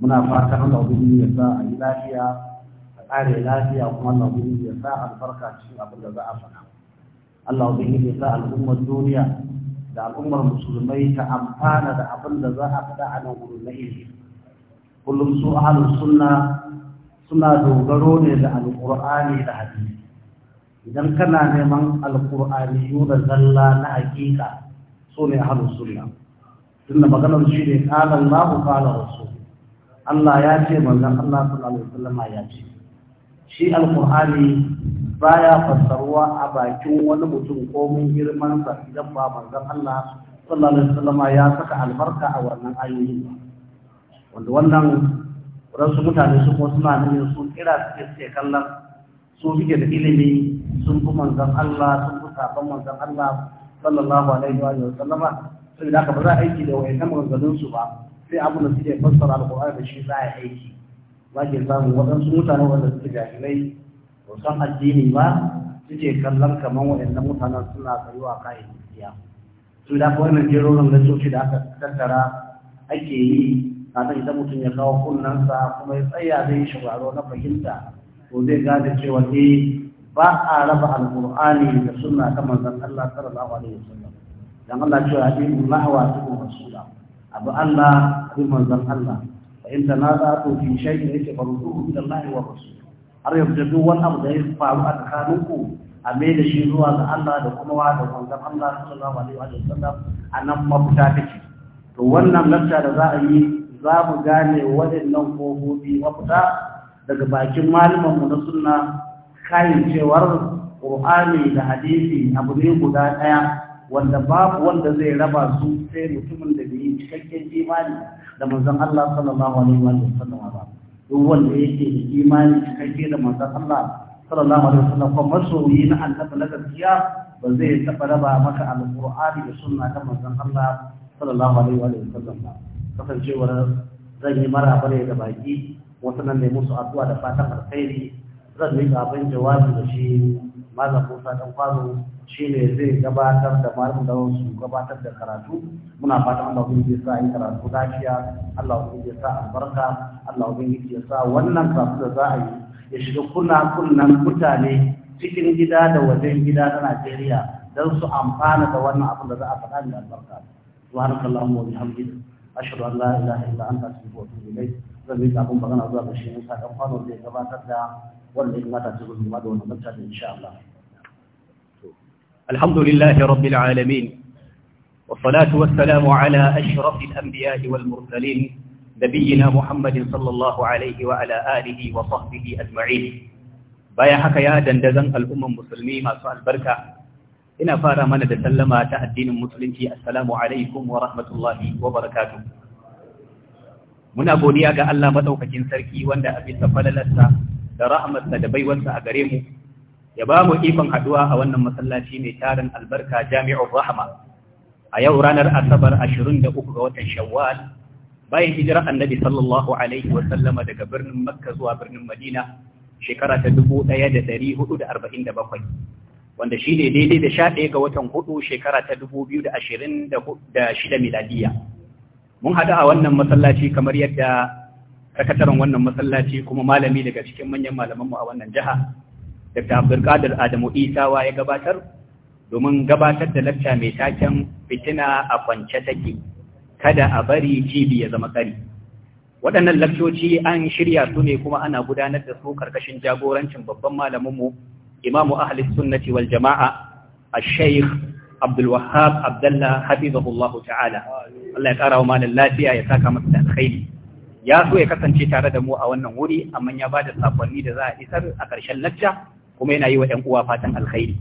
muna fatan Allah ubangiji ya sa a yi lafiya a ƙare lafiya kuma Allah ubangiji ya sa albarka cikin abin da za a faɗa Allah ya sa al'ummar duniya da al'ummar musulmai ta amfana da abin da za a faɗa a nan na ilimi kullum su ahlus sunna suna dogaro ne da Alƙur'ani da hadisi idan kana neman alqur'ani da zalla na hakika so ne ahlus sunna tunda maganar shi ne qala Allah qala wasu. Allah ya ce manzon Allah sallallahu alaihi wasallam ya ce shi alqur'ani baya fassarwa a bakin wani mutum ko mun girman sa idan ba manzon Allah sallallahu alaihi wasallam ya saka albarka a wannan ayoyi wanda wannan wadansu mutane su kuma suna nuna su kira suke suke kallon su suke da ilimi sun fi manzon Allah sun fi sabon manzon Allah sallallahu alaihi wa sallama sai da ka ba za a aiki da wayannan manzannin ba sai abin da suke fassara alƙur'ani da shi za a aiki za ke samu waɗansu mutane wanda suke jahilai ba san addini ba suke kallon kamar waɗanda mutanen suna tsayuwa kayan gaskiya su da kawai nan jero gasoci da aka tattara ake yi kafin idan mutum ya kawo kunnansa kuma ya tsaya zai yi shigaro na fahimta ko zai gane cewa ne eh, ba a raba alkur'ani da suna ta zan Allah sallallahu alaihi wasallam dan Allah cewa su kuma su da abu Allah abin manzan Allah fa in tanaza'tu fi da yake farduhu da Allah wa rasul har da duk wani abu da ya faru a tsakaninku a mai da shi zuwa ga Allah da kuma wa da manzan Allah sallallahu alaihi wa sallam a nan mafita take to wannan lacca da za a yi za mu gane waɗannan kofofi mafita daga bakin mu na sunna kayan cewar ƙur'ani da hadisi abu ne guda ɗaya wanda babu wanda zai raba su sai mutumin da bai yi cikakken imani da manzon Allah sallallahu alaihi wa sallam ba duk wanda yake da imani cikakke da manzon Allah sallallahu alaihi wa sallam ko masoyi na annabi na gaskiya ba zai taba raba maka alqur'ani da sunna ta manzon Allah sallallahu alaihi wa sallam ba cewa zan yi maraba ne da baki wasu nan ne musu addu'a da fatan alkhairi zan yi gaban jawabi da shi malam Musa dan kwano ne zai gabatar da malamin da su gabatar da karatu muna fatan Allah ubangiji ya sa yi karatu lafiya Allah ubangiji ya sa albarka Allah ubangiji ya sa wannan karatu da za a yi ya shiga kunna kunnan mutane cikin gida da wajen gida na Najeriya don su amfana da wannan abin da za a faɗa mai albarka subhanakallahumma wa bihamdika ashhadu an la ilaha illa anta astaghfiruka wa atubu ilayk zan yi abin magana zuwa ga shi Musa dan kwano zai gabatar da wanda ya kamata su gudunma da wannan manta da insha Allah alhamdulillahi rabbil alamin والصلاة والسلام على أشرف الأنبياء والمرسلين نبينا محمد صلى الله عليه وعلى آله وصحبه أجمعين بايا حكا يا دندزن الأمم المسلمين ما سؤال بركة إنا فارا من تسلم تأدين المسلم في السلام عليكم ورحمة الله وبركاته muna godiya ga Allah madaukakin sarki wanda abin da falalarsa da rahamarsa da baiwarsa a gare mu ya ba mu ikon haduwa a wannan masallaci mai tarin albarka jami'ar rahama a yau ranar asabar 23 ga watan shawwal bayan hijirar annabi sallallahu alaihi wa sallama daga birnin makka zuwa birnin madina shekara ta 1447 wanda shi ne daidai da 11 ga watan hudu shekara ta 2026 miladiya mun haɗu a wannan masallaci kamar yadda sakataren wannan masallaci kuma malami daga cikin manyan malamanmu a wannan jiha dr abdulkadir adamu isawa ya gabatar domin gabatar da lacca mai taken fitina a kwance take kada a bari cibi ya zama kari waɗannan lakcoci an shirya su ne kuma ana gudanar da su karkashin jagorancin babban malaminmu imamu ahli sunnati wal jama'a al-shaykh abdul wahhab abdullah hafizahullahu ta'ala Allah ya kara wa malam lafiya ya saka masa alkhairi ya so ya kasance tare da mu a wannan wuri amma ya ba da sakonni da za a isar a ƙarshen lacca kuma yana yi wa ‘yan uwa fatan alkhairi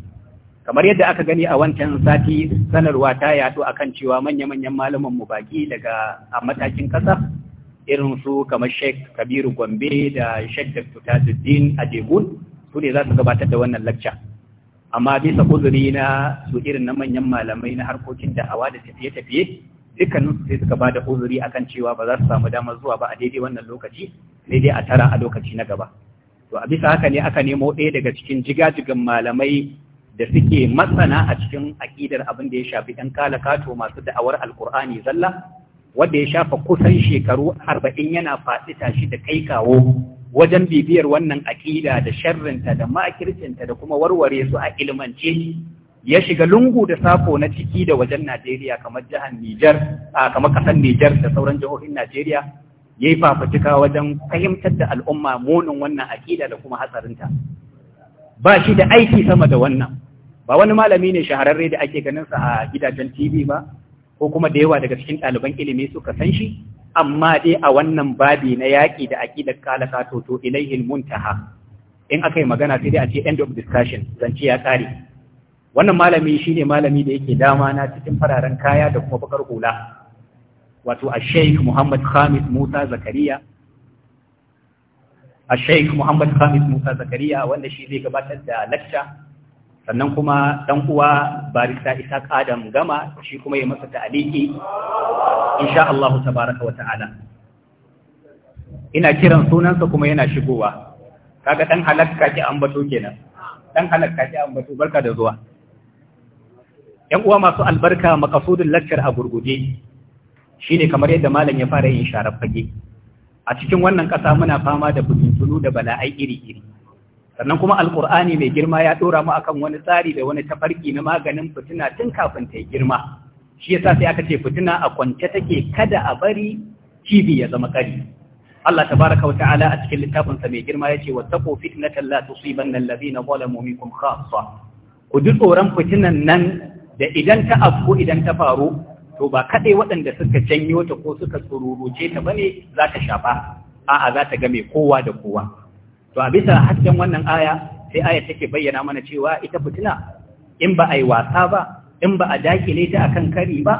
kamar yadda aka gani a wancan sati sanarwa ta a akan cewa manya-manyan malaman mu baki daga a matakin ƙasa irin su kamar sheikh kabiru gombe da sheikh dr tajuddin adegun su ne za su gabatar da wannan lacca amma bisa kuzuri na su irin na manyan malamai na harkokin da'awa da tafiye-tafiye dukkanin su sai suka bada uzuri akan cewa ba za su samu damar zuwa ba a daidai wannan lokaci sai dai a tara a lokaci na gaba to a bisa haka ne aka nemo ɗaya daga cikin jigajigan malamai da suke matsana a cikin aƙidar abin da ya shafi ɗan kato masu da'awar alkur'ani zalla wanda ya shafa kusan shekaru arba'in yana faɗi tashi da kai kawo wajen bibiyar wannan aƙida da sharrinta da makircinta da kuma warware su a ilimance ya shiga lungu da sako na ciki da wajen Najeriya kamar jihar Nijar kamar kasar Nijar da sauran jihohin Najeriya ya yi fafutuka wajen fahimtar da al'umma munin wannan aƙida da kuma hatsarinta ba shi da aiki sama da wannan ba wani malami ne shahararre da ake ganin sa a gidajen TV ba ko kuma da yawa daga cikin ɗaliban ilimi suka san shi amma dai a wannan babi na yaƙi da aƙidar kalaka to to ilaihil muntaha in aka yi magana sai dai a ce end of discussion zance ya kare wannan malami shine malami da yake dama na cikin fararen kaya da kuma bakar hula wato a sheikh muhammad khamis musa zakariya a sheikh muhammad khamis musa zakariya wanda shi zai gabatar da lacca sannan kuma dan uwa barista isa adam gama shi kuma ya masa ta'aliki insha Allah tabaraka wa ta'ala ina kiran sunansa kuma yana shigowa kaga dan halakka ki ambato kenan dan halakka ki ambato barka da zuwa ‘yan uwa masu albarka makasudin lakcar a gurguje shi ne kamar yadda malam ya fara yin sharar fage a cikin wannan ƙasa muna fama da fitintunu da bala'ai iri-iri sannan kuma alƙur'ani mai girma ya ɗora mu akan wani tsari da wani tafarki na maganin fitina tun kafin ta girma shi yasa sai aka ce fitina a kwance take kada a bari cibi ya zama ƙari Allah tabaraka wata'ala a cikin littafinsa mai girma ya ce wattaqu fitnatan la tusibanna alladhina zalamu minkum khassa ku ji tsoron fitinan nan da idan ta afko idan ta faru to ba kaɗai waɗanda suka janyo ta ko suka tsururuce ta ne za ta shafa a'a za ta game kowa da kowa to a bisa hasken wannan aya sai aya take bayyana mana cewa ita fitina in ba a yi wasa ba in ba a dakile ta akan kari ba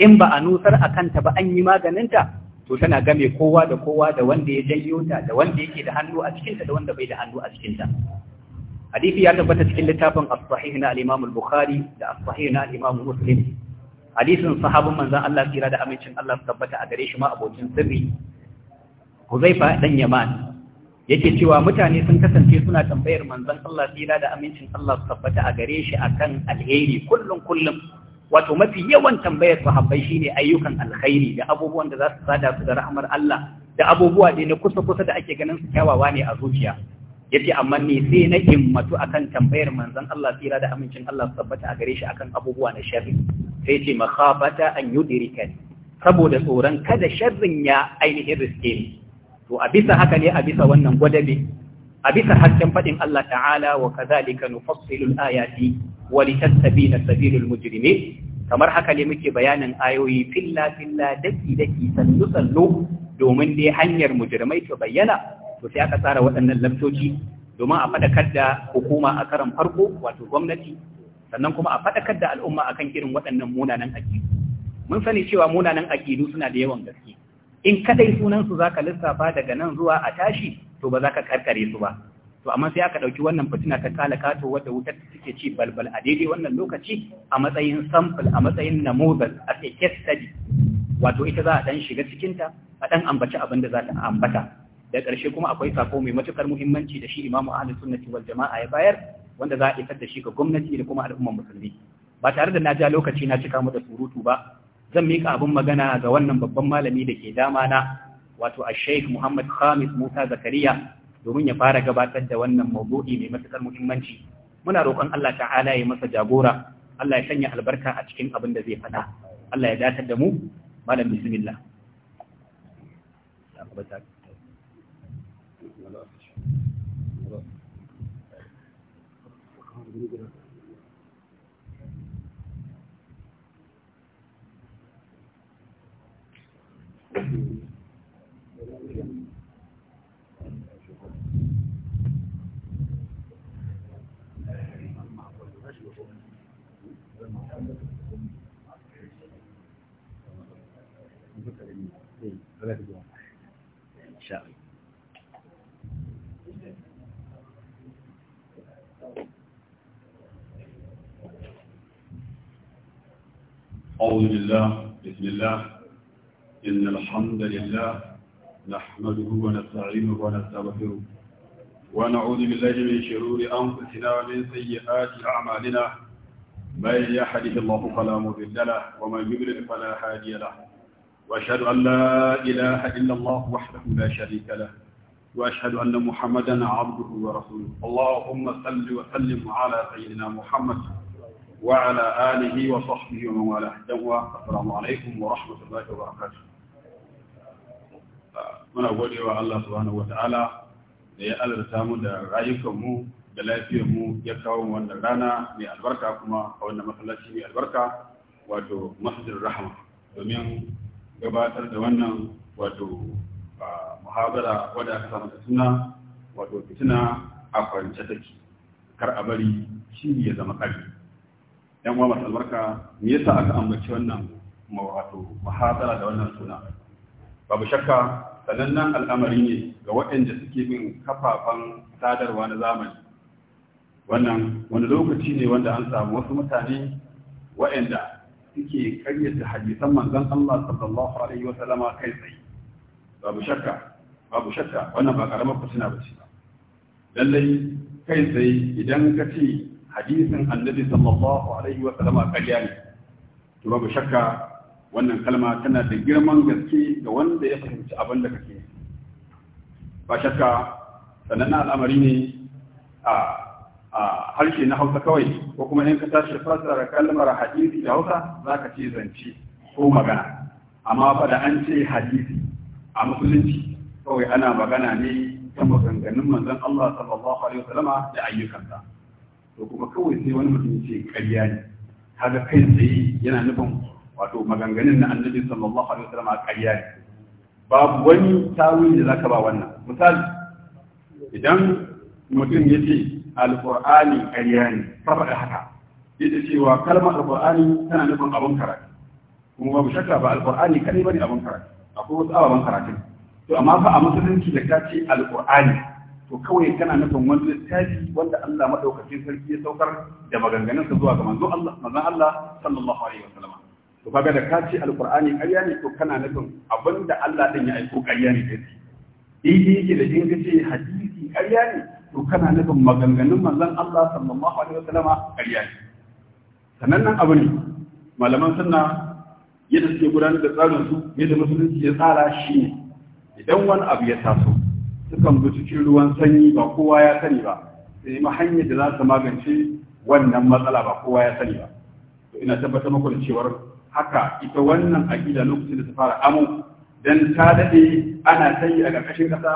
in ba a nusar akan ta ba an yi maganinta to tana game kowa da kowa da wanda ya janyo ta da wanda yake da hannu a cikinta da wanda bai da hannu a cikinta hadisi ya tabbata cikin littafin as-sahih na al-imam al-bukhari da as-sahih na al-imam muslim hadisin sahabban manzon Allah tsira da amincin Allah tabbata a gare shi ma abokin sirri Huzaifa dan Yaman yake cewa mutane sun kasance suna tambayar manzon Allah tsira da amincin Allah tabbata a gare shi akan alheri kullum kullum wato mafi yawan tambayar sahabbai shine ayyukan alkhairi da abubuwan da za su sada su da rahmar Allah da abubuwa da kusa kusa da ake ganin su kyawawa ne a zuciya Ya ce amma ni sai na himmatu akan tambayar manzon Allah tsira da amincin Allah tabbata a gare shi akan abubuwa na sharri sai yace makhafata an yudrika saboda tsoron kada sharrin ya ainihin riske to a bisa haka ne a bisa wannan gwadabe a bisa hakkin fadin Allah ta'ala wa kazalika nufassilu al-ayati wa litastabina sabilul kamar haka ne muke bayanin ayoyi filla filla daki daki sallu sallu domin dai hanyar mujrimai ta bayyana to sai aka tsara waɗannan lamtoci domin a faɗakar da hukuma a karan farko wato gwamnati sannan kuma a faɗakar da al'umma akan irin waɗannan munanan aƙidu mun sani cewa munanan aƙidu suna da yawan gaske in kadai sunan su zaka lissafa daga nan zuwa a tashi to ba za ka karkare su ba to amma sai aka dauki wannan fitina ta kala kato wadda wutar suke ci balbal a daidai wannan lokaci a matsayin sample a matsayin namozal a case study wato ita za a dan shiga cikinta a ɗan ambaci abin da za ta ambata da ƙarshe kuma akwai sako mai matukar muhimmanci da shi imamu ahlus sunnati wal jama'a ya bayar wanda za a isar da shi ga gwamnati da kuma al'ummar musulmi ba tare da na ja lokaci na cika mata surutu ba zan mika abin magana ga wannan babban malami da ke dama na wato Sheikh Muhammad Khamis Musa Zakariya domin ya fara gabatar da wannan mawdu'i mai matukar muhimmanci muna roƙon Allah ta'ala ya masa jagora Allah ya sanya albarka a cikin abin da zai faɗa Allah ya datar da mu malam bismillah hijira Thank you. أعوذ بالله بسم الله إن الحمد لله نحمده ونستعينه ونستغفره ونعوذ بالله من شرور أنفسنا ومن سيئات أعمالنا من يحده الله فلا مضل له ومن يضلل فلا هادي له وأشهد أن لا إله إلا الله وحده لا شريك له وأشهد أن محمدا عبده ورسوله اللهم صل وسلم على سيدنا محمد وعلى آله وصحبه ومن والاه دوا السلام عليكم ورحمة الله وبركاته muna godewa Allah subhanahu wataala da ya alarta mu da rayukanmu da lafiyarmu ya kawo wannan rana mai albarka kuma a wannan masallaci mai albarka wato masjid rahama domin gabatar da wannan wato muhabara wadda aka samu suna wato fitina a kwance take kar a bari shi ya zama kari yan uwa masu albarka me yasa aka ambaci wannan wato mahadara da wannan suna babu shakka sanannen al'amari ne ga waɗanda suke bin kafafen sadarwa na zamani wannan wani lokaci ne wanda an samu wasu mutane waɗanda suke karyata hadisan manzon Allah sallallahu alaihi wa sallama kai tsaye babu shakka babu shakka wannan ba karamar fitina ba lallai kai tsaye idan ka ce hadisin annabi sallallahu alaihi wa sallama ƙarya ne to babu shakka wannan kalma tana da girman gaske ga wanda ya fahimci abin da kake ba shakka sanannen al'amari ne a harshe na hausa kawai ko kuma in ka tashi fasara kalmar hadisi da hausa za ka ce zance ko magana amma fa da an ce hadisi a musulunci kawai ana magana ne ta maganganun manzon Allah sallallahu alaihi da ayyukansa to kuma kawai sai wani mutum ce ƙarya ne kaga kai tsaye yana nufin wato maganganun na annabi sallallahu alaihi wasallam a ƙarya ne babu wani tawili da zaka ba wannan misali idan mutum ya ce alƙur'ani ƙarya ne farfaɗa haka ita cewa kalmar alƙur'ani tana nufin abin karatu kuma babu shakka ba alƙur'ani kadai bane abin karatu akwai wasu ababen karatu to amma fa a musulunci da ka ce alƙur'ani to kawai kana nufin wani littafi wanda Allah madaukakin sarki ya saukar da maganganun sa zuwa ga manzo Allah manzon Allah sallallahu alaihi wasallam to kaga da ka ce alqur'ani ƙarya ne to kana nufin abinda Allah din ya aiko ƙarya ne kai daidai yake da in kace hadisi ƙarya ne to kana nufin maganganun manzon Allah sallallahu alaihi wasallam ƙarya ne sannan nan abu ne malaman sunna yadda suke gudanar da tsarin su yadda musulunci ya tsara shi ne idan wani abu ya taso sukan bi cikin ruwan sanyi ba kowa ya sani ba sai ma hanyar da za su magance wannan matsala ba kowa ya sani ba to ina tabbatar muku da cewar haka ita wannan aƙida lokacin da ta fara amu dan ta dade ana sanyi a ƙarƙashin ƙasa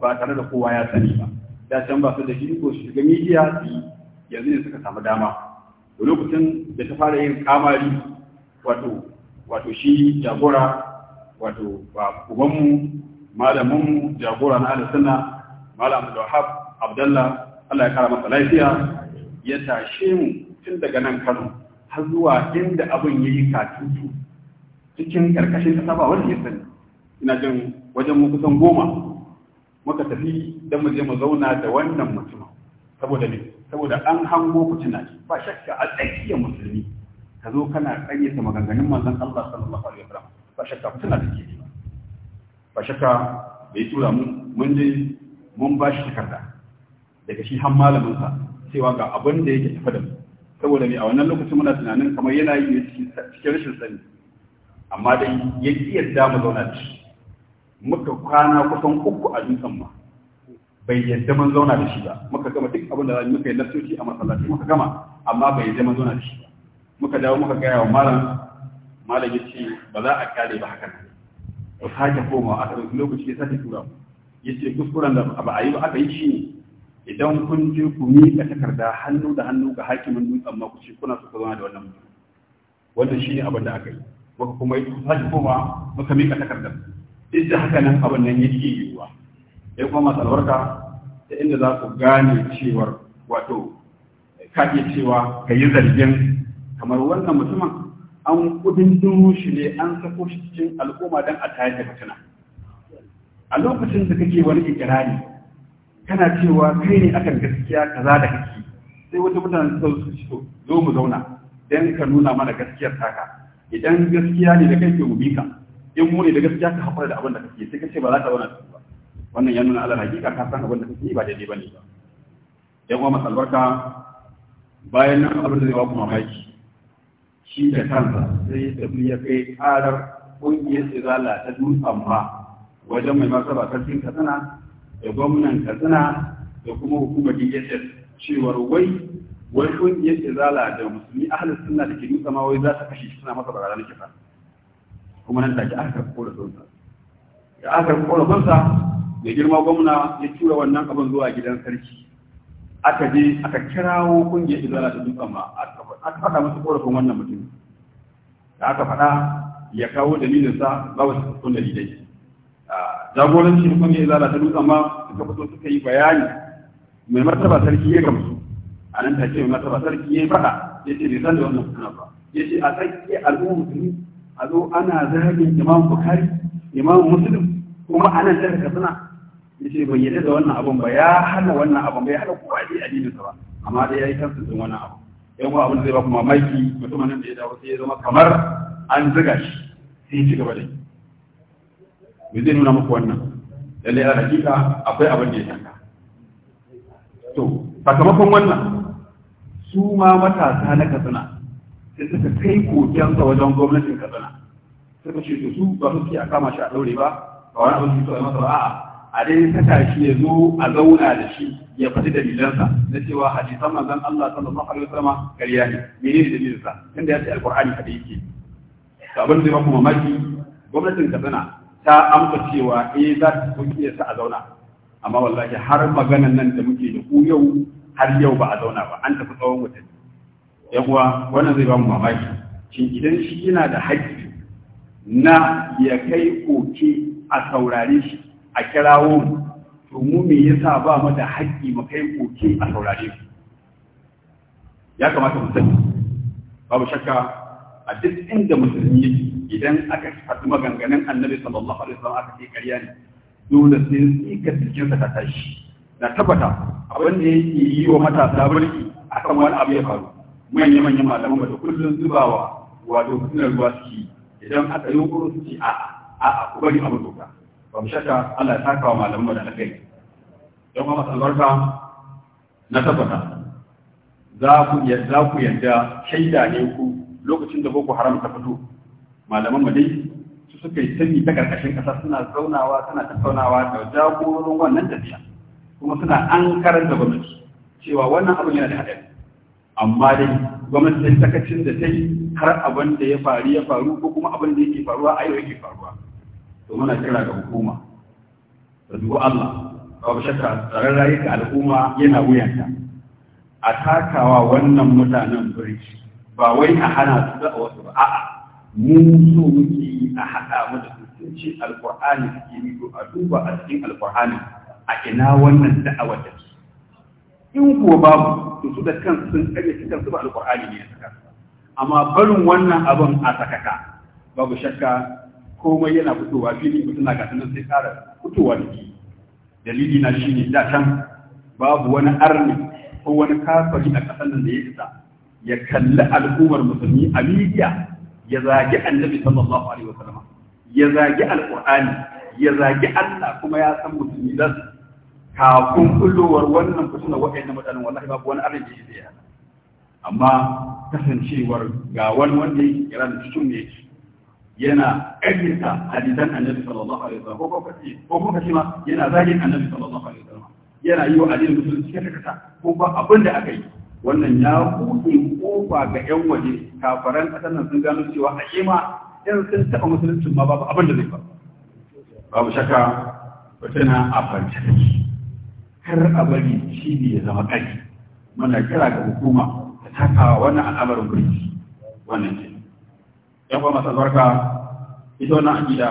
ba tare da kowa ya sani ba da can ba su da shi ko shiga midiya su yanzu ne suka samu dama to lokacin da ta fara yin kamari wato wato shi jagora wato ba ubanmu malamin jagora na ahlus malam Abdulwahab Abdullah Allah ya kara masa lafiya ya tashe mu tun daga nan Kano har zuwa inda abin ya yi katutu cikin karkashin kasa ba wanda ya sani ina jin wajen mu kusan goma muka tafi dan mu je mu zauna da wannan mutum saboda ne saboda an hango ku tuna ba shakka a tsakiyar musulmi ka zo kana kayyata maganganun manzon Allah sallallahu alaihi wa sallam, ba shakka ku tuna ke. ba ba shakka bai tura mu mun je mun ba shi takarda daga shi har malaminsa cewa ga abin da yake tafi da mu saboda mai a wannan lokacin muna tunanin kamar yana yi cikin rashin sani amma dai ya ƙi yadda mu zauna da shi muka kwana kusan uku a dutsen ma bai yadda mun zauna da shi ba muka gama duk abin da za muka yi lafsoci a masallaci muka gama amma bai yadda mun zauna da shi ba muka dawo muka gaya wa malam malam ya ce ba za a kare ba haka nan da sake koma a ɗauki lokaci ya sake tura ku ya ce kuskuren da ba a yi ba aka yi shi ne idan kun je ku miƙa takarda hannu da hannu ga hakimin dutsen amma ku ce kuna suka zama da wannan mutum wannan shi ne abin da aka yi muka kuma yi sake koma muka miƙa takardar duk da haka nan abin nan yake yiwuwa ya kuma masu albarka ta inda za ku gane cewar wato ka iya cewa ka yi zargin kamar wannan mutumin an kudin dushi ne an sako shi cikin al'umma don a tayar da fitina a lokacin da kake wani ikirari kana cewa kai ne akan gaskiya kaza da kake sai wata mutane su ci to zo mu zauna don ka nuna mana gaskiyar taka idan gaskiya ne da kai ke mu ka, in mu ne da gaskiya ka haƙura da abin da kake sai ka ce ba za ka zauna da ba wannan ya nuna alal hakika ka san abin da kake ba daidai bane ba yan uwa masalbarka bayan nan abin da zai ba ku mamaki shi da kansa sai ya tafi ya kai karar ƙungiyar izala ta dutsen ba wajen mai masaba sarkin katsina da gwamnan katsina da kuma hukumar dss cewar wai wai ƙungiyar izala da musulmi ahalin suna da ke dutsen ma wai za ta kashe suna masa ranar kisa kuma nan take aka kora sonsa da aka kora sonsa da girma gwamna ya tura wannan abin zuwa gidan sarki aka je aka kirawo ƙungiyar izala ta dutsen ba a aka faɗa masa korafin wannan mutum da aka faɗa ya kawo dalilinsa ba wasu kun dalilai jagoranci kuma ya zara ta dutsen ma suka fito suka yi bayani mai martaba sarki ya gamsu a nan ce mai martaba sarki ya yi faɗa ya ce bai san da wannan suna ba ya ce a tsakiyar al'ummar musulmi a zo ana zagin imam bukari imam muslim kuma ana jihar katsina ya ce bai yadda da wannan abun ba ya hana wannan abun ba ya hana kowa ya yi sa ba amma dai ya yi tafsirin wannan abu yan wa abin zai ba ku mamaki mutum nan da ya dawo sai ya zama kamar an ziga shi sai ya ci gaba da me zai nuna muku wannan lalle a hakika akwai abin da ya shanka to sakamakon wannan su ma matasa na katsina sai suka kai kokensa wajen gwamnatin katsina suka ce su ba su ke a kama shi a ɗaure ba ba wani abin da su masa ba a'a a dai saka shi ya zo a zauna da shi ya faɗi dalilansa na cewa hadisan manzon Allah sallallahu alaihi wasallam ƙarya ne menene dalilinsa tunda ya ce alqur'ani kada yake to abin da ba mamaki gwamnatin Katsina ta amsa cewa eh za ta kunki sa a zauna amma wallahi har maganan nan da muke da ku yau har yau ba a zauna ba an tafi tsawon watanni ya kuwa wannan zai ba mu mamaki shin idan shi yana da haƙƙi na ya kai koke a saurare shi a kirawo mu to mu me yasa ba mu da haƙƙi mu kai koke a saurare mu ya kamata mu sani babu shakka a duk inda musulmi yake idan aka haɗu maganganun annabi sallallahu alaihi wasallam aka kai ƙarya ne dole sai tsika cikin ta tashi na tabbata abin da yake yi wa matasa barki akan wani abu ya faru manya manyan malaman da kullum zubawa wato fitinar ruwa suke idan aka yi hukuru su ce a'a a'a ku bari abin doka ba mu shakka Allah ya saka wa malamin mu da yi. don kuma albarka na tabbata za ku yadda ku yadda shaida ne ku lokacin da boko haram ta fito malaman mu dai su suka yi sani ta karkashin kasa suna zaunawa suna tattaunawa da jagororin wannan tafiya kuma suna an karar da gwamnati cewa wannan abin yana da haɗari amma dai gwamnati ta sakacin da ta yi har abin da ya faru ya faru ko kuma abin da yake faruwa a yau yake faruwa to muna kira ga hukuma da dubu Allah babu shakka tsaron rayuka al'umma yana wuyanta a takawa wannan mutanen birki ba wai a hana su da wasu ba a'a mu so muke yi a haɗa mu da alƙur'ani suke yi to a duba a cikin alƙur'ani a ina wannan da'awa da su in ko babu to su da kansu sun kare su kansu ba alƙur'ani ne ya saka amma barin wannan abin a sakaka babu shakka komai yana fitowa fili mutum na gasa sai tsara fitowa da ke dalili na shi ne da can babu wani arni ko wani kafari a ƙasar nan da ya isa ya kalli al'ummar musulmi a midiya ya zagi annabi sallallahu alaihi wa sallama. ya zagi alqur'ani ya zagi Allah kuma ya san musulmi da kafin kullowar wannan fitina wa'annan mutanen wallahi babu wani arni da ya isa amma kasancewar ga wani wanda yake kira da cikin ne yana ƙarfinta hadisan annabi sallallahu alaihi wasallam ko kace ko kuma kace ma yana zagin annabi sallallahu alaihi wasallam yana yi wa addinin musulunci kata kata ko ba abin da aka yi wannan ya buɗe kofa ga yan waje kafaran ƙasar nan sun gano cewa a kima in sun taɓa musuluncin ma babu abin da zai ba babu shakka wata na a farce kar a bari shi ne ya zama ƙari muna kira ga hukuma ta taka wannan al'amarin birki wannan ce. yan masa masu albarka ita wannan aƙida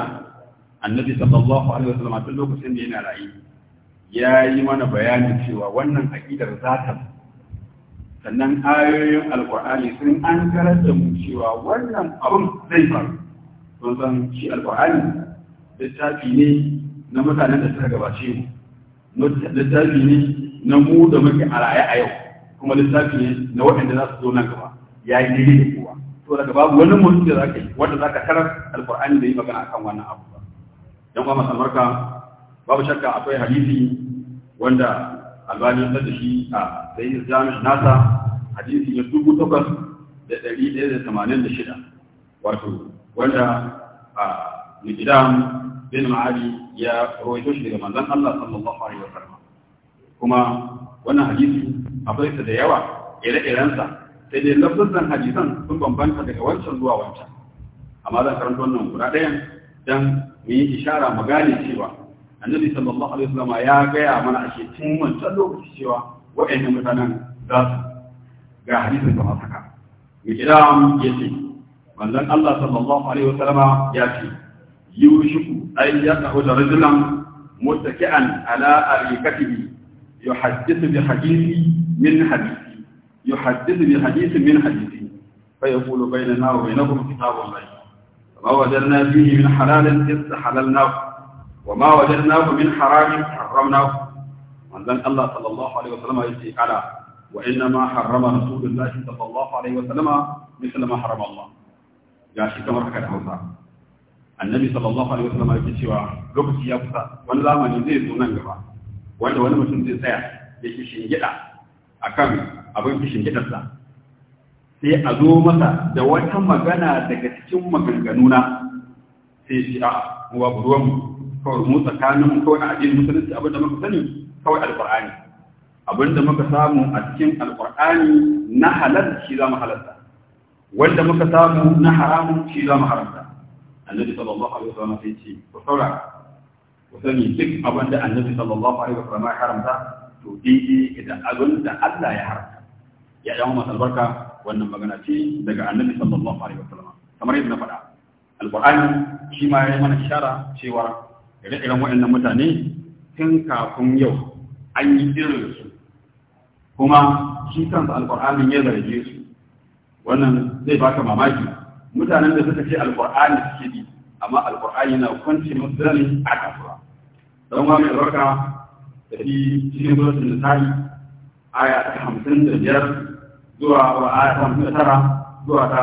annabi sallallahu alaihi wasallam tun lokacin da yana rayi ya yi mana bayanin cewa wannan aƙidar za ta sannan ayoyin alqur'ani sun an karar da mu cewa wannan abin zai faru don san shi alƙur'ani littafi ne na mutanen da suka gabace mu littafi ne na mu da muke a a yau kuma littafi ne na waɗanda za su zo nan gaba ya yi daidai to daga babu wani mutum da zaka yi wanda zaka tarar alqur'ani da yi magana akan wannan abu ba dan kuma samarka babu shakka akwai hadisi wanda albani ya da shi a sayyid jami'in nasa hadisi ne dubu takwas da ɗari ɗaya da tamanin da shida wato wanda a nijidam bin ma'ari ya rawaito shi daga manzon Allah sallallahu alaihi wasallam kuma wannan hadisi akwai sa da yawa ire-irensa sai dai lafazan hadisan sun bambanta daga wancan zuwa wancan amma zan karanta wannan guda ɗayan don mu yi ishara mu gane cewa annabi sallallahu alaihi wasallam ya gaya mana ashe tun wancan lokaci cewa wa'annan mutanen za su ga hadisin da masaka mu kira ya ce manzon Allah sallallahu alaihi wasallam ya ce yushku ay yaqahu rajulan muttaki'an ala arikatihi yuhaddithu bi hadithi min hadith يحدث بحديث من حديثه فيقول بيننا وبينهم كتاب الله وما وجدنا فيه من حلال استحللناه وما وجدناه من حرام حرمناه manzon Allah sallallahu alaihi wasallam ya kala wa inna ma harrama rasulullah sallallahu alaihi wasallam misal ma harrama Allah ya shi kamar haka da Hausa annabi sallallahu alaihi wasallam ya cewa lokaci ya kusa wani zamani zai zo nan gaba wanda wani mutum zai tsaya yake shingida akan abin fishin kishingidarsa sai a zo masa da wata magana daga cikin maganganuna sai shi a mu babu ruwan kawai mu tsakanin kawai a addinin musulunci abin da muka sani kawai alqur'ani abin da muka samu a cikin Alƙur'ani na halal shi za mu halarta. wanda muka samu na haramun shi za mu haramta annabi sallallahu alaihi wasallam sai ce ku saurara ku sani duk abin da annabi sallallahu alaihi wasallam ya haramta to daidai da abin da Allah ya haramta ya yawo masu albarka wannan magana ce daga annabi sallallahu alaihi wasallam kamar yadda na faɗa alqur'ani shi ma ya mana ishara cewa ire-iren waɗannan mutane tun kafin yau an yi irin su kuma shi kansa alqur'anin ya zarge su wannan zai baka mamaki mutanen da suka ce alqur'ani suke bi amma alqur'ani na kwanci musu rani a kasuwa don wa mai barka da fi cikin suratul tari aya ta hamsin da biyar zuwa wa ayatan nasara zuwa ta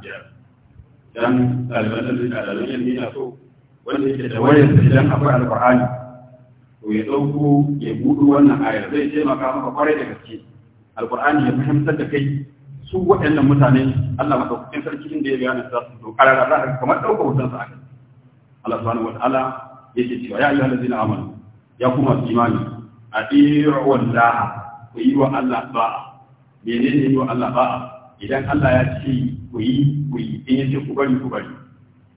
biyar. dan ɗaliban da ɗaliban ilimi na so wanda yake da wayar da idan akwai alƙur'ani to ya ɗauko ya buɗe wannan ayar zai taimaka maka kwarai da gaske alƙur'ani ya fahimtar da kai su waɗannan mutane Allah madaukakin sarki da ya gane za su to karara za ka kamar ɗauka wutan sa aka Allah subhanahu wa ta'ala yake cewa ya ayyuhal ladina amanu ya kuma imani atii'u Allah ku yi wa Allah ba'a bene ne yi Allah ba idan Allah ya ce ku yi ku yi in ya ce ku bari ku bari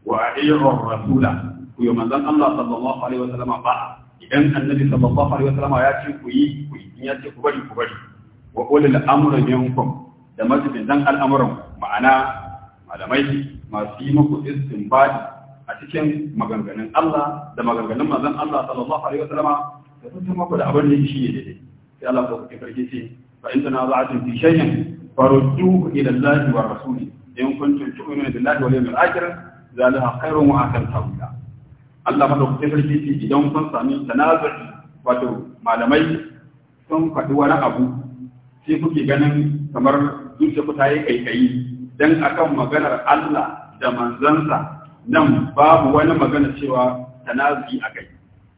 wa ayyar rasula ku yi manzan Allah sallallahu alaihi wasallama ba idan annabi sallallahu alaihi wasallama ya ce ku yi ku yi in ya ce ku bari ku bari wa ulil amri minkum da mazubin dan al'amuran ma'ana malamai masu yi muku istinbadi a cikin maganganun Allah da maganganun manzon Allah sallallahu alaihi wasallama da sun muku da abin da shi ne daidai sai Allah ko kike farki sai فإن تنازعتم في شيء فردوه إلى الله والرسول إن كنتم تؤمنون بالله واليوم الآخر ذلك خير وأحسن تأويلا Allah madaukakin sarki ce idan kun sami tanazuri wato malamai sun faɗi wani abu sai kuke ganin kamar zuciya ku ta yi kaikayi dan akan maganar Allah da manzansa nan babu wani magana cewa tanazuri a kai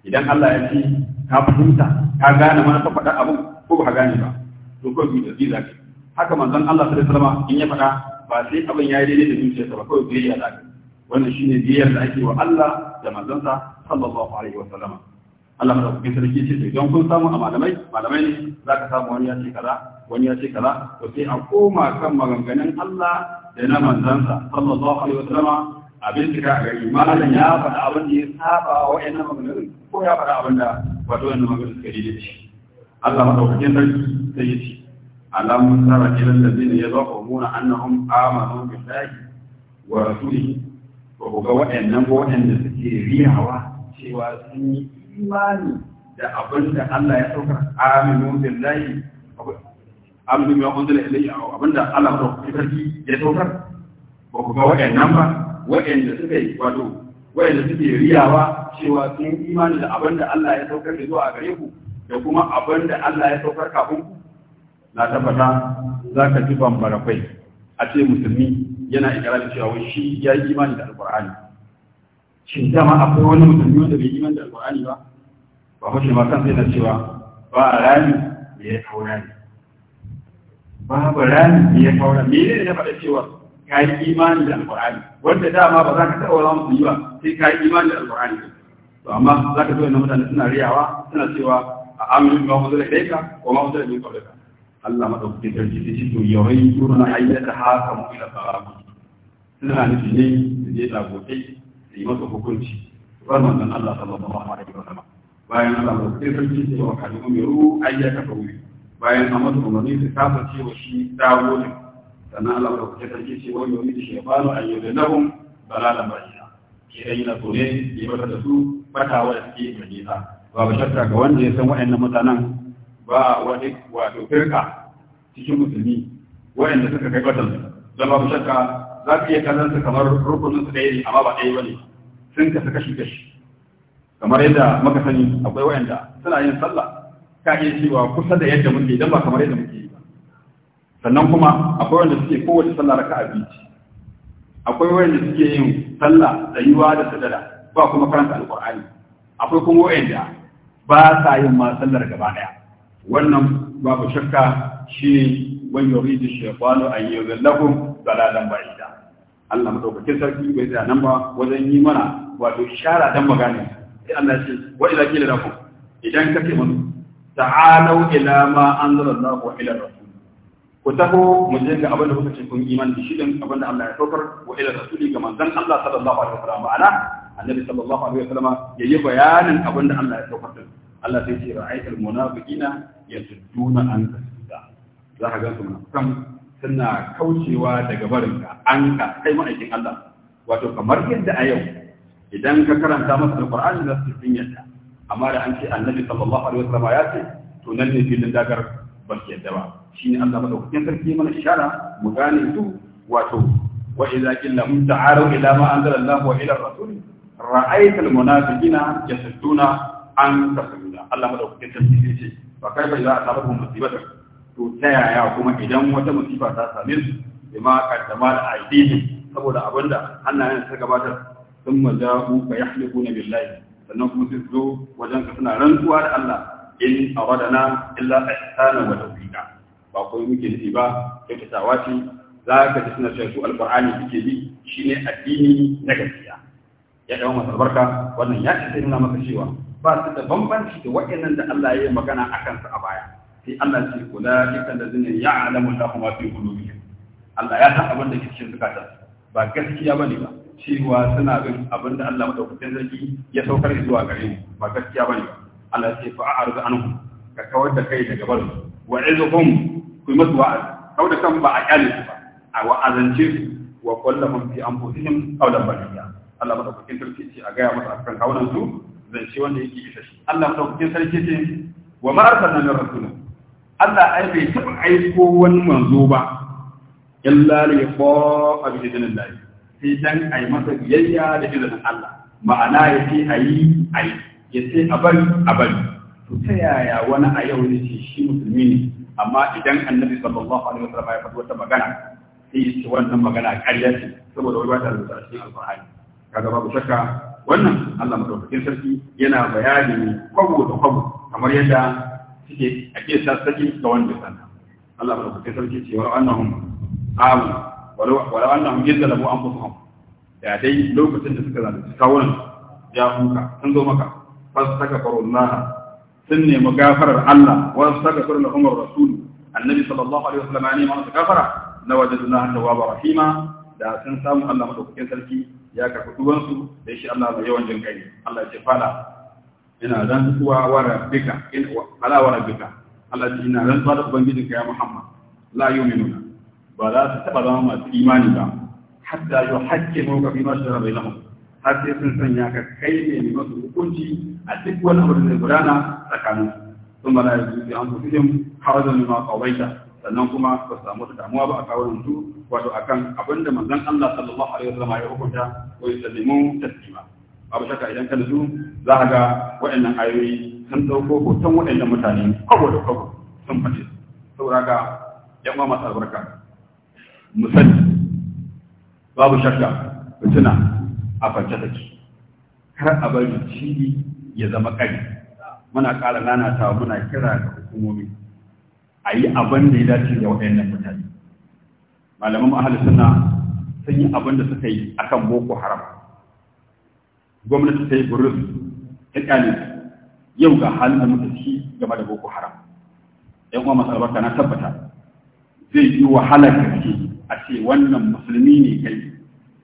idan Allah ya ce ka fahimta ka gane mana ta faɗa ko ba ka gane to kawai ku tafi zaka haka manzon Allah sallallahu alaihi wasallam in ya faɗa ba sai abin yayi daidai da ta ba kawai biyayya zaka wannan shine biyayyar da ake wa Allah da manzonsa sallallahu alaihi wasallam Allah da kuke sarki ce da idan kun samu a malamai malamai ne zaka samu wani ya ce kaza wani ya ce kaza to sai a koma kan maganganun Allah da na sa sallallahu alaihi wasallam abin da ga imanin ya faɗa abin da ya saba wa yana maganganun ko ya faɗa abin da wato yana maganganun suka daidai da shi Allah madaukakin sarki sai ya ce alam tara ila alladhina ألم annahum amanu الذين يزعمون أنهم آمنوا بالله ورسوله وهو وإنهم وإن سكيريها riyawa cewa sun yi imani da abinda Allah ya sauka aminu billahi aminu ya unzila ilayya abin da Allah ya sauka sarki ya sauka ba ku ga wa'annan ba wa'anda suka yi wato wa'anda suke riyawa cewa sun yi imani da abinda Allah ya sauka da zuwa gare ku da kuma abinda Allah ya saukar kafin ku na tabbata za ka ji bambara kwai a ce musulmi yana ikirarin cewa wai shi ya yi imani da alkur'ani shin dama akwai wani musulmi wanda bai imani da alkur'ani ba ba hushe ma kan sai na cewa ba rami me ya kawo rami babu rami me ya kawo rami ne ne na faɗa cewa ka yi imani da alkur'ani wanda dama ba za ka taɓa wa musulmi ba sai ka yi imani da alkur'ani to amma za ka zo na mutane suna riyawa suna cewa a amin ma wanzu da ilaika ko ma wanzu da min kaulaka Allah madaukakin sarki da shi to yawai turna ayyaka haka mu ila sarabu suna nufi ne su je lagotai su yi masa hukunci bar manzon Allah sallallahu alaihi wa sallam bayan Allah madaukakin sarki ta ce wa kalimu miru ka kawai bayan a masa umarni su kafa ce wa shi ta ne sannan Allah madaukakin sarki ce wa yawai da shi shebanu ayyaka lahum balalan bajina ke yi na tsone ya bata da su batawa da suke mai nisa babu shakka ga wanda ya san waɗannan mutanen ba wani wato firka cikin musulmi wayanda suka kai batan da babu shakka za ka iya kallon su kamar rukunin su ɗaya ne amma ba ɗaya bane sun kasu kashi kashi kamar yadda muka sani akwai wayanda suna yin sallah ka iya cewa kusa da yadda muke idan ba kamar yadda muke yi ba sannan kuma akwai wanda suke kowace sallah a biyu akwai wayanda suke yin sallah da yiwa da sadada ba kuma karanta alqur'ani akwai kuma wayanda ba sa yin ma sallar gaba daya wannan babu shakka shi ne wani yuridu shaytanu an yudhillakum dalalan ba'ida Allah madaukakin sarki bai tsaya nan ba wajen yi mana wato shara dan magana sai Allah ce wa idza da lakum idan ka kace mun ta'alu ila ma anzala Allah ila rasul ku taho mu je ga abin da kuka ce kun iman da shi din abin da Allah ya saukar wa ila rasuli ga manzon Allah sallallahu alaihi wasallam ma'ana annabi sallallahu alaihi ya yi bayanin abin da Allah ya saukar din Allah sai ce ra'aytul munafiqina yasudduna anka suda za ka ga su munafikan suna kaucewa daga barinka an ka kai ma'aikin Allah wato kamar yadda a yau idan ka karanta masa alqur'ani za su yadda amma da an ce annabi sallallahu alaihi wasallam ya ce to nan ne filin dagar ban yadda ba shine Allah madaukakin sarki mana ishara mu gane su wato wa idza qilla ta'aru ila ma anzala Allah wa ila rasul ra'aytal munafiqina yasudduna an tasawula Allah madaukakin tafsiri ce Ba kai fa a asabatu musibata to ta yaya kuma idan wata musiba ta same su bima kaddama da aidihi saboda abinda hannayen suka gabatar sun majabu ka na billahi sannan kuma sai zo wajen ka suna rantsuwa da Allah in aradana illa ihsana wa tawfiqa ba koyi muke nufi ba kyautatawa ce za ka ji suna cewa alqur'ani suke bi shine addini na gaskiya ya dawo masa albarka wannan ya ce sai nuna maka cewa ba su da bambanci da waɗannan da Allah ya yi magana a kansu a baya sai Allah ce kula ikan da zinin ya alamu da kuma fi kulubihim Allah ya san abin da ke cikin zukatan ba gaskiya bane ba cewa suna bin abin da Allah madaukakin sarki ya saukar zuwa gare mu ba gaskiya bane ba Allah sai fa a'arzu ku. ka kawar da kai daga barin wa izukum ku yi musu wa'azi kawar da kan ba a kyale su ba a wa'azance su wa kullahum fi anfusihim qawlan baliya Allah madaukakin sarki ce a gaya masa a akan kawunan su zance wanda yake isa shi Allah sauƙin sarki ce wa ma arsalna min rasul Allah ai bai taɓa aiko wani manzo ba illa li yaqa bi idnillah sai dan ai masa biyayya da izinin Allah ma'ana ya ce ayi yi. ya ce a bari a bari to ta yaya wani a yau ne ce shi musulmi ne amma idan annabi sallallahu alaihi wasallam ya faɗi wata magana sai ya ce wannan magana ƙarya ce saboda wani ba ta rubuta cikin alfahari kaga babu shakka wannan Allah madaukakin sarki yana bayani ne kwabo da kwabo kamar yadda suke ake sa saki ga wanda sana Allah madaukakin sarki ce wa annahum amu walau walau annahum yadlamu anfusuhum da dai lokacin da suka zalunci kawunan ya huka sun zo maka fastaghfirullah sun nemi gafarar Allah wa astaghfiru lahum ar-rasul annabi sallallahu alaihi wasallam ne ma gafara lawajadna tawwaba rahima da sun samu Allah madaukakin sarki ya karɓi duwansu da shi Allah mai yawan jin kai Allah ce fala ina kuwa wa rabbika in fala wa rabbika Allah ce ina rantsuwa da ubangijin ka ya Muhammad la yu'minuna ba za su taba zama masu imani ba hatta yuhaqqimu ka bima shara bainahum har sai sun sanya ka kai ne ne masu hukunci a duk wani abu da zai gudana tsakaninsu sun bala ya zuci an fusilin harajan ma kawaita sannan kuma ba samu da damuwa ba a kawo yanzu wato akan abinda manzon Allah sallallahu alaihi wasallam ya hukunta ko ya sallimu taslima abu shaka idan ka nazo za ka ga waɗannan ayoyi sun dauko hoton waɗannan mutane kawo da kawo sun faɗi saboda ga yan uwa masu albarka musali babu shakka mutuna a kwance take kar a bari cibi ya zama kai muna ƙara nanatawa muna kira ga hukumomi a yi abin da ya dace da waɗannan mutane malaman ahal suna sun yi abin da suka yi akan boko haram gwamnati ta yi burus ta kyale yau ga halin da muka ci game da boko haram yan uwa masu albarka na tabbata zai yi wahala ce a ce wannan musulmi ne kai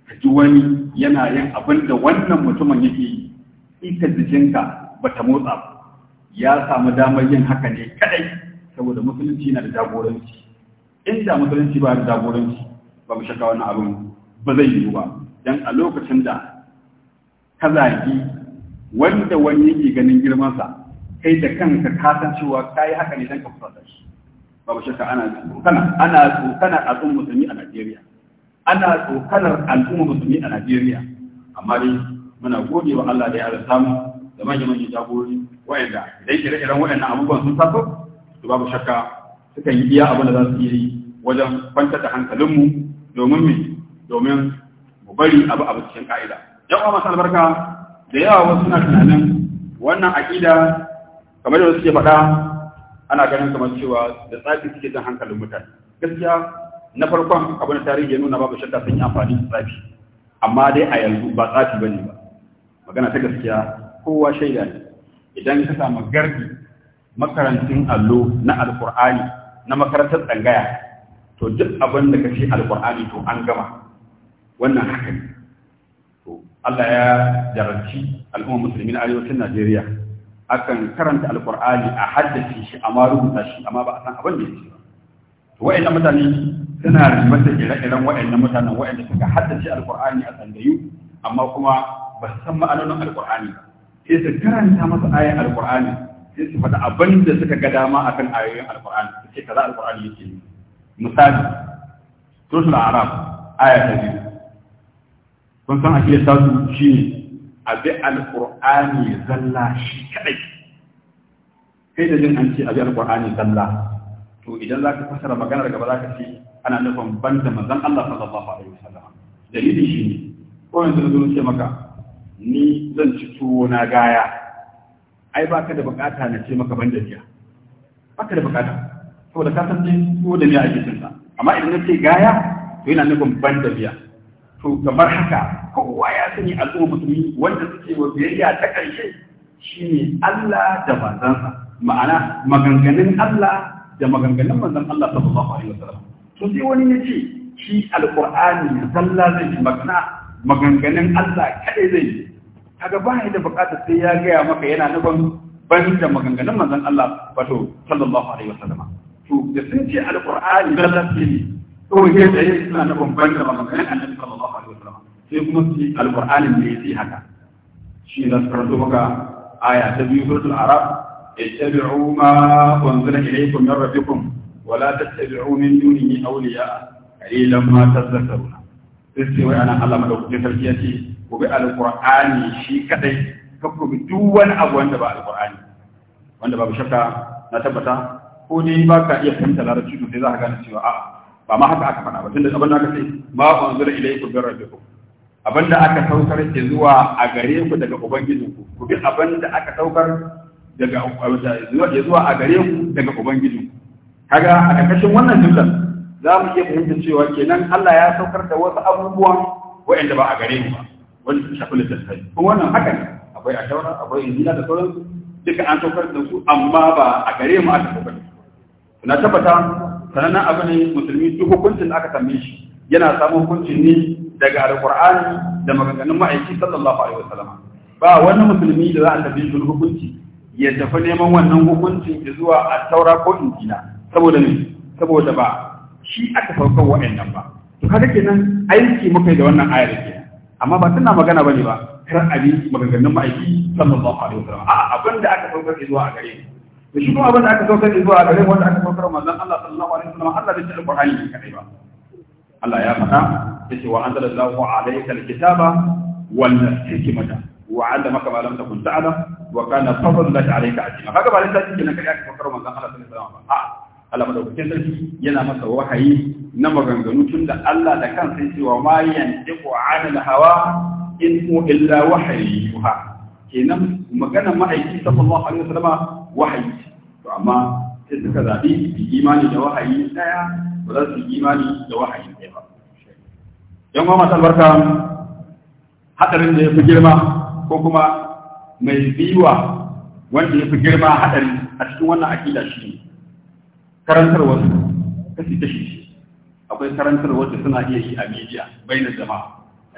ka ji wani yana yin abin da wannan mutumin yake yi ita jikinka ba ta motsa ba ya samu damar yin haka ne kadai saboda musulunci na da jagoranci inda musulunci ba da jagoranci ba mu shaka wani abin ba zai yiwu ba dan a lokacin da ka zagi wanda wani yake ganin girmansa kai da kanka ka san cewa kai haka ne dan ka fusata shi ba mu shaka ana tsokana ana tsokana al'ummar musulmi a Najeriya ana tsokanar al'ummar musulmi a Najeriya amma dai muna gode wa Allah da ya samu da manyan manyan jagorori wa'anda da yake ire-iren waɗannan abubuwan sun tafi to babu shakka sukan yi iya abin da za su iya yi wajen kwantar da hankalinmu domin mu domin mu bari abu abu cikin ka'ida yan uwa masu albarka da yawa wasu suna tunanin wannan aƙida kamar yadda suke faɗa ana ganin kamar cewa da tsafi suke jan hankalin mutane gaskiya na farkon abin da tarihi ya nuna babu shakka sun yi amfani da tsafi amma dai a yanzu ba tsafi bane ba magana ta gaskiya kowa shaida ne idan ka samu gardi makarantun allo na alkur'ani na makarantar tsangaya to duk abin da kace alkur'ani to an gama wannan haka ne to Allah ya jarabci al'ummar musulmi na arewacin Najeriya akan karanta alkur'ani a haddace shi amma rubuta shi amma ba a san abin da yake ba to wayannan mutane suna rubuta ire-iren wayannan mutanen wayanda suka haddace alkur'ani a tsangayu amma kuma ba su san ma'anonin alkur'ani ba sai su karanta masa ayan alkur'ani sai su faɗi abin da suka ga dama akan ayoyin alqur'ani su ce kaza alqur'ani yake ne misali a Arab aya ta biyu kun san a akidar tasu shi ne a bi ya zalla shi kadai kai da jin an ce a bi ya zalla to idan za ka fasara maganar gaba za ka ce ana nufin ban da manzon Allah sallallahu alaihi wasallam Dalilin shi ne ko yanzu na zo ce maka ni zan ci tuwo na gaya ai ba ka da bukata na ce maka ban da ba ka da bukata saboda ka san ko da miya ake cinta amma idan na ce gaya to yana nufin ban da to kamar haka kowa ya sani al'umma musulmi wanda suke wa biyayya ta ƙarshe shine Allah da manzansa ma'ana maganganun Allah da maganganun manzon Allah sallallahu alaihi wasallam to sai wani ya ce shi alqur'ani zalla zai magana maganganun Allah kaɗai zai yi kaga ba da bukatar sai ya gaya maka yana nufin bayan da maganganun manzon Allah wato sallallahu alaihi wasallam to da sun ce alqur'ani da lafiyi to ya ce suna nufin bayan da maganganun annabi sallallahu alaihi wasallam sai kuma su alqur'anin da yake haka shi da karatu maka aya ta biyu suratul arab ittabi'u ma unzila ilaykum min rabbikum ولا تتبعوا من دونه أولياء قليلا ما تذكرون. تسوى أنا على مدوك تفرقيتي ku bi alqur'ani shi kadai ka ku duk wani abu wanda ba alqur'ani wanda babu shakka na tabbata ko ne ba ka iya fahimta larabci to sai za ka gane cewa a'a ba ma haka aka faɗa ba tunda abin da aka ce ma unzila ilaykum bi rabbikum abin da aka saukar ke zuwa a gare ku daga ubangiji ku bi abin da aka saukar daga ya zuwa a gare ku daga ubangiji kaga a ƙarƙashin wannan jumlar za mu iya fahimta cewa kenan Allah ya saukar da wasu abubuwan waɗanda ba a gare mu ba wanda su shafi littattafai kuma wannan hakan akwai a shawara akwai injila da sauransu duka an saukar da su amma ba a gare mu aka saukar da su na tabbata sanannen abu ne musulmi duk hukuncin da aka tambaye shi yana samun hukuncin ne daga alkur'ani da maganganun ma'aiki sallallahu alaihi wasallam ba wani musulmi da za a tafi shi hukunci ya tafi neman wannan hukuncin zuwa a taura ko injila saboda ne saboda ba shi aka saukar wa'annan ba to kaga kenan aiki muka da wannan ayar ke amma ba tana magana bane ba kar abi maganganun ma'aiki sallallahu alaihi wasallam a abin da aka saukar zuwa a gare ni da shi kuma abin da aka saukar zuwa a gare wanda aka saukar manzon Allah sallallahu alaihi wasallam Allah bai ci alqur'ani ne kadai ba Allah ya faɗa yace wa anzalallahu alayka alkitaba wal hikmata wa 'allamaka ma lam takun ta'lam wa kana fadlullahi alayka azima kaga ba lissa cikin nan kai aka saukar manzon Allah sallallahu alaihi wasallam a Allah madaukakin sarki yana masa wahayi na maganganu tun da Allah da kan ya ce wa ma yantiqu 'anil hawa in huwa illa wahayi yuha kenan magana ma'aiki sallallahu alaihi wasallam wahayi to amma sai suka zabi su imani da wahayi daya ba za su imani da wahayi daya ba yan uwa masu albarka hadarin da ya fi girma ko kuma mai biwa wanda ya fi girma hadari a cikin wannan akida shi ne karantarwar kashi shi, akwai karantarwar da suna iya yi a media bainar jama'a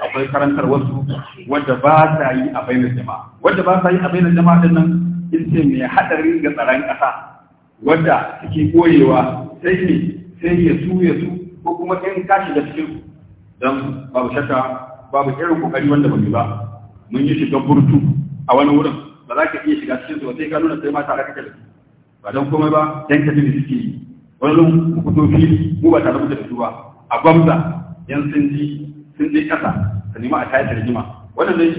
akwai karantarwar su wadda ba ta yi a bainar jama'a wadda ba ta yi a bainar jama'a din nan in ce mai hadarin ga tsaron ƙasa wadda suke koyewa sai ne sai ya su ya su ko kuma in ka da cikin don babu shakka babu irin kokari wanda ba ba mun yi shiga burtu a wani wurin ba za ka iya shiga cikin su ba sai ka nuna sai ma tare kake da su ba don komai ba yan ka da suke wani lokacin ku fili mu ba tare da su ba a gwamza yan sun ji sun je kasa ka nemi a tayar da rigima wannan dai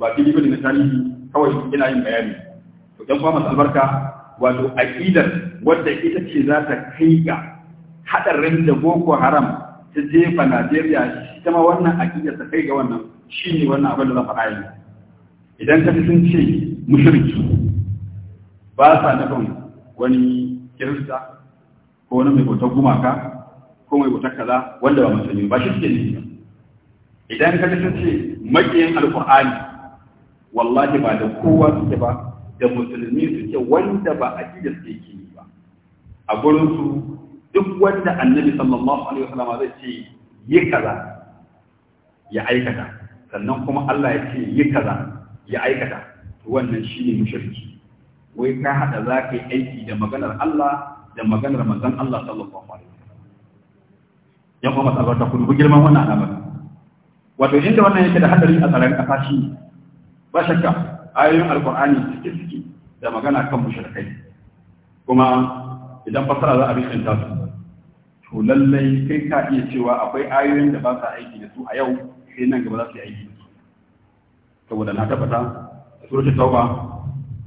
ba fili ne na tarihi kawai ina yin bayani to dan kuma albarka wato aqidar wadda ita ce za ta kai ga hadarin da boko haram ta jefa Najeriya shi, ma wannan aƙidar ta kai ga wannan shi ne wannan abin da za faɗa yi. Idan ka sun ce mushriki ba sa nufin wani kirista ko wani mai bautar gumaka ko mai bautar kaza wanda ba musulmi ba shi suke nufi idan ka ta ce makiyin alkur'ani wallahi ba da kowa suke ba da musulmi suke wanda ba a da suke ke ba a gurinsu duk wanda annabi sallallahu alaihi wasallam zai ce yi kaza ya aikata sannan kuma Allah ya ce yi kaza ya aikata to wannan shine mushriki wai ka hada za ka yi aiki da maganar Allah da maganar manzan Allah sallallahu alaihi wasallam yan kuma sabar ta kudu girman wannan alamar wato inda wannan yake da hadari a tsaron kasa shi ba shakka ayoyin alqur'ani suke suke da magana kan mushrikai kuma idan fasara za a bi kan tasu to lallai kai ka iya cewa akwai ayoyin da ba sa aiki da su a yau sai nan gaba za su yi aiki saboda na tabbata suratul tauba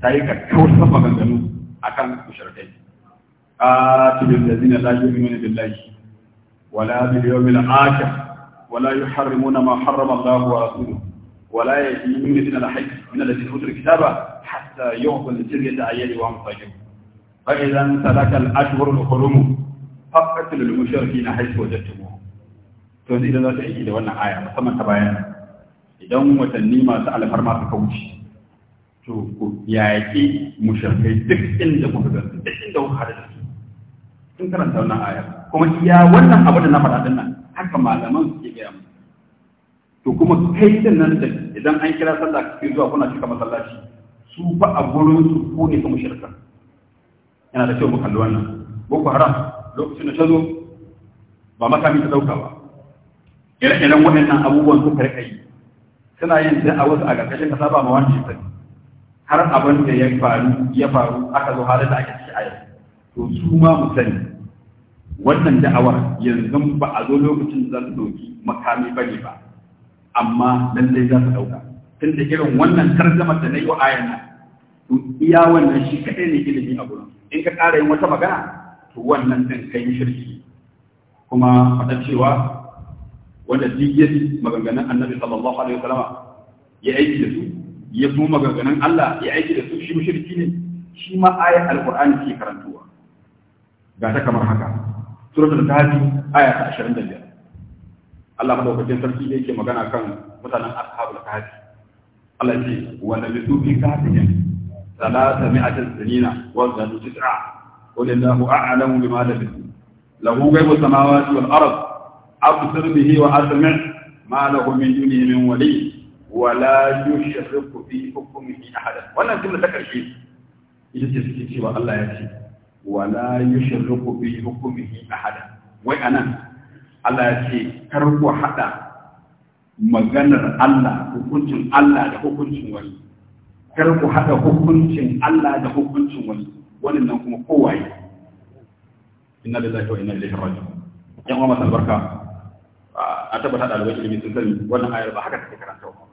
ta yi kakkausar maganganu a kan mushrikai qatilul ladina la yu'minuna billahi wala bil yawmil akhir wala yuharrimuna ma harrama Allah wa rasuluhu wala ya yi yadinuna min al-hayy da alladhina utul kitaba hatta yu'tu al-jizyata ayyadi wa mutaqim fa idhan salaka al-ashhur al-hurum faqatul mushrikina haythu wajadtumuhum to idan za ta yi da wannan aya musamman ta bayan idan watanni masu alfarma suka wuce to ku yaƙi mushafai duk inda kuka ga duk inda kuka hada da su sun karanta wannan aya kuma ya wannan abu da na faɗa din nan haka malaman suke gaya mu to kuma kai din nan da idan an kira sallah kai zuwa kuna cika masallaci su fa a gurin su ko ne kuma shirka yana da kyau mu kalli wannan boko haram lokacin da ta zo ba makami ta dauka ba ire-iren waɗannan abubuwan suka rika yi suna yin da a wasu a ƙarƙashin kasa ba ma wani shi har abin da ya faru ya faru aka zo halin da ake ciki a yau to su ma mu sani wannan da'awar yanzu ba a zo lokacin da za su doki makami ba ne ba amma lallai za su ɗauka tun da irin wannan tarjamar da na yi wa ayan nan to iya wannan shi kaɗai ne ilimi a gurin in ka ƙara yin wata magana to wannan ɗin kai shirki kuma faɗa cewa wanda duk maganganun annabi sallallahu alaihi Wasallama ya aiki da su ya zo maganganun Allah ya aiki da su shi ne shi ma aya alqur'ani ke karantuwa ga ta kamar haka suratul kahfi aya biyar. Allah madaukakin sarki da yake magana kan mutanen ashabul kahfi Allah ce wa labisu fi kahfihim ثلاث مئة سنين وزادوا تسعة قل الله أعلم بما لبثوا له غيب السماوات والأرض أبصر به وأسمع ما له من دونه min ولي wala yushriku fi hukmihi ahada wannan jumla ta karshe ita ce suke cewa Allah ya ce wala yushriku fi hukmihi ahada wai anan Allah ya ce kar ku hada maganar Allah hukuncin Allah da hukuncin wani kar ku hada hukuncin Allah da hukuncin wani wani nan kuma kowaye inna lillahi wa inna ilaihi raji'un yan uwa masu albarka a tabbata ɗalibai ilimi sun sani wannan ayar ba haka take karanta ba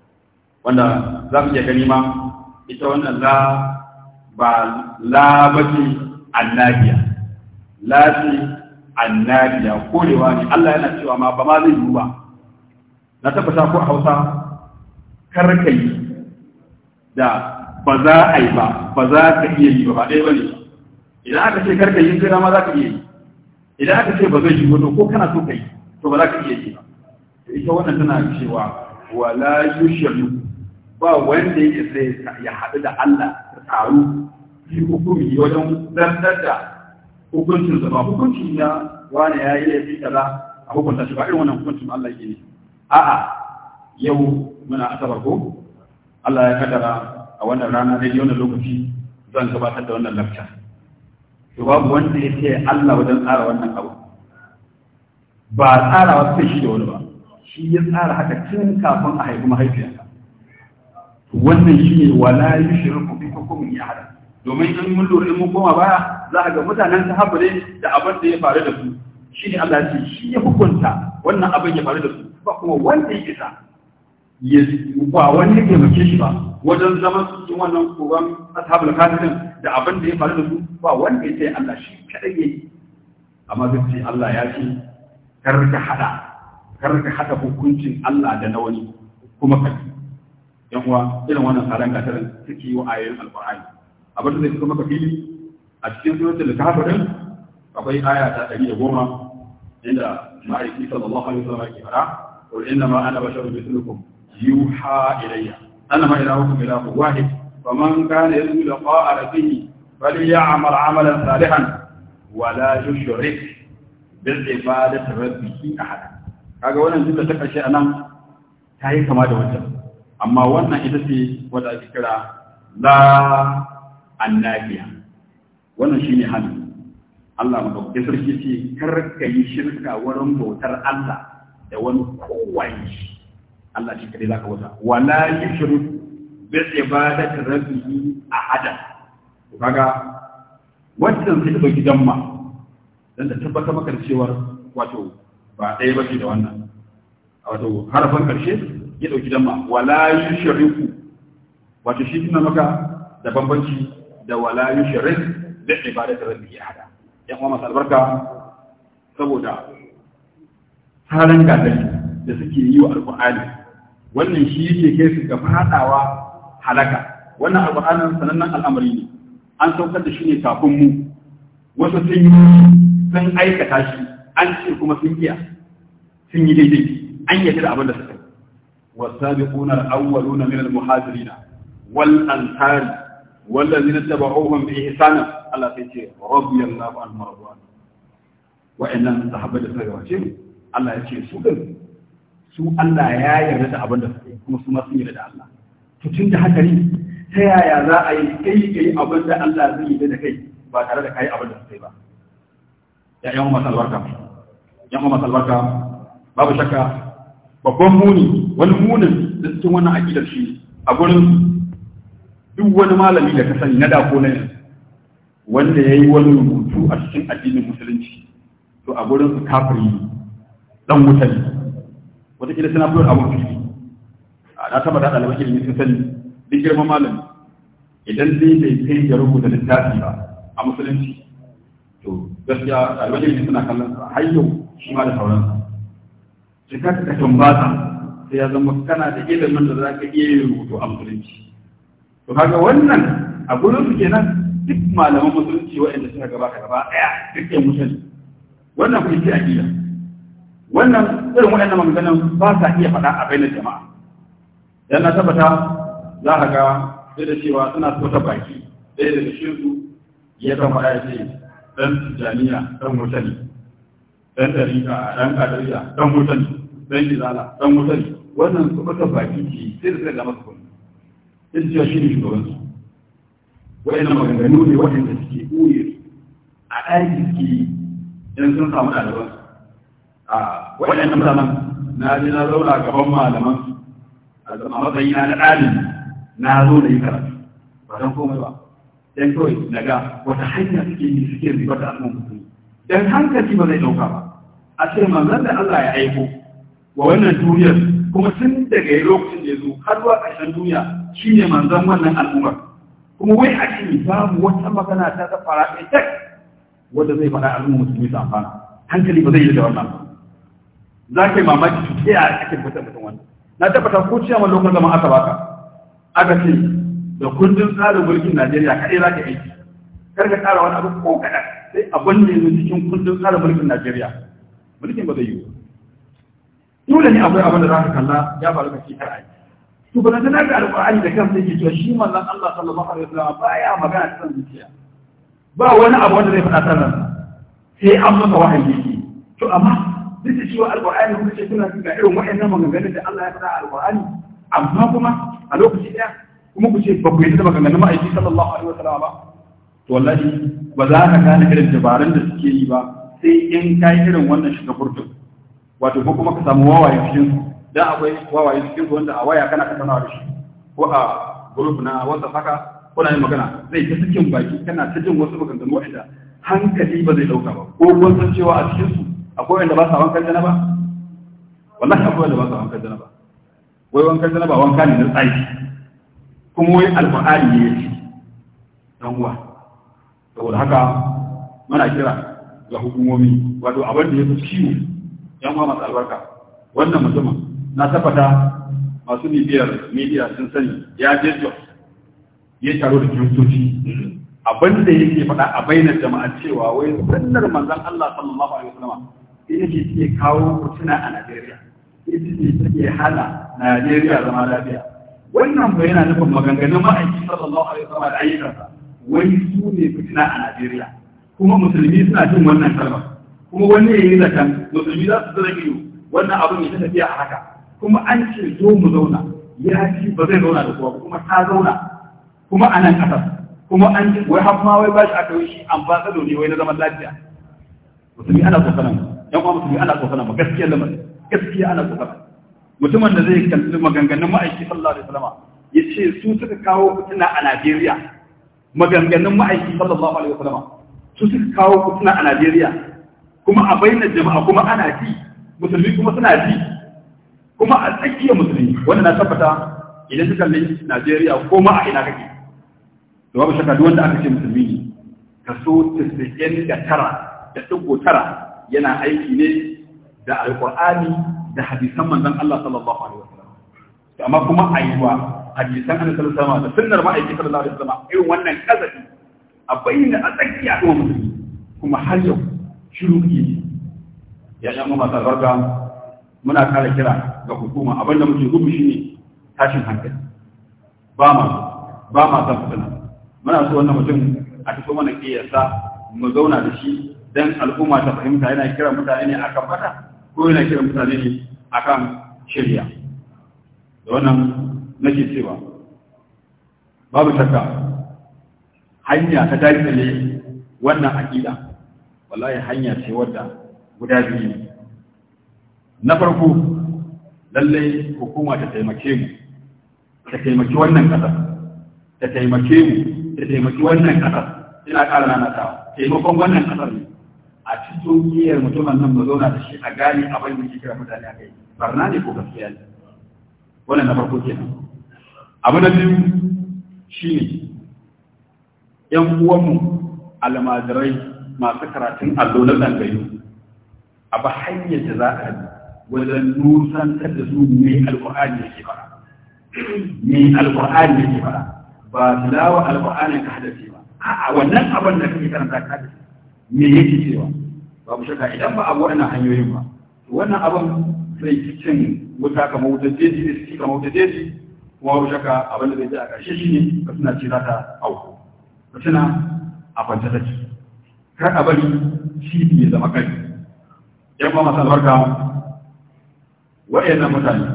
wanda za mu iya gani ma ita wannan la ba la bace annabiya la ce annabiya korewa ne Allah yana cewa ma ba ma zai yi ba na tabbata ko a Hausa karkai da ba za a yi ba ba za ka iya yi ba ɗaya ba ne idan aka ce karkai yi kira ma za ka iya yi idan aka ce ba zai yi wato ko kana so ka yi to ba za ka iya yi ba ita wannan tana cewa wala yushriku ba wanda yake sai ya haɗu da Allah ta taru yi hukumi wajen zartar da hukuncin ba hukunci na wani ya yi laifi kaza a hukunta shi ba irin wannan hukuncin Allah yake ne a'a yau muna asabar ko Allah ya kaddara a wannan rana da wannan lokaci zan gabatar da wannan lakta to babu wanda ya ce Allah wajen tsara wannan abu ba tsara kai shi da wani ba shi ya tsara haka tun kafin a haifi mahaifiya wannan shi shine wala yushriku bi ya hada. domin in mun lura in mun koma baya za a ga mutanen sahaba ne da abin da ya faru da su shine Allah ce shi ya hukunta wannan abin ya faru da su ba kuma wanda ya isa ba wani ya taimake shi ba wajen zama cikin wannan koran ashabul kafirin da abin da ya faru da su ba wanda ya sai Allah shi kadai yi. amma duk sai Allah ya ce kar ka hada kar hada hukuncin Allah da na wani kuma ka yan uwa irin wannan tsaron katarin suke yi wa ayoyin alƙur'ani abin da zai fito maka fili a cikin sunan da kafirin akwai aya ta ɗari da goma inda ma'aiki sallallahu alaihi wasallam ke fara qul inna ma ana basharun mithlukum yuha ilayya anna ma ilahukum ilahun wahid faman kana yarju liqa'a rabbih falyamal 'amalan salihan wa la yushrik bil ibadati rabbih ahada kaga wannan duka ta kashe anan tayi kama da wancan amma wannan ita ce wadda ake kira la annabiya wannan shine hannu Allah madaukakin sarki ce kar ka yi shirka wurin bautar Allah da wani kowaye Allah shi kadai zaka wata wala yushrik bi ibadati rabbihi ahada to kaga wannan sai da gidan ma dan da tabbata maka cewa wato ba ɗaya ba bace da wannan wato harafan karshe ya dauki damma Walayu yushriku wato shi ina maka da bambanci da wala yushrik da ibadatu rabbi ahada ya kuma masu albarka saboda halin gadari da suke yi wa alqur'ani wannan shi yake kai su ga fadawa halaka wannan alqur'anin sanannen al'amari ne an saukar da shi ne kafin mu wasu sun yi sun aikata shi an ce kuma sun iya sun yi daidai an yadda da abin da suka والسابقون الأولون من المهاجرين والأنصار والذين اتبعوهم بإحسان الله تيجي رضي الله عنهم ورضوان وإن الصحابة الذين الله يجي سوء su Allah ya yarda da abin da suke kuma sun yarda da Allah to tun haka ne ta yaya za a yi kai kai abin da Allah zai da kai ba tare da ba ya yan babu shakka babban muni wani munin da cikin wannan aƙidar shi a gurin duk wani malami da ka sani na dako na yanzu wanda ya yi wani rubutu a cikin addinin musulunci to a gurin su kafiri dan wuta wata wataƙila suna fiyar abin fili a na taba da ɗaliban ilimin sun sani duk girman malami idan zai bai kai ya rubuta littafi ba a musulunci to gaskiya ɗaliban ilimin suna kallon har yau shi ma da sauransa shiga ka tambata sai ya zama kana da ilimin da za ka iya yi rubutu a musulunci to kaga wannan a gurin su kenan duk malaman musulunci waɗanda suka gabata gaba ɗaya duk yan musulmi wannan kuma ce aƙida wannan irin waɗannan maganganun ba sa iya faɗa a bainar jama'a dan na tabbata za ka ga sai da cewa suna so ta baki ɗaya daga cikin su ya kan faɗa ya ce dan jami'a dan musulmi. dan ɗariƙa dan ƙadariya dan musulmi. dan izala dan mutane wannan su baka baki ce sai da suka gama su kuma in cewa shi ne shugaban su wa'annan maganganu ne waɗanda suke ɓoye a ɗaki suke idan sun samu ɗaliban su a waɗannan mutanen na je na zauna gaban malaman su a zama matsayi na ɗalibi na zo da yi karatu ba don komai ba dan kawai daga wata hanya suke yi suke ribar da al'ummar musulmi dan hankali ba zai ɗauka ba a ce manzon da Allah ya aiko wa wannan duniyar kuma sun daga yi lokacin da ya zo har zuwa ƙarshen duniya shine manzan wannan al'ummar kuma wai a cikin babu wata magana ta ta fara ɗaya tak wanda zai faɗa al'ummar musulmi su amfana hankali ba zai yi da wannan za ka yi mamaki su ta a cikin fitar mutum wannan na tabbata ko ciya ma lokacin zama aka baka aka ce da kundin tsarin mulkin najeriya kaɗai za ka aiki kar ka tsara wani abu ko kaɗan sai abin da yanzu cikin kundin tsarin mulkin najeriya mulkin ba zai yi ba dole ne akwai abin da za ka kalla ya faru kake kar ai to ba nan da alqur'ani da kansa yake cewa shi manzon Allah sallallahu alaihi wasallam baya magana ta san zuciya ba wani abu wanda zai faɗa sanar sai an masa wahayi yake to amma duk da cewa alqur'ani kuma ce kuna ga irin waɗannan maganganun da Allah ya faɗa a alqur'ani amma kuma a lokaci ɗaya kuma ku ce ba ku yi da maganganun ma'aiki sallallahu alaihi wasallam ba to wallahi ba za ka gane irin dabarun da suke yi ba sai in kai irin wannan shiga burtun wato ko kuma ka samu wawaye cikin su dan akwai wawaye cikin su wanda a waya kana ka sanawa da shi ko a group na WhatsApp haka ko yin magana zai ta cikin baki kana ta jin wasu maganganu wanda hankali ba zai dauka ba ko kun san cewa a cikin su akwai wanda ba sa wankan jana ba wallahi akwai wanda ba sa wankan jana ba wai wankan jana ba wanka ne na tsari? kuma wai alqur'ani ne yake dan uwa saboda haka muna kira ga hukumomi wato abin da ya fi ciwo yan uwa masu albarka wannan mutumin na tabbata masu bibiyar media sun sani ya je jos ya taro da kyautoci abin da yake faɗa a bainar jama'a cewa wai sannar manzan Allah sallallahu alaihi wasallam Ina ce ke kawo kutuna a Najeriya ita ce ke hana Najeriya zama lafiya wannan bai yana nufin maganganun ma'aikin sallallahu alaihi wasallam da ayyukansa wai su ne fitina a Najeriya kuma musulmi suna jin wannan kalmar kuma wani ya yi zaton musulmi za su zara ido wannan abin ya ta tafiya a haka kuma an ce zo mu zauna ya ci ba zai zauna da kowa kuma ta zauna kuma a nan ƙasar kuma an ce wai har ma wai ba shi aka yi shi an ba tsado ne wai na zaman lafiya musulmi ana tsokanan yan uwa musulmi ana tsokanan ba gaskiya mai, gaskiya ana tsokanan mutumin da zai kalli maganganun ma'aiki sallallahu alaihi wasallam ya ce su suka kawo fitina a Najeriya maganganun ma'aiki sallallahu alaihi wasallam su suka kawo fitina a Najeriya kuma a bayyana jama'a kuma ana ji musulmi kuma suna ji kuma a tsakiyar musulmi wanda na tabbata idan ka kalli Najeriya ko ma a ina kake to babu shakka duk wanda aka ce musulmi ne kaso 99 da tara, da dubu tara yana aiki ne da alqur'ani da hadisan manzon Allah sallallahu alaihi wasallam amma kuma aiwa hadisan annabi sallallahu alaihi wasallam da sunnar ma'aikatan sallallahu alaihi wasallam irin wannan kazafi a bayyana a tsakiya ga musulmi kuma har yau shiruki ya ɗan masu albarka muna kare kira ga hukuma abinda muke gudu shi ne tashin hankali ba ma ba ma san fitina muna so wannan mutum a tafi mana kiyasa mu zauna da shi don al'umma ta fahimta yana kiran mutane ne akan fata ko yana kiran mutane ne akan shirya da wannan nake cewa babu shakka hanya ta ne wannan aƙida wallahi hanya ce wadda guda biyu ne na farko lallai hukuma ta taimake mu ta taimaki wannan kasa ta taimake mu ta taimaki wannan kasa ina ƙara nanatawa taimakon wannan ƙasar ne a cikin kiyar mutumin nan mu zauna da shi a gane abin da ke kira mutane a kai barna ne ko gaskiya ne wannan na farko kenan abu na biyu shine yan uwanmu almajirai masu karatun allo na zangayu a ba hanyar da za a wajen nusantar da su mai alkur'ani yake fara mai alkur'ani yake fara ba su tilawa alkur'ani ka hadasi ba a'a wannan abin da kake karanta ka hadasi me yake cewa babu shaka idan ba abu wannan hanyoyin ba wannan abin zai cin wuta kama wutar jeji da suke kama wutar jeji kuma babu shaka abin da zai ji a ƙarshe shi ne ka suna ce za ta auku ka suna a kwanta take kar a bari shi ne ya zama kai yan ba masu albarka waɗannan mutane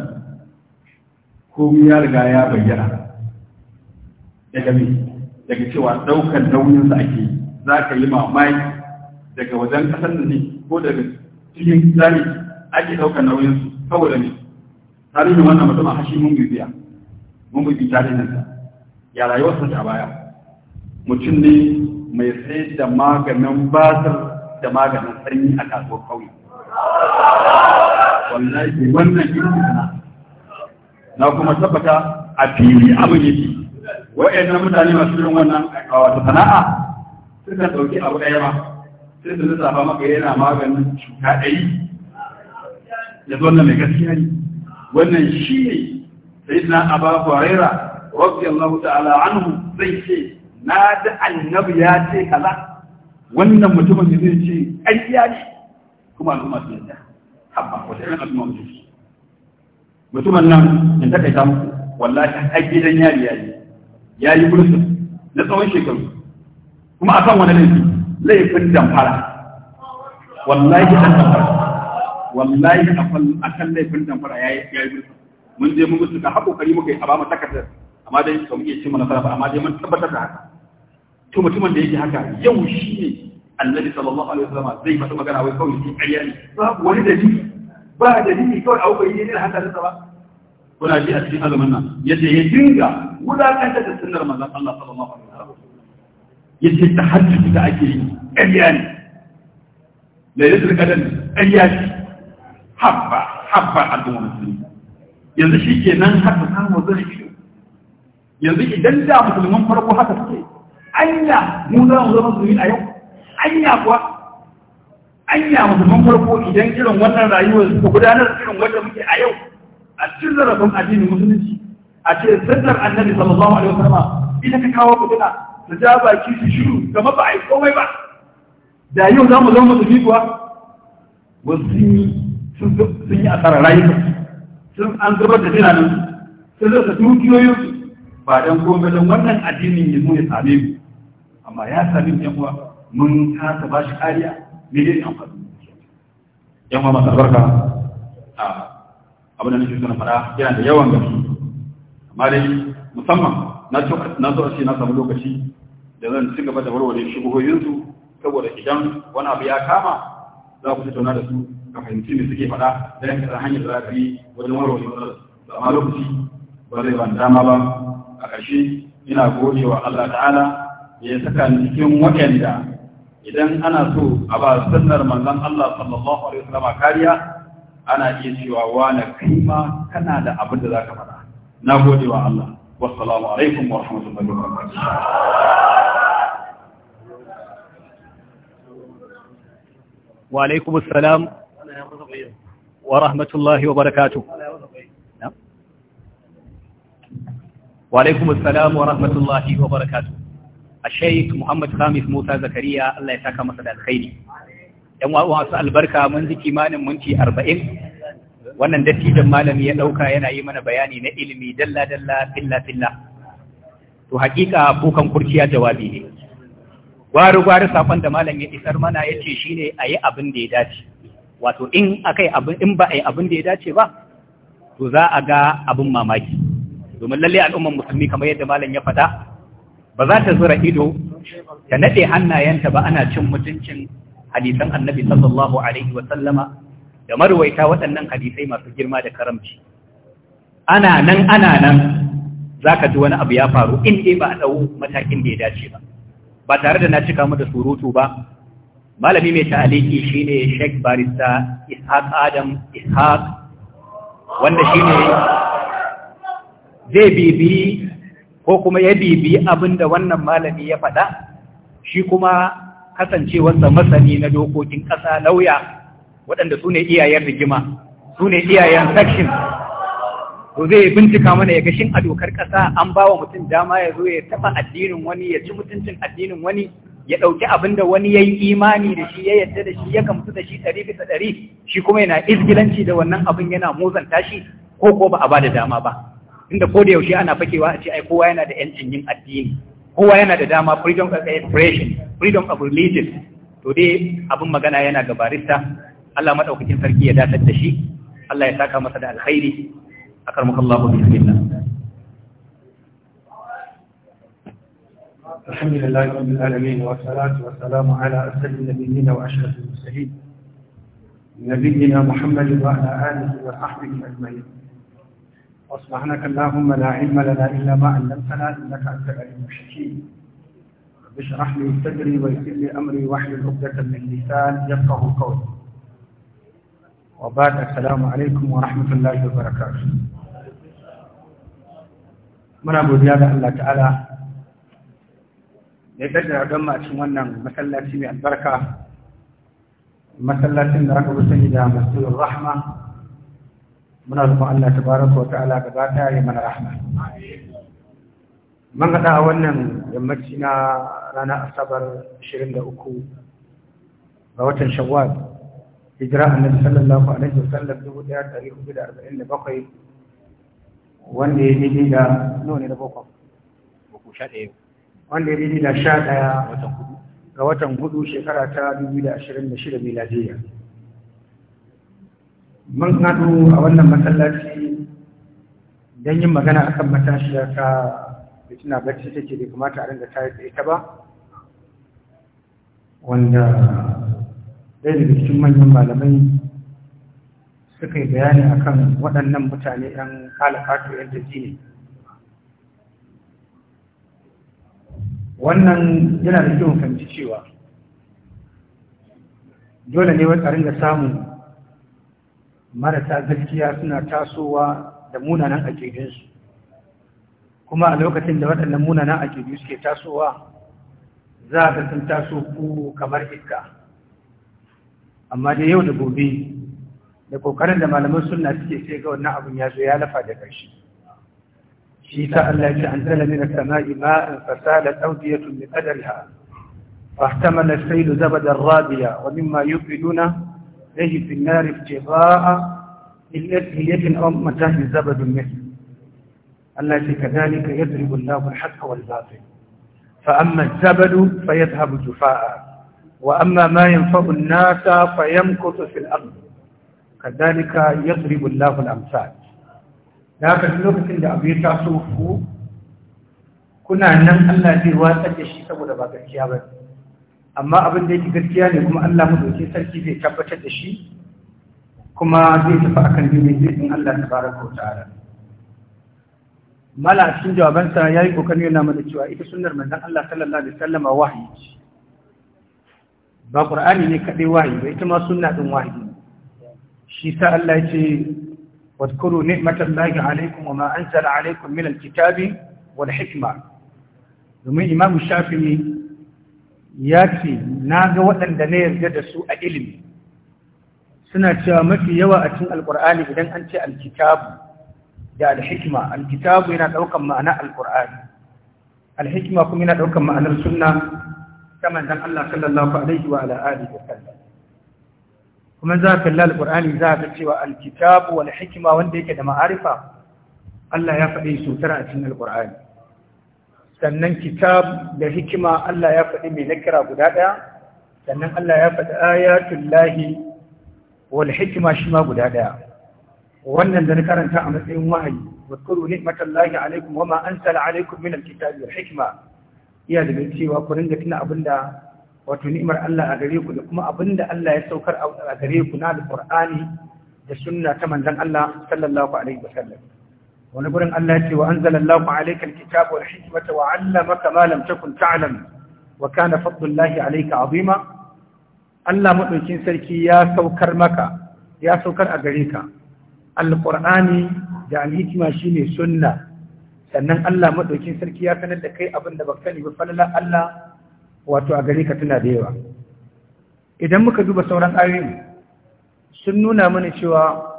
ko ya riga ya bayyana daga me daga cewa ɗaukar sa ake za ka yi mamaye daga wajen ƙasar da ne ko daga cikin tsari ake ɗaukar nauyinsu saboda ne tarihin wannan mutum a hashi mun bibiya mun bibi tarihinsa ya rayuwarsa ta baya mutum ne mai sai da maganin basar da maganin sanyi a kasuwar kauye wallahi wannan girki na kuma tabbata a fili abin yake wa'annan mutane masu yin wannan a wata sana'a suka ɗauki abu ɗaya ba sai su lissafa maka yana maganin cuta ɗari ya zo mai gaskiya ne wannan shi ne sai na abu huraira rabbi allah ta'ala anhu zai ce na da annabi ya ce kaza wannan mutumin da zai ce ya ne kuma al'umma su yadda habba wata irin al'umma mutum mutumin nan in takaita muku wallahi aiki gidan yari ya yi ya yi bursun na tsawon shekaru kuma a kan wani laifi laifin damfara wallahi an damfara wallahi a kan laifin damfara ya yi bursun mun je mun musu ka haƙoƙari muka yi a ba mu takardar amma dai ba mu iya cin nasara ba amma dai mun tabbatar da haka to mutumin da yake haka yau shi ne annabi sallallahu alaihi wasallam zai faɗi magana wai kawai shi ƙarya ne babu wani dalili ba dalili kawai a wuƙari ne da haka da ba kuna ji a cikin azumin nan yace ya dinga wulakanta da sunnar manzon Allah sallallahu alaihi wasallam yace tahajjud da ake yi ƙarya ne lailatul qadr ƙarya ce habba habba al'umma musulmi yanzu shikenan haka samu zai yanzu idan da musulman farko haka suke anya mu za mu zama musulmi a yau anya kuwa anya musulman farko idan irin wannan rayuwar suka gudanar irin wanda muke a yau a cikin zarafin addinin musulunci a ce sallar annabi sallallahu alaihi wasallam ita ka kawo fitina ta ja baki su shiru kamar ba a yi komai ba da yau za mu zama musulmi kuwa wasu sun yi asarar rayuwa sun an zubar da tunanin sun rasa dukiyoyin ba don komai don wannan addinin yanzu ya same mu amma ya sami yan mun kasa ba shi kariya me ne yan uwa masu albarka a abin da nake suna fara yana da yawan gaske amma dai musamman na zo a na samu lokaci da zan ci gaba da warware shubuhoyinsu saboda idan wani abu ya kama za ku tattauna da su ka fahimci me suke faɗa da yanka da hanyar da za ka yi wajen warware su. amma lokaci ba zai ban dama ba a ƙarshe ina wa Allah ta'ala ya saka cikin waɗanda idan ana so a ba sunnar manzon Allah sallallahu alaihi wasallam kariya ana iya cewa wa na kima kana da abin da zaka faɗa na gode wa Allah wassalamu alaikum wa rahmatullahi wa barakatuh وعليكم wa ورحمة Wa وبركاته وعليكم السلام ورحمة الله وبركاته a muhammad khamis musa zakariya allah ya saka masa da alkhairi yan wasu albarka mun ji kimanin minti arba'in wannan dattijan malami ya ɗauka yana yi mana bayani na ilimi dalla dalla filla filla to hakika kukan kurciya jawabi ne gwari gwari sakon da malam ya isar mana ya ce shine ayi yi abin da ya dace wato in akai abin in ba a yi abin da ya dace ba to za a ga abin mamaki domin lalle al'umman musulmi kamar yadda malam ya faɗa ba za ta zura ido ta nade hannayenta ba ana cin mutuncin hadisan annabi sallallahu alaihi wa sallama da marwaita waɗannan hadisai masu girma da karamci ana nan ana nan za ka ji wani abu ya faru in dai ba a ɗau matakin da ya dace ba ba tare da na cika mu da surutu ba malami mai taliki shine Sheikh Barista Ishaq Adam Ishaq wanda shine zai bibi ko kuma ya bibi abin da wannan malami ya faɗa shi kuma kasancewarsa masani na dokokin ƙasa lauya waɗanda su ne iyayen rigima su ne iyayen section ko zai bincika mana ya gashin a dokar ƙasa an ba wa mutum dama ya zo ya taɓa addinin wani ya ci mutuncin addinin wani ya ɗauki abin da wani ya yi imani da shi ya yadda da shi ya kamtu da shi ɗari bisa ɗari shi kuma yana izgilanci da wannan abin yana muzanta shi ko ko ba a ba da dama ba inda ko da yaushe ana fakewa a ce ai kowa yana da ƴancin yin addini kowa yana da dama freedom of expression freedom of religion to dai abin magana yana ga barista Allah madaukakin sarki ya datar da shi Allah ya saka masa da alkhairi akarmuka Allah bismillah الحمد لله رب العالمين والصلاة والسلام على أسد النبيين وأشرف المرسلين wa محمد وعلى wa وصحبه أجمعين وسبحانك اللهم لا علم لنا إلا ما علمتنا إنك أنت العليم الحكيم رب اشرح لي صدري ويسر لي أمري واحلل عقدة من لسان يفقه قولي وبعد السلام عليكم ورحمة الله وبركاته muna godiya ga Allah ta'ala da ya kaddara don cikin wannan masallaci mai albarka masallacin da aka sani da masjidin rahma muna roƙon Allah tabaraka wa ta'ala gaba ta yi mana rahma man a wannan yammaci na ranar asabar 23 ga watan shawwal hijira annabi sallallahu alaihi wasallam 1447 wanda ya yi da nawa ne da bakwai wanda ya yi da ɗaya ga watan hudu shekara ta 2026 miladiyya mun haɗu a wannan masallaci don yin magana a kan akan ka ta fitina bacci take da kamata a ta yi da ita ba wanda ɗaya daga cikin manyan malamai suka yi bayani a kan waɗannan mutane ɗan kalakato yan jaji ne wannan yana da kyau fahimci cewa dole ne wata ringa samun marasa gaskiya suna tasowa da munanan akidunsu kuma a lokacin da waɗannan munanan akidu suke tasowa za a sun taso ku kamar iska amma da yau da gobe da ƙoƙarin da malaman suna suke sai ga wannan abin ya zo ya lafa da ƙarshe shi ta Allah ce an zala mina sama'i ma'in fasala tawdiyatun bi ƙadarha fahtamala sailu zabadar rabia wa mimma yuqiduna يجب في النار ابتغاء للأسهية أو متاه زبد مثل التي كذلك يضرب الله الحق والباطل فأما الزبد فيذهب جفاء وأما ما ينفع الناس فيمكث في الأرض كذلك يضرب الله الأمثال لكن لوكتين da abu ya taso ku kuna nan Allah zai watsar da shi saboda amma abin da yake gaskiya ne kuma Allah madauki sarki zai tabbatar da shi kuma zai tafi akan dinin din Allah tabaraka wa ta'ala mala cikin jawabansa ya yi kokari yana mana cewa ita sunnar manzon Allah sallallahu alaihi wasallama wahayi ba qur'ani ne kadai wahayi ba ita ma suna din wahayi shi sa Allah ya ce ne, واذكروا نعمة الله عليكم وما kitabi, عليكم من الكتاب والحكمة ومن shafi ne. ya ce na ga waɗanda na yarda da su a ilimi suna cewa mafi yawa a cin alƙur'ani idan an ce alkitabu da alhikima alkitabu yana ɗaukan ma'ana alƙur'ani alhikima kuma yana ɗaukan ma'anar suna ta manzon Allah sallallahu alaihi wa ala alihi wa kuma za ka lal alƙur'ani za a ka cewa alkitabu wani hikima wanda yake da ma'arifa Allah ya faɗi su tara a cikin alƙur'ani sannan kitab da hikima Allah ya faɗi mai nakira guda ɗaya sannan Allah ya faɗi ayatul lahi wal hikima shi ma guda ɗaya wannan da na karanta a matsayin wahayi wadkuru ni'matan lahi alaikum wa ma ansala alaikum min alkitabi wal hikima iya daga cewa ku ringa tuna abinda wato ni'imar Allah a gare ku da kuma abinda Allah ya saukar a gare ku na alqur'ani da sunna ta manzon Allah sallallahu alaihi sallam. wani gurin Allah ce wa anzalallahu alayka alkitaba wa hikmata wa 'allamaka ma lam takun ta'lam wa kana fadlullahi alayka 'azima Allah madaukin sarki ya saukar maka ya saukar a gare ka Alƙur'ani da shi shine sunna sannan Allah madaukin sarki ya sanar da kai abin da baka sani ba falala Allah wato a gare ka tana da yawa idan muka duba sauran ayoyin sun nuna mana cewa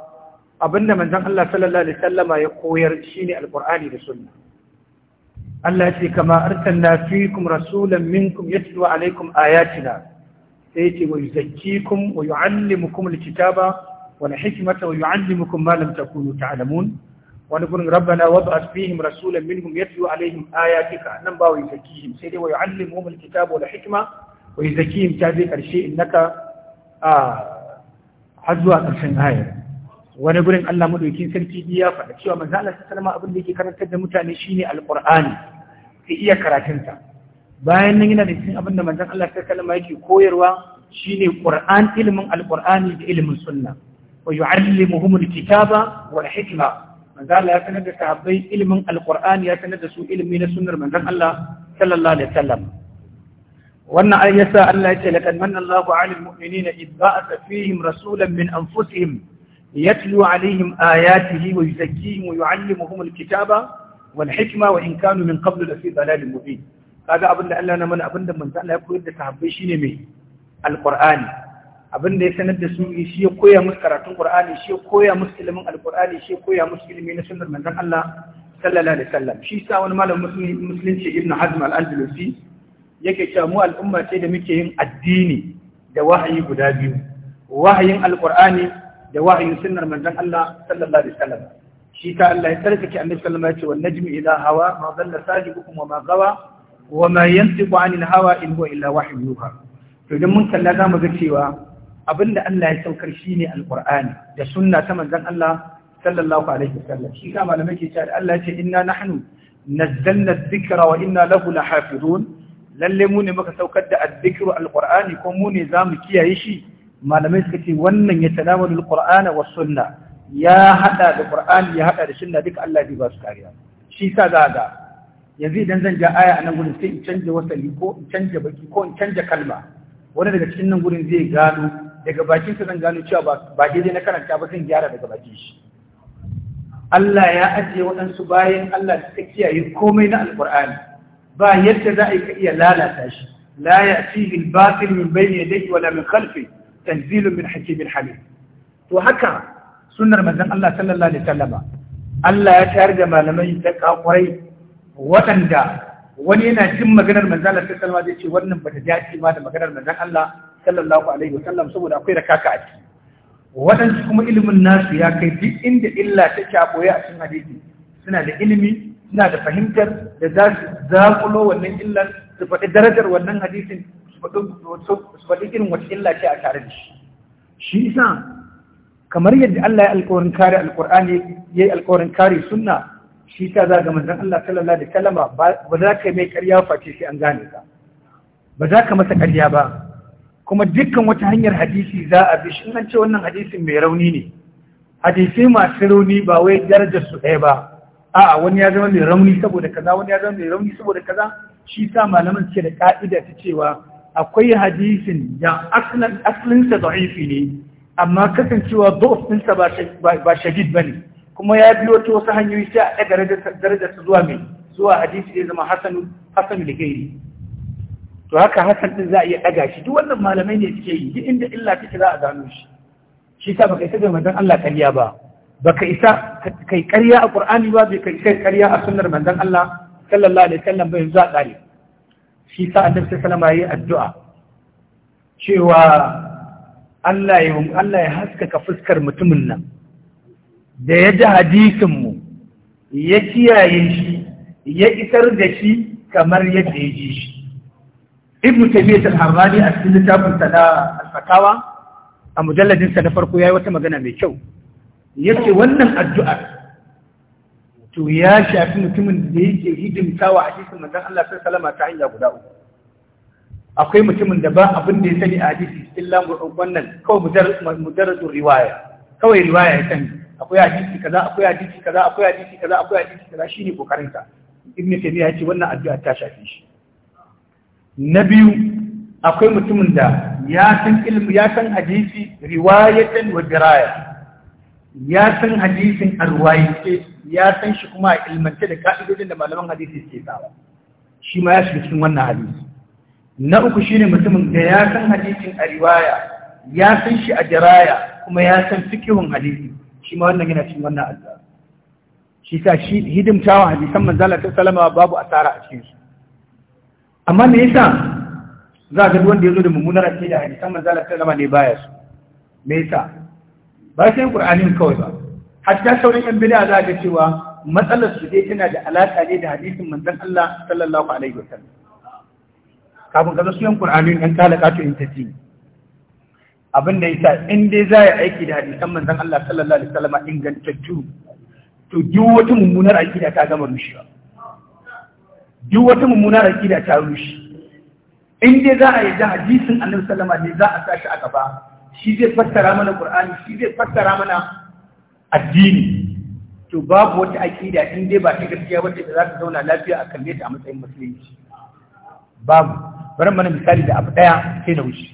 abinda manzon Allah sallallahu alaihi wasallama ya koyar shine alqur'ani da sunna Allah ce kama arsalna fiikum rasulan minkum yatlu alaikum ayatina sai yace wa yuzakkikum wa yuallimukum alkitaba wa hikmata wa yuallimukum ma lam takunu ta'lamun wani gurin rabbana wab'ath fihim rasulan minhum yatlu alaihim ayatika nan ba wa yuzakkihim sai dai wa yuallimuhum alkitaba wa hikma wa yuzakkihim ta zai karshe innaka a har zuwa ƙarshen ayar wani gurin Allah madaukin sarki ya faɗa cewa manzo Allah sallama abin da yake karantar da mutane shine alqur'ani ka iya karatunsa bayan nan yana da cikin abin da manzo Allah sallama yake koyarwa shine qur'an ilmin alqur'ani da ilmin sunna wa yu'allimuhum alkitaba wal hikma manzo Allah ya sanar da sahabbai ilmin alqur'ani ya sanar da su ilmi na sunnar manzo Allah sallallahu alaihi wasallam wannan ayyasa Allah ya ce laqad manna Allahu 'alal mu'minina idh fihim rasulan min anfusihim يتلو عليهم آياته ويزكيهم ويعلمهم الكتاب والحكمة وإن كانوا من قبل لفي ضلال مبين هذا أبن الله أنا من أبن من تعالى يقول لك تعبي شيني مي القرآن abin da ya sanar da su shi ya koya musu karatun Qur'ani shi ya koya musu ilimin al shi ya koya musu ilimi na sunnar manzon Allah sallallahu alaihi wasallam shi sa wani malamin musulunci Ibn Hazm al-Andalusi yake cewa mu al'umma ce da muke yin addini da wahayi guda biyu wahayin al da wahayin sunnar manzon Allah sallallahu alaihi wasallam shi ka Allah ya tsarkake annabi sallallahu alaihi wasallam ya ce wan najmi idha hawa ma dalla sahibukum wa ma gawa wa ma yantiqu anil hawa in huwa illa wahyu yuha to idan mun kalla za mu ga cewa abinda Allah ya saukar shine alqur'ani da sunna ta manzon Allah sallallahu alaihi wasallam shi ka malamai ke cewa Allah ya ce inna nahnu nazzalna adh-dhikra wa inna lahu lahafizun lalle mu ne muka saukar da adh-dhikru alqur'ani ko mu ne za mu kiyaye shi malamai suka ce wannan ya tanawalul qur'ana wa sunna ya haɗa da qur'ani ya haɗa da suna duka Allah ya ba su kariya shi sa za ga yanzu idan zan ja aya a nan gurin sai in canja wasali ko in canja baki ko in canja kalma wani daga cikin nan gurin zai gano daga bakin sa zan gano cewa ba daidai na karanta ba zan gyara daga bakin shi Allah ya ajiye waɗansu bayan Allah da suka kiyaye komai na alqur'ani ba yadda za a iya lalata shi la ya fi bil batil min bayni yadayhi wala min khalfihi tanzilun min hakimin halim to haka sunan manzon Allah sallallahu alaihi wasallam Allah ya tayar da malamai da kakurai waɗanda wani yana cin maganar manzon Allah sallallahu alaihi wasallam zai ce wannan bata dace ba da maganar manzon Allah sallallahu alaihi wasallam saboda akwai rakaka a ciki waɗansu kuma ilimin nasu ya kai duk inda illa ta kyakoya a cin hadisi suna da ilimi suna da fahimtar da za wannan faɗi darajar wannan hadisin su faɗi irin wata illa ce a tare da shi shi isa kamar yadda Allah ya alƙawarin kare alƙur'ani ya yi alƙawarin kare suna. shi ta za ga manzan Allah sallallahu alaihi kalama ba za ka mai karya face sai an gane ka ba za ka masa karya ba kuma dukkan wata hanyar hadisi za a bi shi an ce wannan hadisin mai rauni ne Hadisi masu rauni ba wai darajar su ɗaya ba a'a wani ya zama mai rauni saboda kaza wani ya zama mai rauni saboda kaza shi sa malaman ce da ka'ida ta cewa akwai hadisin da asalinsa da'ifi ne amma kasancewa dofinsa ba shadid ba ne kuma ya biyo ta wasu hanyoyi sai a ɗaga darajarsa zuwa mai zuwa hadisi zai zama Hassan da gairi to haka Hassan ɗin za a iya ɗaga shi duk wannan malamai ne suke yi duk inda illa take za a gano shi shi sa baka isa ga manzon Allah ƙarya ba baka isa kai ƙarya a Qur'ani ba bai kai ƙarya a sunnar manzon Allah sallallahu alaihi wasallam ba yanzu a tsare shi sa annabi sallallahu addu'a cewa Allah ya Allah ya haskaka fuskar mutumin nan da ya ji hadisin mu ya kiyaye shi ya isar da shi kamar yadda ya ji shi Ibn taymiyyah al-harrani a cikin littafin sa na al a mujalladin sa na farko yayi wata magana mai kyau yace wannan addu'ar to ya shafi mutumin da yake hidimta wa hadisin manzon Allah sallallahu alaihi ta hanya guda uku akwai mutumin da ba abin da ya sani a hadisi illa wannan kawai mujarradun riwaya kawai riwaya ya sani akwai hadisi kaza akwai hadisi kaza akwai hadisi kaza akwai hadisi kaza shine kokarin ka ibn taymiya yace wannan addu'a ta shafi shi na biyu akwai mutumin da ya san ilmi ya san hadisi riwayatan wa diraya ya san hadisin ce ya san shi kuma a ilmance da ka'idodin da malaman hadisi ke tsawa shi ma ya shiga cikin wannan hadisi na uku shi ne mutumin da ya san hadisin a riwaya ya san shi a jaraya kuma ya san fikihun hadisi shi ma wannan yana cikin wannan azza shi sa shi hidimtawa hadisan manzala ta salama babu asara a cikin su amma me yasa za ga wanda ya zo da mummunar akida hadisan manzala ta salama ne baya su me yasa ba sai qur'anin kawai ba hatta sauran yan bid'a za ga cewa matsalar su dai tana da alaƙa ne da hadisin manzon Allah sallallahu alaihi wasallam kafin ka zo yan qur'anin an kalaka to ci, abin da yasa in dai za ya aiki da hadisan manzon Allah sallallahu alaihi wasallam ingantattu to duk wata mummunar akida ta gama rushewa duk wata mummunar akida ta rushe in dai za a yi da hadisin annabi sallama ne za a sa shi a gaba shi zai fassara mana qur'ani shi zai fassara mana addini to babu wata aqida in dai ba ta gaskiya ba da za ta zauna lafiya a kalle ta a matsayin musulunci babu bari mana misali da abu daya sai na wuce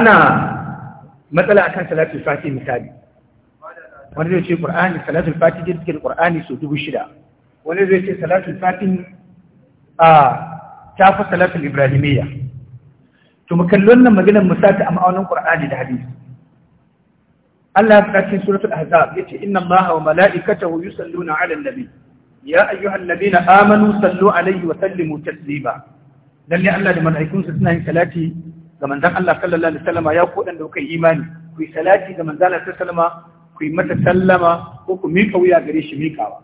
ana matsala akan salatu fati misali wani zai ce qur'ani salatu fati da cikin qur'ani sau dubu shida wani zai ce salatu fati a ta fi salatul ibrahimiyya to mu kalli wannan maganar mu sata a ma'aunin Qur'ani da hadisi Allah ya faɗa cikin suratul Ahzab yace inna Allaha wa mala'ikatahu yusalluna 'alan nabi ya ayyuhal ladina amanu sallu 'alaihi wa sallimu taslima lalle Allah da mala'ikunsa suna yin salati ga manzon Allah sallallahu alaihi wasallam ya ku dan da kuka imani ku yi salati ga manzon Allah sallallahu alaihi wasallam ku yi mata sallama ko ku mika wuya gare shi miƙawa.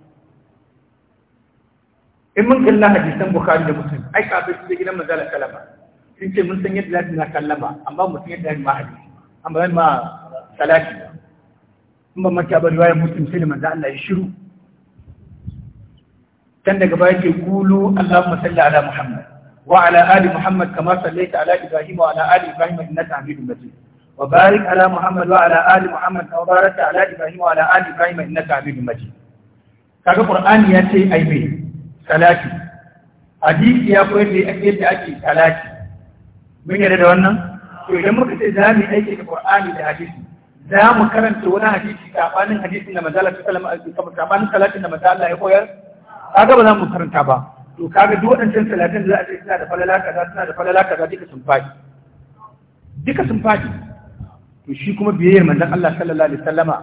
in mun kalla hadisan Bukhari da Muslim ai kafin su gidan manzon Allah sallallahu alaihi wasallam sun ce mun san yadda za su na sallama amma mu san yadda za su ma hadisi amma zan ma salati in ban manta ba riwayar muslim sai da manzo Allah ya shiru kan daga baya ce qulu allahumma salli ala muhammad wa ala ali muhammad kama sallaita ala ibrahim wa ala ali ibrahim innaka hamidum majid wa barik ala muhammad wa ala ali muhammad kama barakta ala ibrahim wa ala ali ibrahim innaka hamidum majid kaga qur'ani ya ce ai me salati hadisi ya koyar da yadda ake salati mun yarda da wannan to idan muka ce za mu yi aiki da qur'ani da hadisi za mu karanta wani hadisi sabanin hadisin da manzo Allah sallallahu alaihi wasallam sabanin salatin da manzo Allah ya koyar kaga ba za mu karanta ba to kaga duk waɗancan salatin da za a ce suna da falala kaza suna da falala kaza duka sun faɗi duka sun faɗi to shi kuma biyayyar manzon Allah sallallahu alaihi wasallama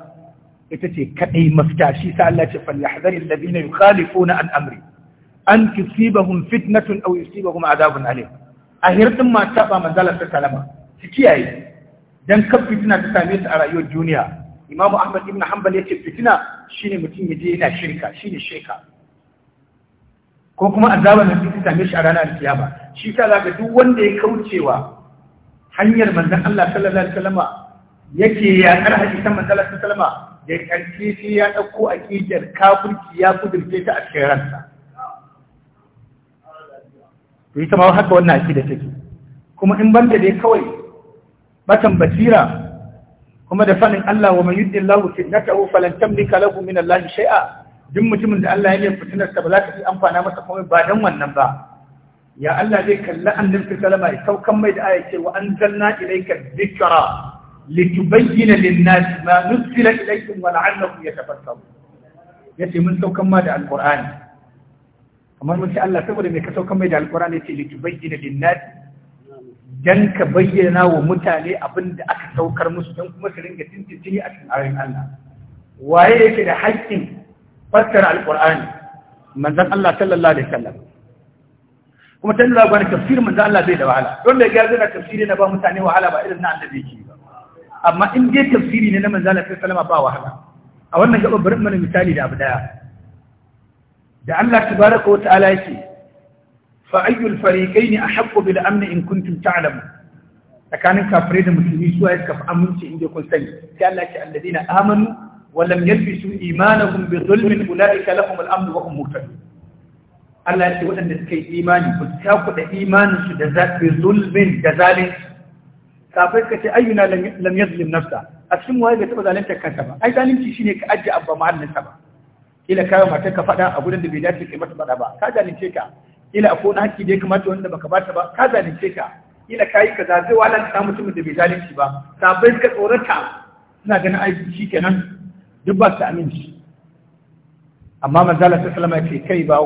ita ce kadai mafita shi sa Allah ce falyahdhar alladhina yukhalifuna an amri an tusibahum fitnatun aw yusibahum adhabun alim a hirɗin mata ba manzalar ta kalama su kiyaye don kan fitina ta same su a rayuwar duniya imamu ahmad ibn hanbal ya ce fitina shine mutum ya je yana shirka shine sheka. ko kuma azabar da ta same shi a ranar kiyama shi ta zaga duk wanda ya kaucewa hanyar manzan Allah sallallahu alaihi wasallam yake ya kar haji manzon manzalar sallallahu alaihi wasallam da karfi sai ya dauko aqidar kafirci ya kudurce ta a cikin ransa to ita ma haka wannan akida take kuma in banta dai kawai batan basira kuma da sanin Allah wa man yudillahu fitnatahu falan tamlika lahu min Allah shay'a duk mutumin da Allah ya yi fitinar ta ba za ka fi amfana masa komai ba dan wannan ba ya Allah zai kalli annabi a ya saukan mai da aya ce wa anzalna ilayka dhikra litubayyana lin-nas ma nuzila ilaykum wa la'allahum yatafakkarun yace mun saukan ma da alqur'ani amma mun ce Allah saboda mai ka saukan mai da alkurani ce li tubayyana lin-nas dan ka bayyana wa mutane abin da aka saukar musu dan kuma su ringa tintintini a cikin ayoyin Allah waye yake da haƙƙin fassara alkurani manzon Allah sallallahu alaihi wasallam kuma tun da gwani tafsir manzon Allah bai da wahala don da ya zana tafsiri na ba mutane wahala ba irin na annabi yake ba amma in dai tafsiri ne na manzon Allah sallallahu alaihi wasallam ba wahala a wannan gaba bari mana misali da abu daya da Allah tabaraka wa ta'ala yake fa ayyul fariqaini ahaqqu bil amn in kuntum ta'lamu tsakanin kafirai da musulmi su ya kafa aminci inda kun sani sai Allah ce alladina amanu wa lam yalbisu imanahum bi dhulmin ulaika lahum al amn wa hum muhtadun Allah ya ce waɗanda suka yi imani ku ta kuɗa imanin su da zaɓi zulmin da zalunci kafai ka ce ayyuna lam yazlim nafsa a cikin waye bai taɓa zalunta kansa ba ai zalunci shine ka ajiye abba ma'annansa ba kila kawo matar ka faɗa a gudun da bai dace kai mata faɗa ba ka zalunce ka kila a na haƙƙi da ya kamata wanda baka bata ba ka zalunce ka kila kayi kaza zai wala ta mutumin da bai zalunci ba sabai ka tsorata suna ganin aiki shi kenan duk ba su aminci amma manzala ta salama ce kai ba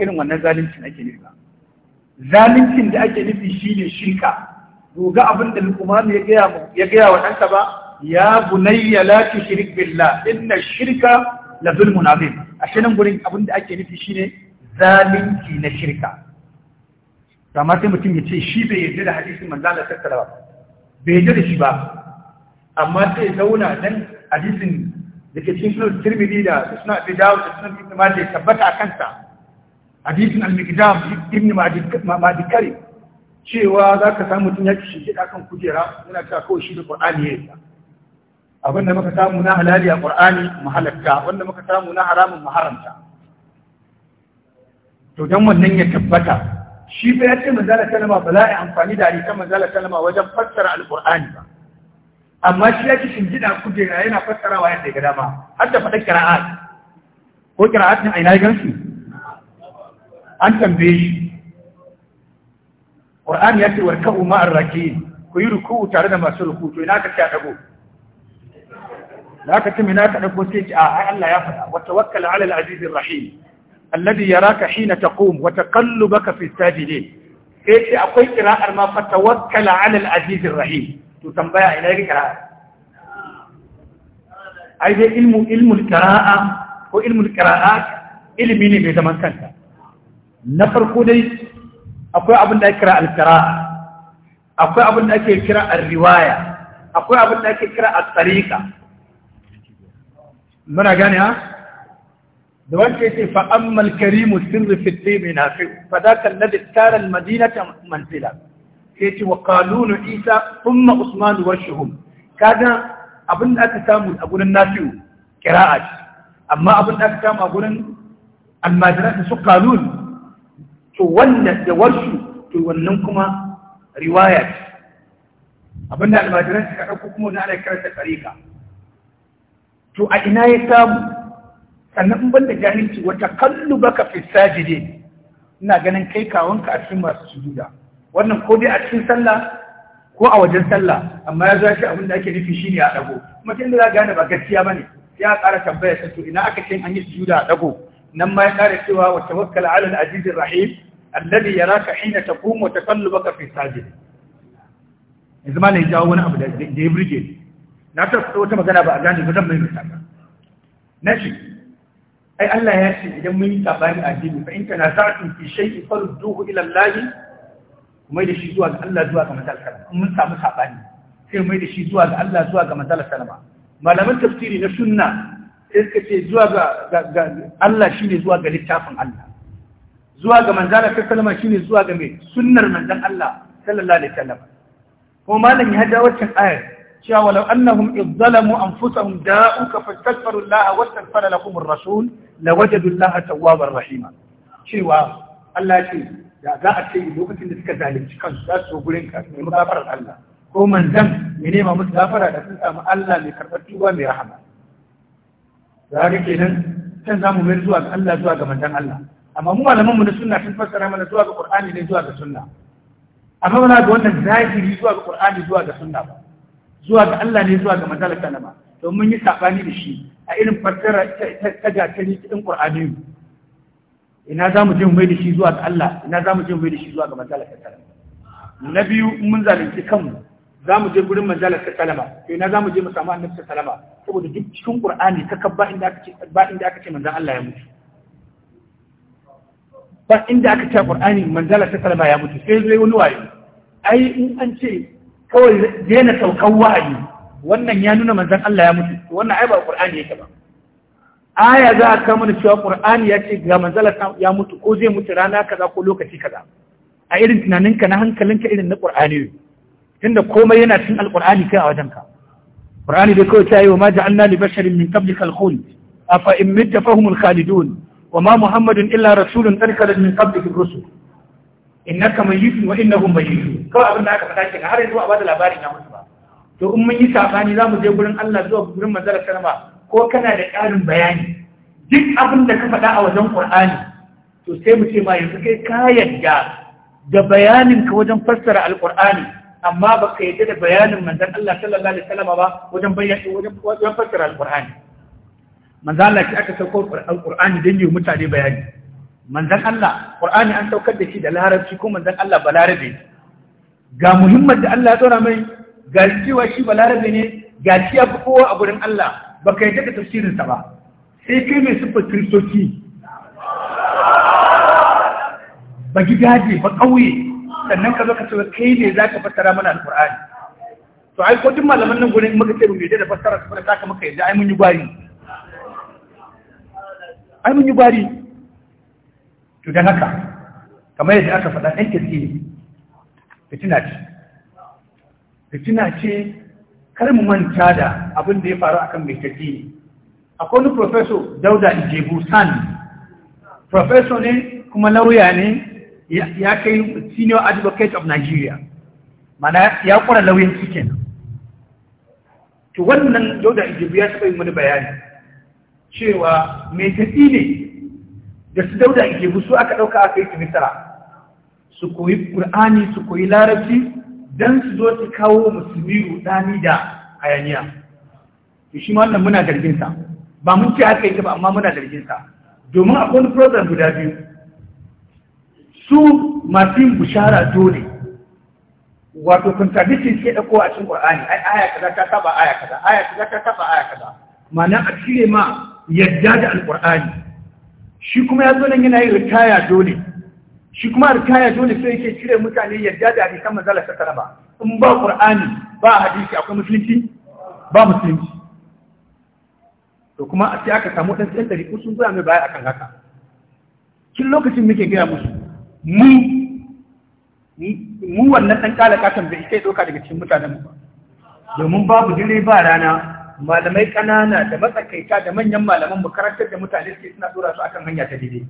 irin wannan zaluncin ake nufi ba zaluncin da ake nufi shine shirka goga abin da lukumanu ya gaya ya gaya wa ɗansa ba ya bunayya la tushrik billah inna shirka la zulmun azim ashe nan gurin abin da ake nufi shine zalunci na shirka amma sai mutum ya ce shi bai yarda da hadisin manzo Allah sallallahu alaihi wasallam bai yarda da shi ba amma sai zauna dan hadisin da ke cikin sunan Tirmidhi da sunan Abi Dawud da sunan Ibn Majah tabbata a kansa hadisin al-Miqdam ibn Madikari cewa zaka samu mutum ya kishi da kan kujera yana cewa kawai shi da Qur'ani ya yi abin da muka samu na halali a ƙur'ani mu halatta wanda muka samu na haramun mu haramta to don wannan ya tabbata shi fa ya ce manzala salama ba za a yi amfani da hadisan manzala salama wajen fassara alƙur'ani ba amma shi ya ci shingida kujera yana fassarawa yadda ga dama har da faɗin kira'at ko kira'at ne a ina gansu an tambaye shi ƙur'ani ya ce warka'u ma'ar raki ku yi ruku'u tare da masu ruku, to ina ka ce a ɗago da aka ci mina ka ɗauko sai a ah, ai Allah ya faɗa wata wakala ala al-aziz ar-rahim alladhi yaraka hina taqum wa taqallubaka fi sajidin sai ce akwai qira'ar ma fa tawakkal ala al-aziz ar-rahim to tambaya ina yake qira'a ai dai ilmu ilmu al-qira'a ko ilmu al-qira'at ilmi ne mai zaman kanta na farko dai akwai abin da ake kira al-qira'a akwai abin da ake kira ar-riwaya akwai abin da ake kira at-tariqa muna gane ha da wanda ce fa ammal karimu sirri fi taymi nafi fa dhaka alladhi tara almadinata Ke ce wa qalunu isa Umma usman wa shuhum kaga abin da aka samu a gurin nafi'u ce. amma abin da aka samu a gurin almajirat su qalun to wanda da warshu to wannan kuma riwaya abin da almajirat suka dauko kuma wannan ana karanta tariqa to a ina ya samu sannan ban da jahilci wata kallu baka fi sajide ina ganin kai kawanka a cikin masu sujuda wannan ko dai a cikin sallah ko a wajen sallah amma ya zashi abin da ake nufi shine a dago kuma tun da za gane ba gaskiya bane a ƙara tambaya ta to ina aka ce an yi sujuda a dago nan ma ya ƙara cewa wa tawakkal ala al-aziz ar-rahim alladhi yaraka hina taqumu wa taqallubaka fi sajid yanzu ma ne jawo wani abu da ya burge na ta wata magana ba a gane ba zan mai mai saka na ce ai Allah ya ce idan mun yi sabani a jini fa in kana sa'in fi shay'in farduhu ila Allah kuma da shi zuwa ga Allah zuwa ga manzal sallama mun samu sabani sai mai da shi zuwa ga Allah zuwa ga manzal sallama malaman tafsiri na sunna sai suka ce zuwa ga Allah shine zuwa ga littafin Allah zuwa ga manzal sallama shine zuwa ga mai sunnar manzon Allah sallallahu alaihi wasallam kuma malam ya ja waccan ayar cewa walau annahum izzalamu anfusahum da'uka fastaghfiru Allah wa astaghfara lahum ar-rasul lawajadu Allah tawwabar rahima cewa Allah ce da za a ce lokacin da suka zalunci kansu za su gurin ka mai gafarar Allah ko manzan mai nema musu gafara da sun samu Allah mai karɓar tuba mai rahama za ka kenan can za mu mai zuwa ga Allah zuwa ga manzan Allah amma mu malaman mu na sunna sun fassara mana zuwa ga Qur'ani ne zuwa ga sunna amma muna ga wannan zahiri zuwa ga Qur'ani zuwa ga sunna ba zuwa ga Allah ne zuwa ga manzala kalama to mun yi sabani da shi a irin fassara ta gatari cikin Qur'ani ina za mu je mu mai da shi zuwa ga Allah ina za mu je mu da shi zuwa ga manzala kalama na biyu mun zalunci kanmu za mu je gurin manzala kalama to ina za mu je mu samu annabi sallama saboda duk cikin Qur'ani ta kabba inda aka ce ba inda aka ce manzon Allah ya mutu ba inda aka ce Qur'ani manzala kalama ya mutu sai zai wani wayo ai in an ce kawai daina saukan wa'ayi wannan ya nuna manzan Allah ya mutu wannan ai ba Qur'ani yake ba aya za a kama da cewa Qur'ani ya ce ga manzala ya mutu ko zai mutu rana kaza ko lokaci kaza a irin tunaninka na hankalinka irin na Qur'ani ne tunda komai yana cikin alqur'ani kai a wajenka Qur'ani dai kawai ta yi wa ma ja'alna li basharin min qablika al-khuld afa in mitta fahumul khalidun wa ma muhammadun illa rasulun qad min qablika ar-rusul innaka mayyitun wa innahum mayyitun kawai abin da aka faɗa kenan har yanzu a bada labarin ya mutu ba to in mun yi sabani za mu je gurin Allah zuwa gurin manzara sallama ko kana da ƙarin bayani duk abin da ka faɗa a wajen Qur'ani to sai mu ce ma yanzu kai ka yadda da bayanin ka wajen fassara alqur'ani amma ba ka yadda da bayanin manzon Allah sallallahu alaihi wasallam ba wajen bayyana wajen wajen fassara alqur'ani manzo Allah ki aka sauko alqur'ani dan yi mutane bayani manzan Allah ƙwar'ani an saukar da shi da larabci ko manzan Allah balarabe ga muhimmin da Allah ya tsora mai ga cewa shi balarabe ne ga shi ya fi kowa a gudun Allah ba ka yi da tafsirinsa ba sai kai mai siffar kiristoci ba gidaje ba ƙauye sannan ka zo ka cewa kai ne za ka fassara mana alƙur'ani to ai ko malaman nan gudun muka ce mu yadda da fassara su fara saka maka yi, ai mun yi gwari ai mun yi gwari to dan haka kamar yadda aka faɗa ɗan kirki ne fitina ce fitina ce kar mu manta da abin da ya faru akan mai kirki ne akwai wani profeso dauda ijebu san profeso ne kuma lauya ne ya kai senior advocate of nigeria mana ya kura lauyan cikin to wannan dauda ijebu ya taɓa yin wani bayani cewa mai kirki ne da su dauda ijebu su aka ɗauka aka yi su misra su koyi ƙur'ani su koyi larabci don su zo su kawo musulmi rudani da hayaniya shi ma wannan muna sa ba mun ce aka yi ba amma muna sa domin akwai wani program guda biyu su masu yin bushara dole wato contradiction ke ɗauko a cikin ƙwar'ani ai aya kaza ta saba aya kaza aya kaza ta saba aya kaza ma'ana a cire ma yadda da alƙur'ani shi kuma ya zo nan yana yin ritaya dole shi kuma ritaya dole sai yake cire mutane yadda da hadisan mazalar ta ba. in ba qur'ani ba hadisi akwai musulunci ba musulunci to kuma sai aka samu dan tsan dari sun goya mai baya akan haka kin lokacin muke gaya musu mu mu wannan dan kalakatan bai kai doka daga cikin mutanen mu domin babu dire ba rana malamai kanana da matsakaita da manyan malaman mu karantar da mutane suke suna dora su akan hanya ta daidai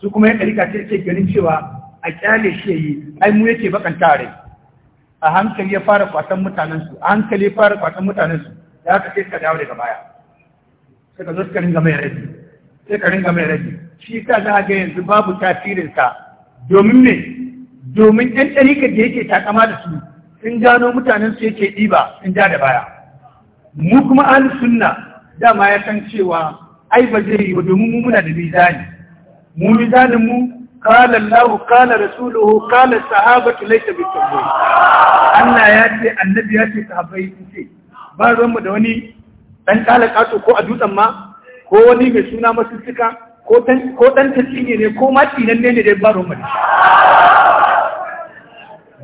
su kuma ya karika ce ce, ganin cewa a kyale shi yayi ai mu yake bakan tare a hankali ya fara kwasan mutanen su a hankali ya fara kwasan mutanen su da aka ce suka dawo daga baya suka zo suka ringa mai rage sai ka ringa mai rage shi ta za ga yanzu babu sa domin me domin ɗan ɗarika da yake takama da su sun gano mutanen su yake ɗiba sun ja da baya mu kuma an sunna dama ya san cewa ai ba zai yi ba domin mu muna da mizani mu mizanin mu kala Allah kala rasuluhu kala sahabatu bi bitabwi Allah ya ce annabi ya ce sahabbai su ce ba ruwan mu da wani dan kato ko a dutsen ma ko wani mai suna masussuka ko dan ko dan tsinye ne ko ma tinan ne ne dai ba ruwan mu da shi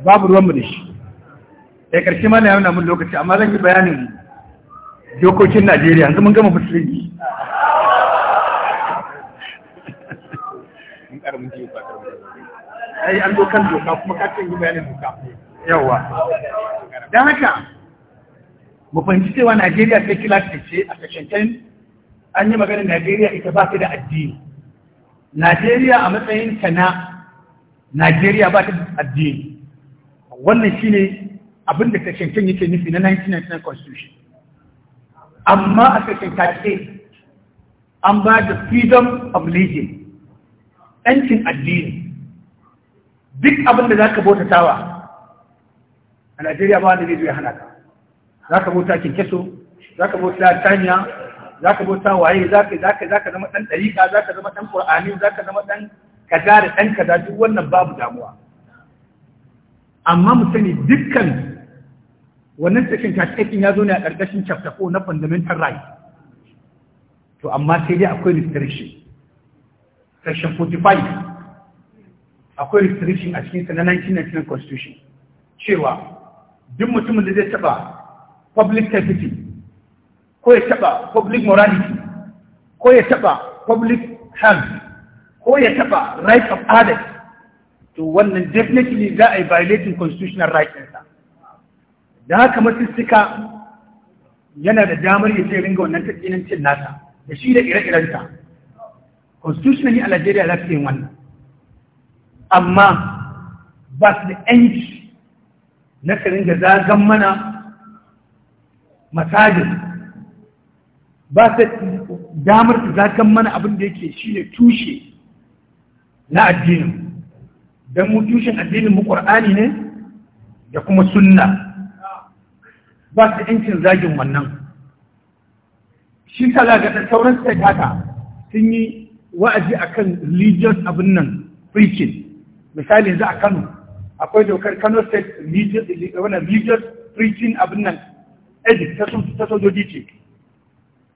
babu ruwan mu da shi da karshe ma na yana mun lokaci amma zan yi bayanin dokokin najeriya yanzu mun gama musulunci ai an dokan doka kuma katin yi bayanin doka yawa don haka mu fahimci cewa najeriya sai kila ce a section 10 an yi maganin najeriya ita ba ta da addini najeriya a matsayin ta na najeriya ba ta da addini wannan shine abin da section 10 yake nufi na 1999 constitution amma a cikin 38 an ba da freedom of religion ‘yancin addini duk abin da za ka tawa a Najeriya ba wanda zai zuwa hana ka za ka bauta keso za ka bauta tanya za ka bauta waye za ka zama ɗan ɗarika, za ka zama ɗan ƙur'ani za ka zama ɗan kaza da ɗan kaza duk wannan babu damuwa amma mu sani dukkan wannan section 38 ya zo ne a ƙarƙashin chapter 4 na fundamental right to amma sai dai akwai restriction section 45 akwai restriction a cikin na 1999 constitution cewa duk mutumin da zai taba public safety ko ya taba public morality ko ya taba public health ko ya taba right of others to wannan definitely za a yi violating constitutional rights da haka masussuka yana da damar ya ce ringa wannan tattalin cin nasa, da shi da ire-irenta ne a Najeriya za su yin wannan amma ba su da ‘yanci na su ringa zagan mana masajin ba su damar su zagan mana abin da yake shi ne tushe na addinin don mu tushen addinin mu ƙwar'ani ne da kuma sunna ba su yancin zagin wannan shi ta ga sauran sai haka sun yi wa'azi akan religious abin nan preaching misali yanzu a Kano akwai dokar Kano state religious preaching abin nan edit ta sojoji ce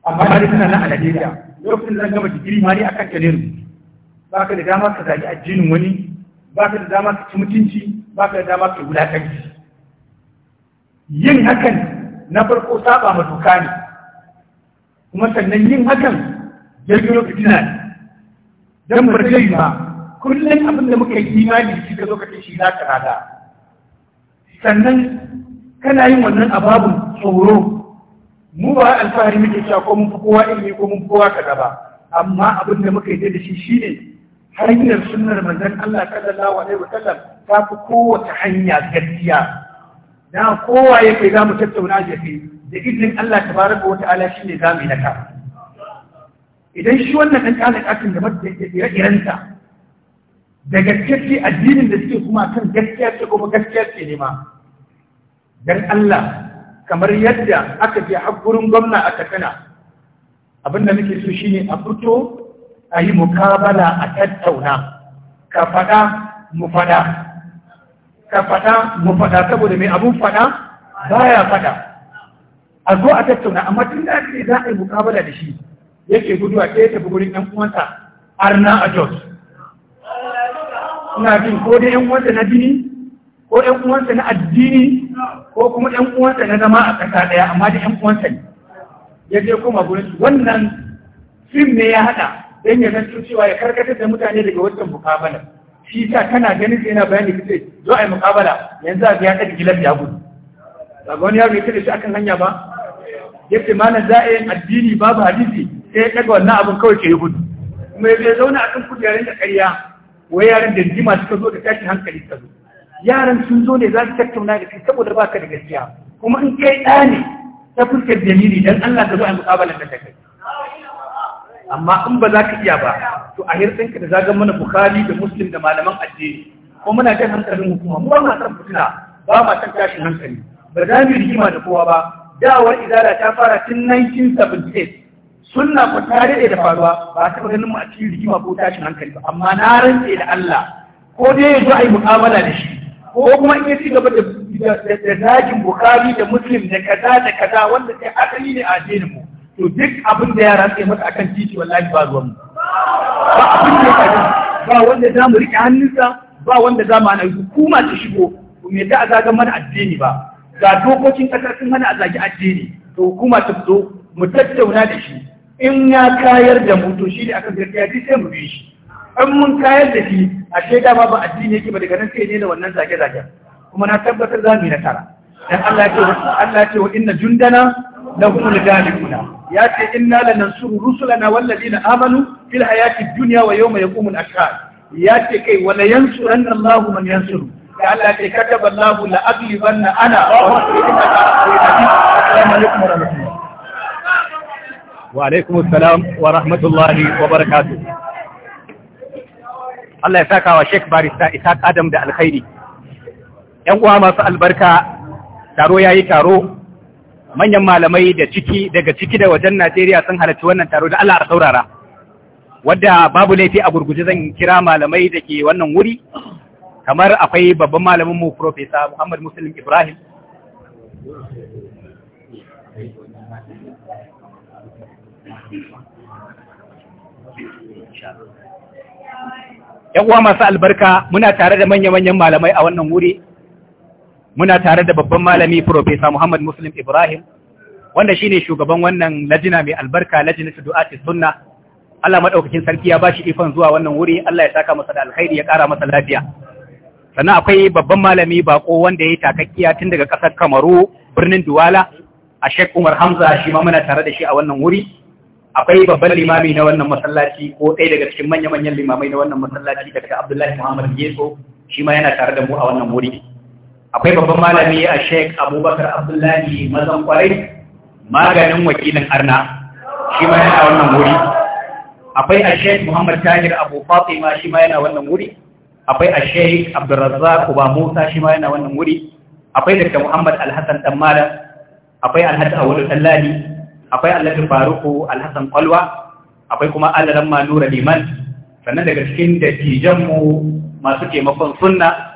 amma hari suna nan a Najeriya lokacin zan gama digiri ma ne kan Kaneru ba ka da dama ka zagi addinin wani ba ka da dama ka ci mutunci ba ka da dama ka wulaƙanci yin hakan na farko saba ma doka ne kuma sannan yin hakan jirgin fitina ne don barjai kullum abin da muka yi imani shi ga lokacin shi za ka rada sannan kana yin wannan ababun tsoro mu ba alfahari muke cewa ko mun fi kowa ilimi ko mun fi kowa kaza ba amma abin da muka yi da shi shine hanyar sunnar manzon Allah sallallahu alaihi wasallam ta fi kowace hanya gaskiya da kowa ya kai za mu tattauna da kai da izinin Allah tabaraka wa ta'ala shine za mu yi naka idan shi wannan dan kana katin da ire-irensa da gaskiyarci addinin da suke kuma kan gaskiya ce kuma gaskiya ce ne ma dan Allah kamar yadda aka je haƙurin gwamna a takana abinda muke so shine a fito a yi mukabala a tattauna ka faɗa mu faɗa ka faɗa mu faɗa saboda mai abun faɗa baya faɗa a zo a tattauna amma tun da ake za a yi mukabala da shi yake guduwa ɗaya tafi gurin ɗan uwansa arna a jos ina jin ko dai ɗan uwansa na dini ko ɗan uwansa na addini ko kuma ɗan uwansa na zama a ƙasa ɗaya amma da ɗan uwansa ne ya je koma gurin su wannan fim ne ya haɗa don ya zanto cewa ya karkatar da mutane daga wancan mukabalar shi tana kana ganin sai yana bayani kace zo ai muqabala yanzu a ya kada gilas ya gudu ba wani yaro ya da shi akan hanya ba yace malam yin addini babu hadisi sai daga wannan abun kawai ke gudu kuma ya zauna akan yaran da ƙarya wai yaran da jima suka zo da tashin hankali suka zo yaran sun zo ne za su tattauna da kai saboda ba ka da gaskiya kuma in kai ɗa ne ta fuskar dalili dan Allah ka zo ai muqabala da kai amma in ba za ka iya ba to a hirɗinka da zagan mana bukari da muslim da malaman addini ko muna jan hankalin hukuma mu ba ma san fitina ba ma san tashin hankali ba za mu rigima da kowa ba dawar izara ta fara tun 1978 sunna ko ta daɗe da faruwa ba ta ganin mu a cikin rigima ko tashin hankali ba amma na rantse da Allah ko dai ya zo a yi mu'amala da shi ko kuma in ya ci gaba da zagin bukari da muslim da kaza da kaza wanda sai asali ne a addinin mu to duk abin da yara suke mata akan titi wallahi ba ruwan mu ba abin da ya ba wanda za mu riƙe hannunsa ba wanda za mu hana hukuma ta shigo me da a zagan mana addini ba ga dokokin kasar sun hana a addini to hukuma ta fito mu tattauna da shi in ya kayar da mu to shi ne akan gaskiya duk sai mu bi shi in mun kayar da shi a shaida ba ba addini yake ba daga nan sai ne da wannan zage zage kuma na tabbatar za mu yi nasara dan Allah ce Allah ya ce wa inna jundana lahumul ghalibuna ya ce inna lanansuru rusulana wallazina amanu fil hayati dunya wa yawma yaqumul ashhad ya ce kai wala yansuranna Allahu man yansuru da Allah ce kataba Allahu la aglibanna ana wa assalamu alaikum wa rahmatullahi wa alaikum assalam wa rahmatullahi wa barakatuh Allah ya saka wa Sheikh Barista Isaac Adam da alkhairi ‘yan uwa masu albarka taro ya yi taro manyan malamai da ciki daga ciki da wajen Najeriya sun halarci wannan taro da Allah a saurara wadda babu laifi a gurguje zan kira malamai da ke wannan wuri kamar akwai babban malamin mu Profesa Muhammad Muslim Ibrahim ‘Yan uwa masu albarka muna tare da manya-manyan malamai a wannan wuri muna tare da babban malami Profesa Muhammad Muslim Ibrahim, wanda shi ne shugaban wannan lajina mai albarka lajina su du'ati sunna. Allah maɗaukakin sarki ya ba shi ifon zuwa wannan wuri, Allah ya saka masa da alkhairi ya ƙara masa lafiya. Sannan akwai babban malami bako wanda ya yi takakkiya tun daga ƙasar Kamaru birnin Duwala, a Sheikh Umar Hamza shi ma muna tare da shi a wannan wuri. Akwai babban limami na wannan masallaci ko ɗaya daga cikin manya-manyan limamai na wannan masallaci daga Abdullahi Muhammad Yeso shi ma yana tare da mu a wannan wuri. akwai babban malami a sheik abubakar abdullahi mazan kwarai maganin wakilin arna shi ma yana wannan wuri akwai a sheik muhammad tahir abu fatima shi ma yana wannan wuri akwai a sheik abdurrazzaq uba musa shi ma yana wannan wuri akwai dr muhammad alhassan dan malam akwai alhaji awolu tallani akwai alhaji faruku alhassan kwalwa akwai kuma alaran nura liman sannan daga cikin dattijanmu masu taimakon sunna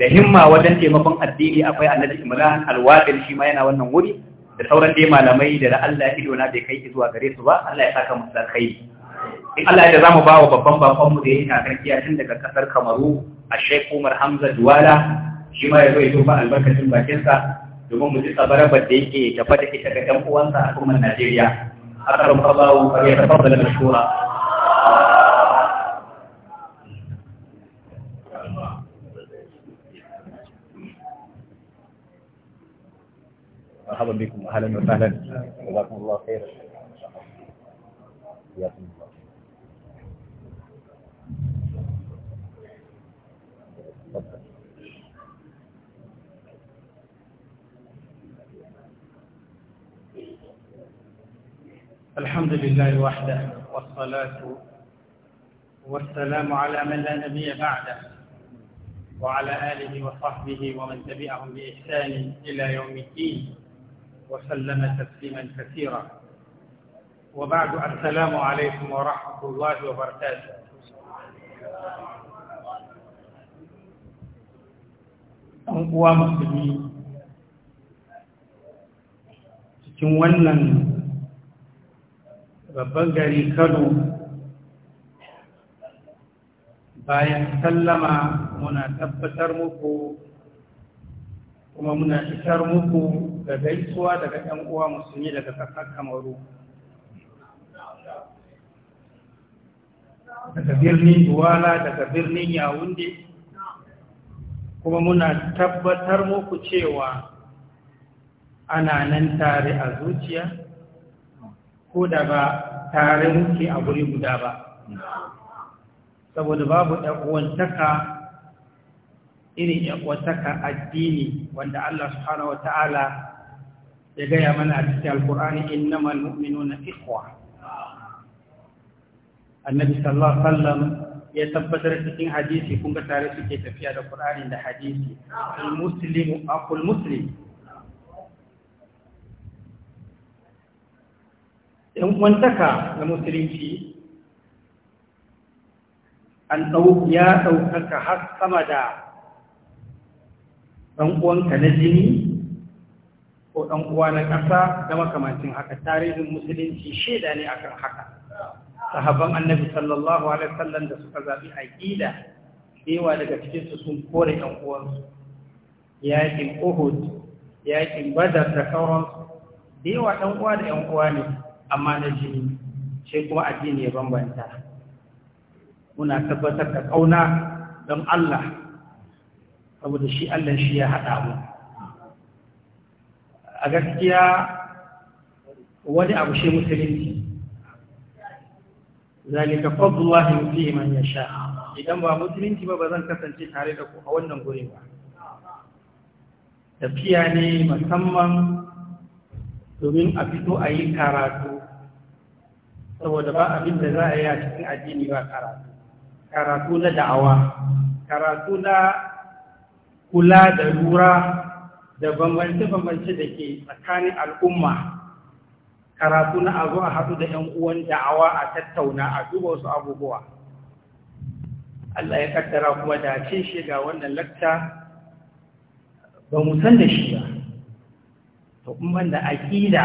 da himma wajen taimakon addini akwai annabi Imran alwadil shi ma yana wannan wuri da sauran dai malamai da Allah ya idona bai kai zuwa gare su ba Allah ya saka musu alkhairi in Allah ya zamu bawa babban bakon mu da yake kan tun daga kasar Kamaru a Sheikh Umar Hamza Duwala shi ma ya zo ya tofa albarkacin bakinsa domin mu ji tsabarabar da yake tafa da ita ga 'yan uwansa a kuma Najeriya. Akar Mabawu, Kare da Mashura. مرحبا بكم أهلا وسهلا جزاكم الله خير الله الحمد لله وحده والصلاة والسلام على من لا نبي بعده وعلى آله وصحبه ومن تبعهم بإحسان إلى يوم الدين وسلم تسليما كثيرا وبعد السلام عليكم ورحمه الله وبركاته أنقوى مسلمين تتمولا ببنجري كلو باين سلم هنا تبتر مكو kuma muna isar muku da gaisuwa daga ‘yan uwa musulmi daga ƙasar kamaru daga birnin duwala daga birnin yawunde kuma muna tabbatar muku cewa ana nan tare a zuciya ko da ba tare muke a guri guda ba saboda babu ɗan uwantaka. irin yakwataka addini wanda Allah subhanahu wa ta'ala ya gaya mana a cikin alkur'ani innamal mu'minuna ikhwa annabi sallallahu alaihi wasallam ya tabbatar cikin hadisi kun ga tare suke tafiya da qur'ani da hadisi al-muslimu aqul muslim in wantaka na musulunci an ya ɗaukaka har sama da ɗan uwanka na jini ko ɗan uwa na ƙasa da makamancin haka tarihin musulunci shaida ne akan haka sahabban annabi sallallahu alaihi wasallam da suka zaɓi aƙida, dewa daga cikin su sun kore ɗan uwansu yaƙin Uhud yaƙin Badar da sauransu dewa ɗan uwa da ɗan uwa ne amma na jini sai kuma addini ya bambanta muna tabbatar da ƙauna don Allah saboda shi Allah shi ya haɗa mu a gaskiya wani abu shi musulunci zalika fadlullahi yutihi man yasha idan ba musulunci ba ba zan kasance tare da ku a wannan guri ba tafiya ne musamman domin a fito a yi karatu saboda ba abin da za a yi a cikin addini ba karatu karatu na da'awa karatu na kula da lura da bambance-bambance da ke tsakanin al'umma karatu na a zo a haɗu da ‘yan uwan da'awa a tattauna a duba wasu abubuwa Allah ya kaddara kuma da ce shi ga wannan lakta ba mu san da shi ba ta kuma da aƙida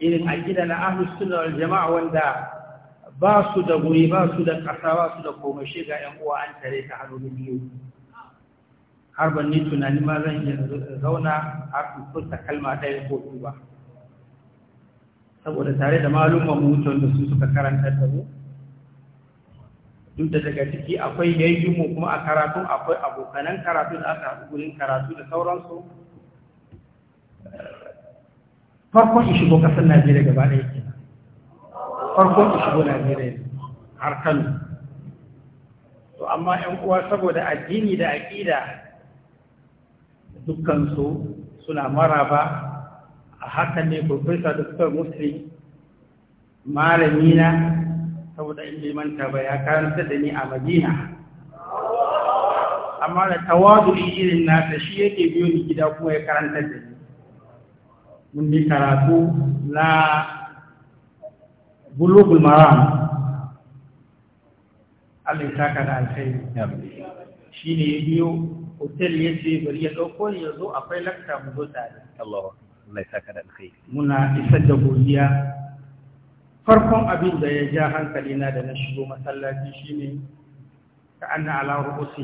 irin aƙida na ahlus sunna wal jama'a wanda ba su da guri ba su da ƙasa ba su da shi ga ‘yan uwa an tare ta hannun biyu har ban ni tunani ma zan iya zauna a ta kalma ɗaya ko ba saboda tare da malumman mutum da su suka karanta da mu duk da daga ciki akwai yayin mu kuma a karatun akwai abokanan karatu da aka haɗu gurin karatu da sauransu farkon shigo ƙasar najeriya gaba ɗaya farkon su Najeriya har Kano to amma yan uwa saboda addini da aƙida dukkan su suna maraba a haka ne professor Dr. Muslim malami na saboda in manta ba ya karanta da ni a Madina amma da tawadu irin nasa shi yake biyo ni gida kuma ya karanta da ni mun yi karatu na bulugul maram Allah ya saka da alkhairi shine ya biyo hotel ya bari ya ɗauko ni ya zo akwai lakta mu zo tare Allah ya da alkhairi muna isar da godiya farkon abin da ya ja hankali na da na shigo masallaci shine ta anna ala ru'usi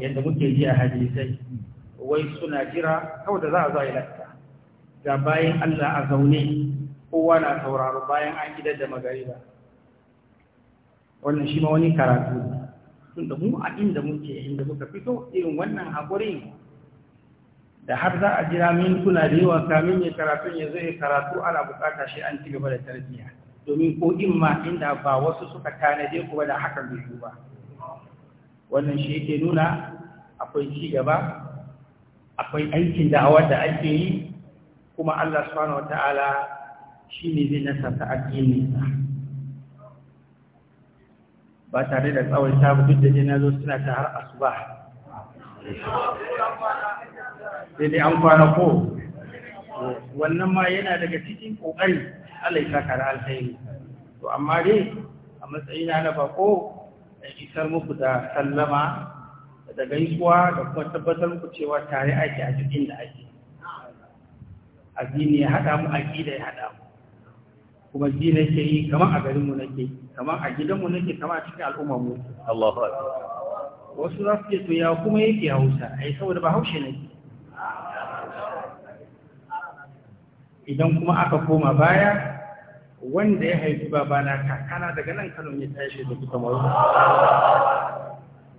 yadda muke ji a hadisai wai suna jira kawai da za a zo a yi ga bayan Allah a zaune kowa na sauraro bayan an gidan da magariba wannan shi ma wani karatu da mu a inda muke inda muka fito irin wannan haƙuri da har za a jira mintuna da yawan kamin ya karatu ya zo ya karatu ana bukata shi an ci gaba da tarbiyya domin ko in ma inda ba wasu suka tanade ku ba da haka zai ba wannan shi yake nuna akwai ci gaba akwai aikin da'awar da ake yi kuma Allah subhanahu wataala shi ne zai nasarta nisa? ba tare da tsawon ta duk da jina zo suna ta har asuba sai dai an kwana ko wannan ma yana daga cikin ƙoƙari Allah ya kare to amma dai a matsayina na bako in isar muku da sallama da gaisuwa da kuma tabbatar muku cewa tare ake a cikin da ake addini ya haɗa mu aƙida ya haɗa mu kuma ji nake yi kamar a garinmu nake kamar a gidanmu nake kamar a cikin al'ummarmu Allahu akbar wasu za su to ya kuma yake Hausa ai saboda ba Hausa nake idan kuma aka koma baya wanda ya haifi babana kakana daga nan Kano ya tashi da kuka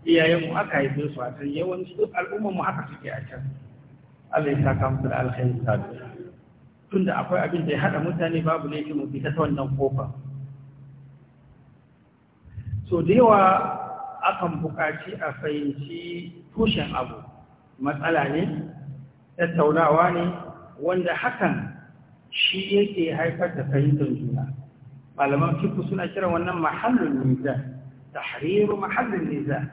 iyayen iyayenmu aka haife su a can yawanci duk al'ummarmu haka suke a can Allah ya saka mu da alkhairi tunda akwai abin da ya haɗa mutane babu ne mu fita ta wannan kofa so da yawa akan bukaci a fahimci tushen abu matsala ne tattaunawa ne wanda hakan shi yake haifar da fahimtar juna malaman fiku suna kira wannan mahallin niza tahriru mahallin niza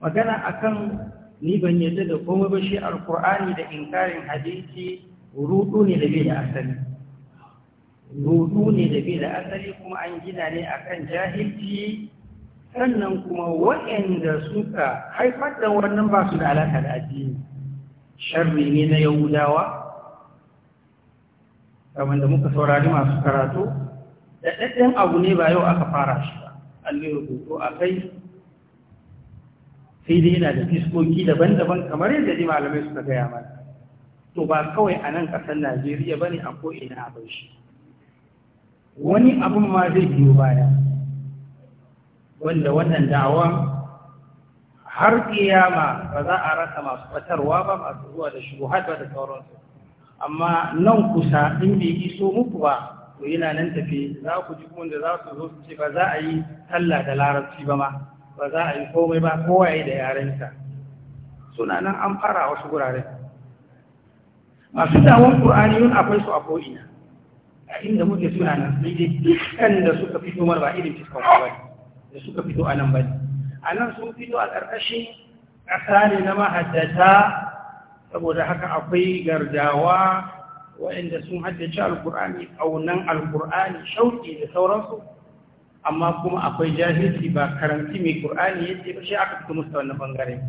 magana akan ni ban yadda da komai ba shi alkur'ani da inkarin hadisi rudu ne da bai da asali rudu ne da bai da asali kuma an gina ne akan jahilci sannan kuma waɗanda suka haifar da wannan ba su da alaƙa da addini sharri ne na yahudawa kamar da muka saurari masu karatu da ɗaɗɗen abu ne ba yau aka fara shi ba allai rubutu a kai sai dai yana da fiskoki daban-daban kamar yadda ni malamai suka gaya mana to ba kawai a nan ƙasar najeriya ba ne a ko'ina a bai shi wani abin ma zai biyo baya wanda wannan dawa har ma ba za a rasa masu fatarwa ba masu zuwa da shubuhat ba da sauransu amma nan kusa in bai iso muku ba to yana nan tafi za ku ji wanda za su zo su ce ba za a yi talla da larabci ba ma ba za a yi komai ba kowaye da yarensa suna nan an fara a wasu guraren masu dawon yun akwai su a ko'ina a inda muke suna nan sai dai dukkan da suka fito marba ba irin fiskon kawai da suka fito a nan ba a nan sun fito a ƙarƙashin ƙasa ne na mahaddata saboda haka akwai gardawa waɗanda sun haddace alƙur'ani ƙaunan alƙur'ani shauƙi da sauransu amma kuma akwai jahilci ba karanti mai ƙur'ani yadda ya fashe aka fito musta wannan bangare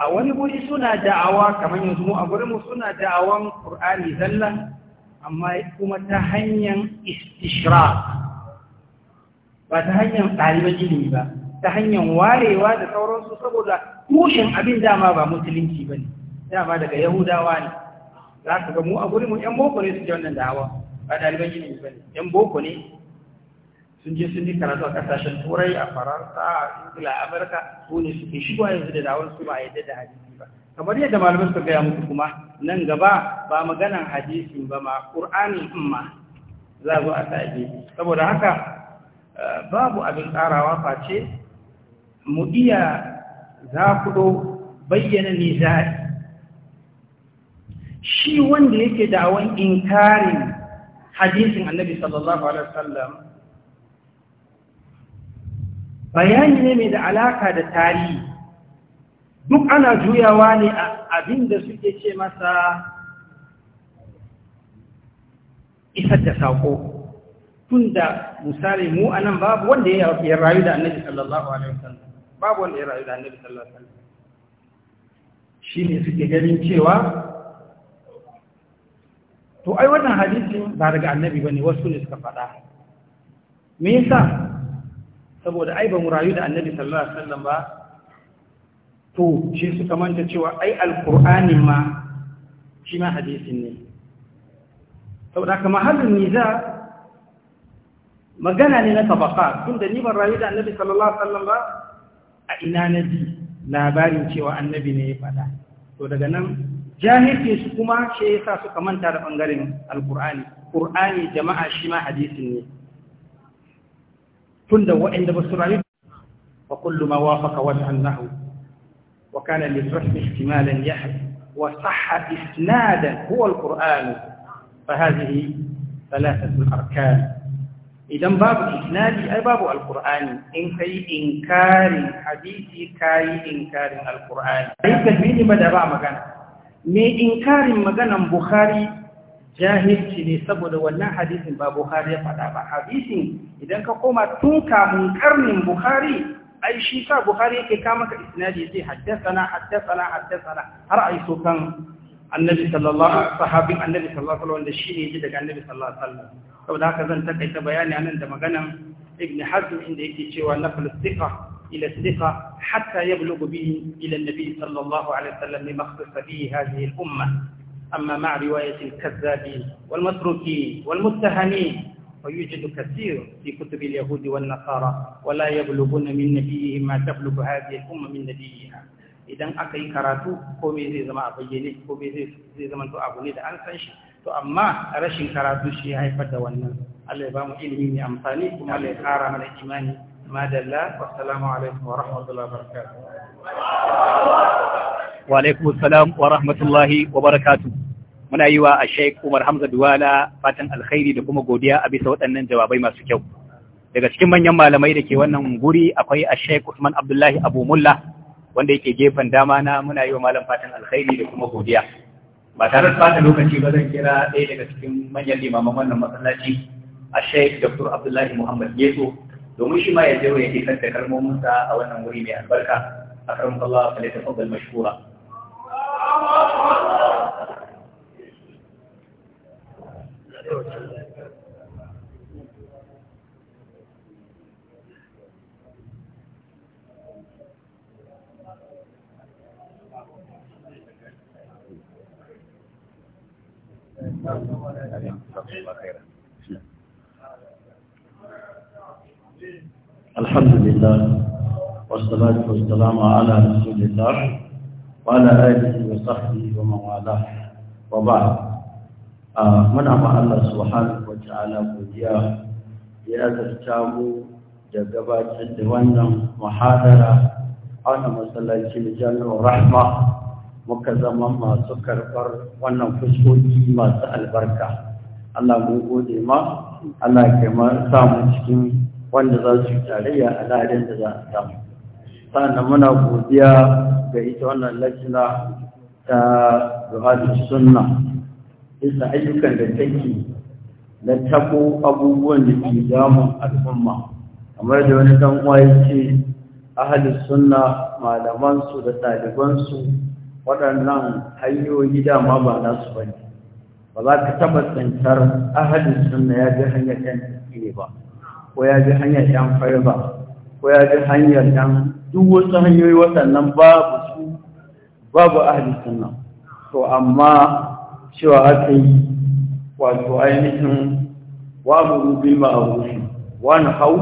a wani guri suna da'awa kamar yanzu mu a gurinmu suna da'awan Qur'ani zalla amma kuma ta hanyar istishraq ba ta hanyar ɗaliban ilimi ba ta hanyar warewa da sauransu saboda tushen abin dama ba musulunci ba ne dama daga yahudawa ne za ka ga mu a gurinmu ƴan boko ne su ji wannan da'awa ba ɗaliban ilimi ba ne 'yan boko ne sun je sun yi karatu a kasashen turai a faransa a ingila a amurka ko ne suke shigo yanzu da dawon su ba a yadda da hadisi ba kamar yadda malamai suka gaya muku kuma nan gaba ba maganan hadisi ba ma ƙur'ani ma za zo a tage saboda haka eh, babu abin tsarawa face mu iya za ku bayyana nizari shi wanda yake dawon inkarin hadisin annabi sallallahu alaihi wasallam bayani ne mai da alaka da tarihi duk ana juyawa ne a abin da suke ce masa isar da saƙo tun da misali mu a nan babu wanda ya rayu da annabi sallallahu alaihi wasallam babu wanda ya rayu da annabi sallallahu alaihi wasallam shi ne suke ganin cewa to ai wannan hadisin ba daga annabi ba ne wasu ne suka faɗa me yasa saboda ai ba mu rayu da annabi sallallahu alaihi wasallam ba to shi suka manta cewa ai alqur'ani ma shi ma hadisin ne saboda haka mahallin niza magana ne na tabaka tunda ni ban rayu da annabi sallallahu alaihi wasallam ba a ina nabi labarin cewa annabi ne ya faɗa to daga nan jahilci su kuma shi yasa suka manta da bangaren alqur'ani qur'ani jama'a shi ma hadisin ne تندو وعند بسرعي وكل ما وافق وجه معه وكان للرحم احتمالا يحب وصح إسنادا هو القرآن فهذه ثلاثة أركان إذا باب الإسناد أي باب القرآن إن كي إنكار حديث كاي إنكار القرآن أي كالبيني بدأ باب مكان مي إنكار مكان بخاري jahilci ne saboda wannan hadisin ba Bukhari ya faɗa ba hadisin idan ka koma tun kamun karnin Bukhari ai shi sa Bukhari yake kama ka isnadi sai haddathana haddathana haddathana har ai so kan annabi sallallahu alaihi sahabin annabi sallallahu alaihi wasallam da shi ne ji daga annabi sallallahu alaihi wasallam saboda haka zan takaita bayani anan da maganan Ibn Hazm inda yake cewa nafl thiqa ila thiqa hatta yablughu bihi ila annabi sallallahu alaihi wasallam makhsasa bihi hadhihi al-umma أما مع رواية الكذابين والمتروكين والمتهمين ويوجد كثير في كتب اليهود والنصارى ولا يبلغون من نبيهم ما تبلغ هذه الأمة من نبيها idan aka yi karatu komai zai zama a bayyane komai zai zama to abu ne da an san shi to amma rashin karatu shi ya haifar da wannan Allah ya ba mu ilimi mai amfani kuma Allah ya kara mana imani madalla wassalamu alaikum wa rahmatullahi wa barakatuh wa alaikum salam wa rahmatullahi wa barakatu muna yi wa Sheikh Umar Hamza Duwala fatan alkhairi da kuma godiya a bisa waɗannan jawabai masu kyau daga cikin manyan malamai da ke wannan guri akwai Sheikh Usman Abdullahi Abu Mulla wanda yake gefen dama na muna yi wa malam fatan alkhairi da kuma godiya ba tare da fata lokaci ba zan kira ɗaya daga cikin manyan limaman wannan masallaci a Sheikh Dr. Abdullahi Muhammad Yeso domin shi ma ya je ya isar da kalmominsa a wannan wuri mai albarka أكرمك الله فليتفضل مشكورا الحمد لله والصلاة والسلام على رسول الله وعلى آله وصحبه ومن والاه وبعد muna ma Allah subhanahu wa ta'ala godiya ya zarta mu da gabatar da wannan muhadara a wannan masallacin jami'ar rahma muka zama masu karɓar wannan fuskoki masu albarka Ana mu gode ma ana ya mu cikin wanda za su tarayya a da za a samu sannan muna godiya ga ita wannan lajina ta zuhadu sunna bisa ayyukan da take na tabo abubuwan da ke damun al'umma kamar da wani dan uwa yake ahalin sunna malamansu da ɗalibansu waɗannan hanyoyi dama ba za ba ne ba za ka taɓa tsantar ahalin sunna ya ji hanyar ɗan tafiye ba ko ya ji hanyar ɗan fari ba ko ya ji hanyar ɗan duk wasu hanyoyi waɗannan babu su babu ahli suna to amma cewa aka yi wato ainihin wa mu bil ma'ruf wa a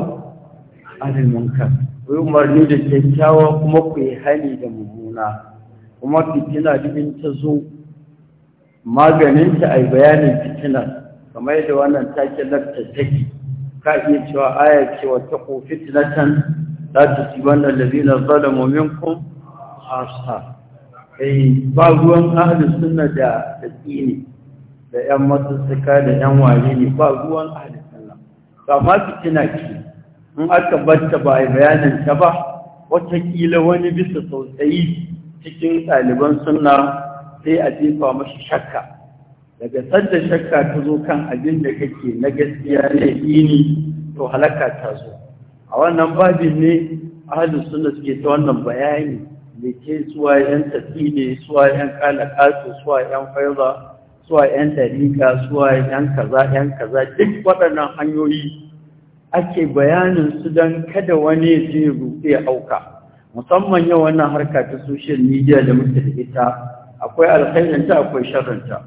anil munkar ku umarni da kyakkyawa kuma ku yi hali da mummuna kuma fitina dubin ta zo maganinta a bayanin fitina kamar yadda wannan take lafta take ka iya cewa aya ce wata ko fitinatan la tusiban allazina zalamu minkum asha eh ba ruwan ahlus sunna da tsini da yan matsatsuka da yan waye ne ba ruwan ahlus sunna ba ma fitina ki in aka batta ba bayanin ta ba watakila wani bisa tsautsayi cikin ɗaliban sunna sai a jefa mashi shakka daga sanda shakka ta zo kan abin da kake na gaskiya ne ini to halaka ta zo a wannan babin ne ahalin suna suke ta wannan bayani da ke suwa yan tafi ne suwa yan kalakasu suwa yan faiza suwa yan tarika suwa yan kaza yan kaza duk waɗannan hanyoyi ake bayanin su don kada wani zai rufe auka musamman yau wannan harka ta social media da muke da ita akwai alkhairinta akwai sharrinta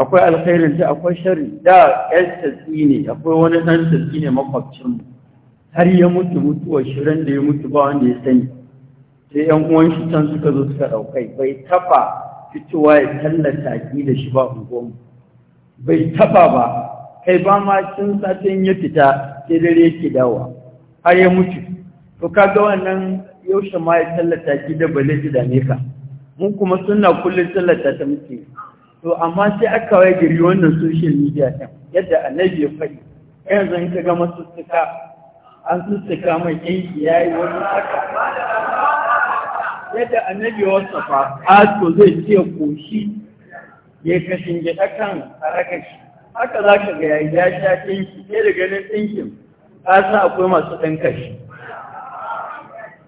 akwai alkhairinta akwai sharri da yan tafi ne akwai wani ɗan tatsi ne makwabcinmu har ya mutu mutuwar shirin da ya mutu ba wanda ya sani sai yan uwan shi can suka zo suka ɗaukai bai taɓa fitowa ya tallata ki da shi ba unguwanmu bai taɓa ba kai ba ma cin satin ya fita sai dare yake dawa har ya mutu to kaga wannan yaushe ma ya tallata ki da bale ki da ka mun kuma suna kullum tallata ta muke to amma sai aka waye gari wannan social media ɗin yadda annabi ya faɗi yanzu in ka ga masu suka. an sussuka mai yanki ya yi wani haka yadda annabi wasa fa ato zai ce koshi ya kashin gida kan harakashi haka za ka ga ya sha ɗinki ɗaya da ganin ɗinkin ƙasa akwai masu ɗan kashi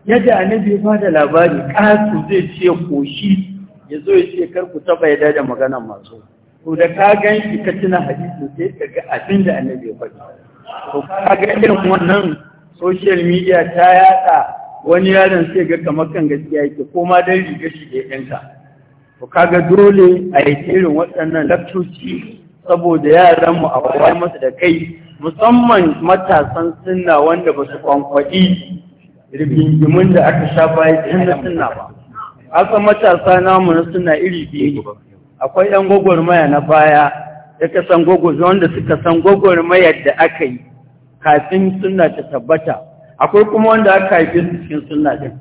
yadda annabi ba da labari ƙasu zai ce koshi ya zo ya ce karku taba yada da magana masu ko da ka gan shi ka tuna hadisi sai ka ga abin da annabi ya faɗi ko ka ga irin wannan social media ta yada wani yaron sai ga kamar kan gaskiya yake ko ma dan riga shi ke yanka to kaga dole a yi irin waɗannan lakcoci saboda yaran mu a wayar masa da kai musamman matasan sunna wanda ba su kwankwaɗi rigingimin da aka sha bayan na sunna ba aka matasa namu na sunna iri biyu akwai yan gwagwarmaya na baya da ka san gwagwarmaya wanda suka san gwagwarmayar da aka yi kafin suna ta tabbata akwai kuma wanda aka yi su cikin sunna din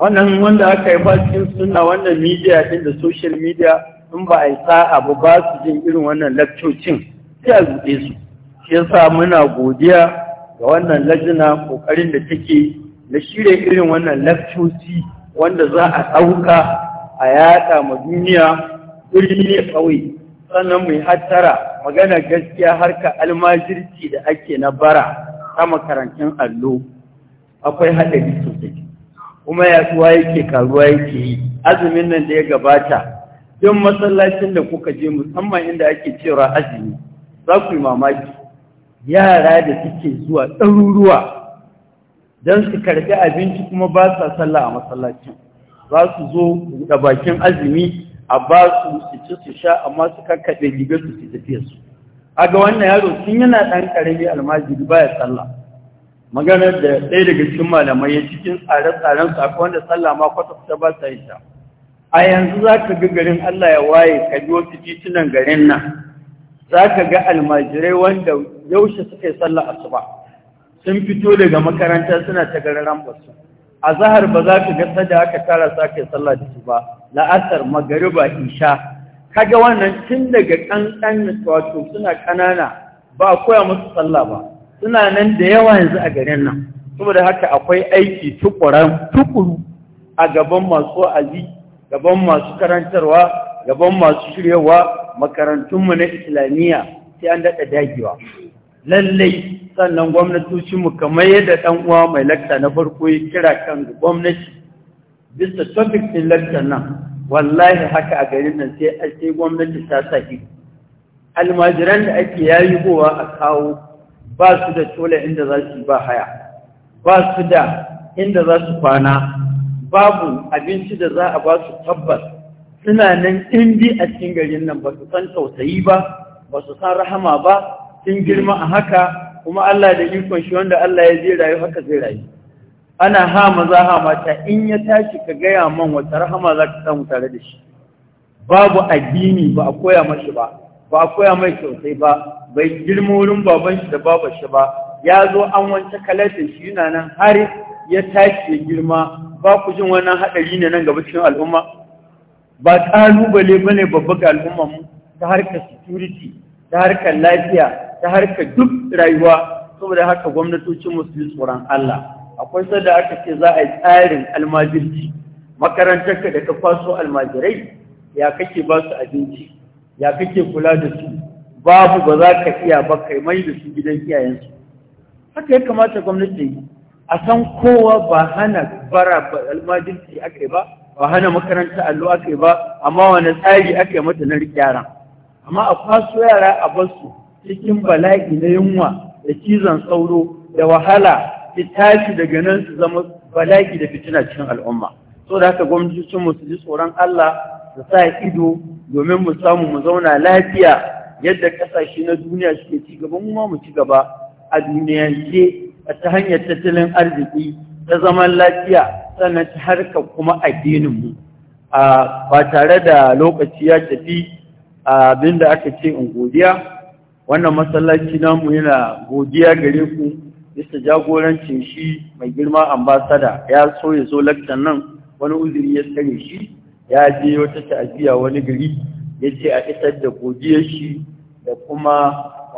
wannan wanda aka haifa cikin suna wannan media din da social media in ba a yi sa'a ba ba su jin irin wannan lakcocin sai a zuɗe su shi yasa muna godiya ga wannan lajina kokarin da take na shirya irin wannan lakcoci wanda za a ɗauka a yaɗa ma duniya birni ne sannan mai hattara magana gaskiya harka almajirci da ake na bara ta makarantun allo akwai haɗari sosai kuma yaduwa yake karuwa yake yi azumin nan da ya gabata don masallacin da kuka je musamman inda ake cewa azumi za ku yi mamaki yara da suke zuwa ɗaruruwa don su karɓi abinci kuma ba sa sallah a masallacin za su zo da bakin azumi a ba su su ci su sha amma su kakkaɓe rigar su su tafiya su a ga wannan yaro sun yana ɗan ƙarami almajiri baya sallah maganar da ɗaya daga cikin malamai ya cikin tsare-tsaren su akwai wanda sallah ma kwata kusa ba sa yi ta a yanzu za ka ga garin Allah ya waye ka biyo su titunan garin nan za ka ga almajirai wanda yaushe suka yi sallah asuba sun fito daga makaranta suna ta gararan basu a zahar ba za ka ga sada aka tara sa kai sallah da su ba la'asar magariba isha kaga wannan tun daga kankan wato suna ƙanana, ba koya musu sallah ba suna nan da yawa yanzu a garin nan saboda haka akwai aiki tukuran tukuru a gaban masu azi gaban masu karantarwa gaban masu shiryawa makarantunmu na islamiyya sai an daɗa dagewa lallai sannan gwamnatocinmu kamar yadda ɗan uwa mai lakta na farko ya kira kan gwamnati bisa topic ɗin laktar nan wallahi haka a garin nan sai a gwamnati ta saki almajiran da ake yayi gowa a kawo ba su da tola inda za su ba haya ba su da inda za su kwana babu abinci da za a ba su tabbas suna nan indi a cikin garin nan ba su san tausayi ba ba su san rahama ba in girma a haka kuma Allah da ikon shi wanda Allah ya zai rayu haka zai rayu ana ha za ha mata in ya tashi ka gaya man wata rahama za ka samu tare da shi babu addini ba a koya mashi ba ba a koya mai sosai ba bai girma wurin baban shi da babar shi ba ya zo an wance kalatin shi yana nan har ya tashi ya girma ba ku jin wannan haɗari ne nan gaba cikin al'umma ba ƙalubale ba ne babba ga al'umma mu ta harkar security ta harkar lafiya ta harka duk rayuwa saboda haka gwamnatocin musulmi tsoron Allah akwai sada aka ce za a yi tsarin almajirci makarantar da ka faso almajirai ya kake ba su abinci ya kake kula da su babu ba za ka iya ba kai mai da su gidan iyayensu haka ya kamata gwamnati yi a san kowa ba hana bara almajirci aka yi ba ba hana makaranta allo aka yi ba amma wani tsari aka yi mata na yara amma a faso yara a basu cikin bala'i na yunwa da cizon sauro da wahala ta tashi daga nan su zama bala'i da fitina cikin al'umma so da haka gwamnatocin mu su ji tsoron Allah su sa ido domin mu samu mu zauna lafiya yadda kasashe na duniya suke ci gaba mu mu ci gaba a duniyance ta hanyar tattalin arziki ta zaman lafiya sannan ta harka kuma addinin mu ba tare da lokaci ya tafi abinda aka ce in godiya wannan masallaci mu yana godiya gare ku bisa jagorancin shi mai girma ambasada ya so ya zo lakcan nan wani uzuri ya tsare shi ya je wata ta'aziyya wani gari ya ce a isar da godiyar shi da kuma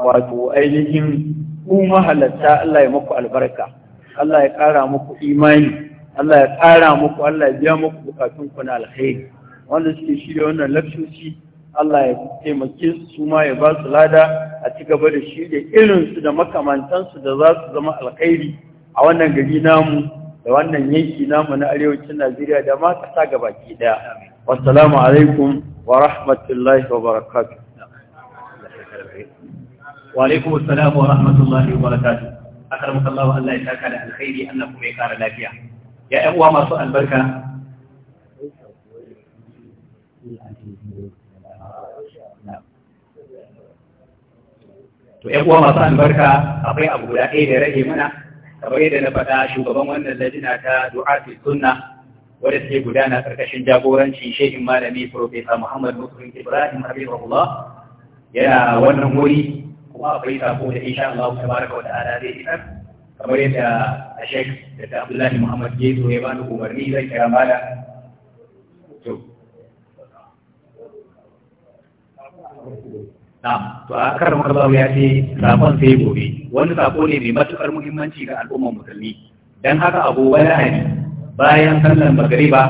wato ainihin ku mahalarta. Allah ya muku albarka Allah ya ƙara muku imani Allah ya ƙara muku Allah ya biya muku bukatun ku na alkhairi wanda suke shirya wannan lakcoci Allah ya taimake su ma ya ba su lada a ci gaba da shi da irinsu da makamantansu da za su zama alkhairi a wannan gari namu da wannan yanki namu na arewacin Najeriya da ma kasa gabaki daya wassalamu alaikum wa rahmatullahi wa barakatuh wa alaikum assalam wa rahmatullahi wa barakatuh akramakallahu Allah ya taka da alkhairi Allah kuma ya kara lafiya ya ƴan uwa masu albarka to ƴan uwa masu albarka akwai abu guda ɗaya da rage mana kamar yadda na faɗa shugaban wannan lajina ta du'ati sunna wadda take gudana karkashin jagorancin shehin malami profesa Muhammad Muslim Ibrahim Habibullah yana wannan wuri kuma akwai sako da insha Allah tabaraka wa ta'ala zai isar kamar yadda a shek da Abdullahi Muhammad Gezo ya bani umarni zai kira malam to to a karin karbawa ya ce sakon sai gobe wani sako ne mai matukar muhimmanci ga al'ummar musulmi dan haka abu lahadi bayan sallan magariba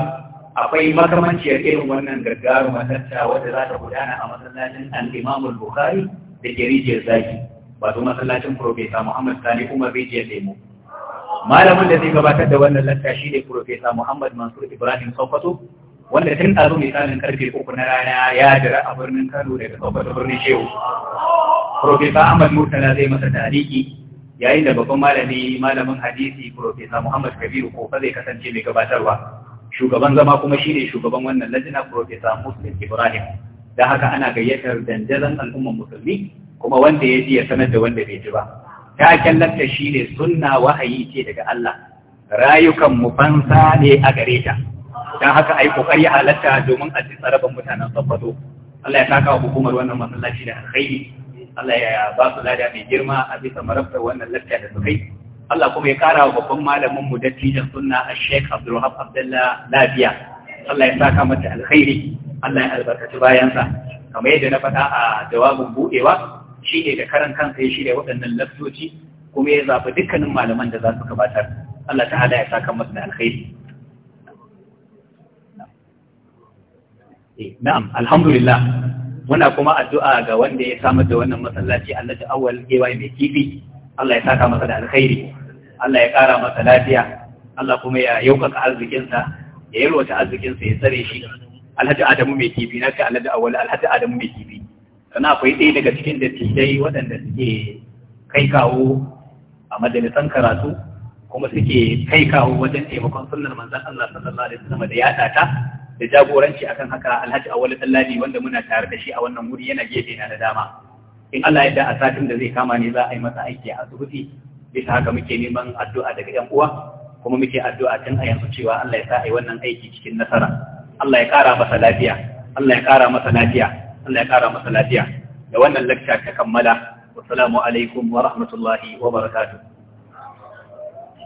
akwai makamanciyar irin wannan gaggaru matarta wadda za ta gudana a masallacin al-imamul bukhari da ke rijiyar zaki wato masallacin profesa muhammad sani umar rijiyar lemo malamin da zai gabatar da wannan lantashi ne profesa muhammad mansur ibrahim sokoto wanda tun mai misalin karfe uku na rana ya jira a birnin Kano daga Sokoto birnin Shehu. Profesa Ahmad Murtala zai masa tariki yayin da babban malami malamin hadisi Profesa Muhammad Kabiru ko zai kasance mai gabatarwa. Shugaban zama kuma shine shugaban wannan lajina Profesa Muslim Ibrahim. Da haka ana gayyatar dandazon al'ummar musulmi kuma wanda ya ji ya sanar da wanda bai ji ba. Taken lakta shine sunna wahayi ce daga Allah. Rayukan mu fansa ne a gare ta. don haka a yi kokari halatta domin a tsitsa rabin mutanen sabbato Allah ya saka wa hukumar wannan masallaci da alkhairi Allah ya ba su lada mai girma a bisa marabta wannan lafiya da su kai Allah kuma ya kara wa babban malamin mu dattijan sunna Sheikh Abdulrahman Abdullah lafiya Allah ya saka mata alkhairi Allah ya albarkaci bayansa kamar yadda na faɗa a jawabin buɗewa shi ne da karan kansa ya shirya waɗannan laftoci kuma ya zaɓi dukkanin malaman da za su gabatar Allah ta'ala ya saka masa da alkhairi Eh, na'am alhamdulillah muna kuma addu'a ga wanda ya samar da wannan masallaci Allah ta awwal kewaye mai kifi Allah ya saka masa da alkhairi Allah ya kara masa lafiya Allah kuma ya yaukaka arzikinsa ya yi yalwata arzikinsa ya tsare shi Alhaji Adamu mai kifi na ka Alhaji Awwal Alhaji Adamu mai kifi sannan akwai ɗaya daga cikin dattijai waɗanda suke kai kawo a majalisan karatu kuma suke kai kawo wajen taimakon sunnar manzon Allah sallallahu alaihi wasallam da yaɗa ta da jagoranci akan haka alhaji awal dallali wanda muna tare da shi a wannan wuri yana gefe na da dama in Allah ya da a satin da zai kama ne za a yi masa aiki a asibiti bisa haka muke neman addu'a daga yan uwa kuma muke addu'a tun a yanzu cewa Allah ya sa a yi wannan aiki cikin nasara Allah ya kara masa lafiya Allah ya kara masa lafiya Allah ya kara masa lafiya da wannan lakca ta kammala wassalamu alaikum wa rahmatullahi wa barakatuh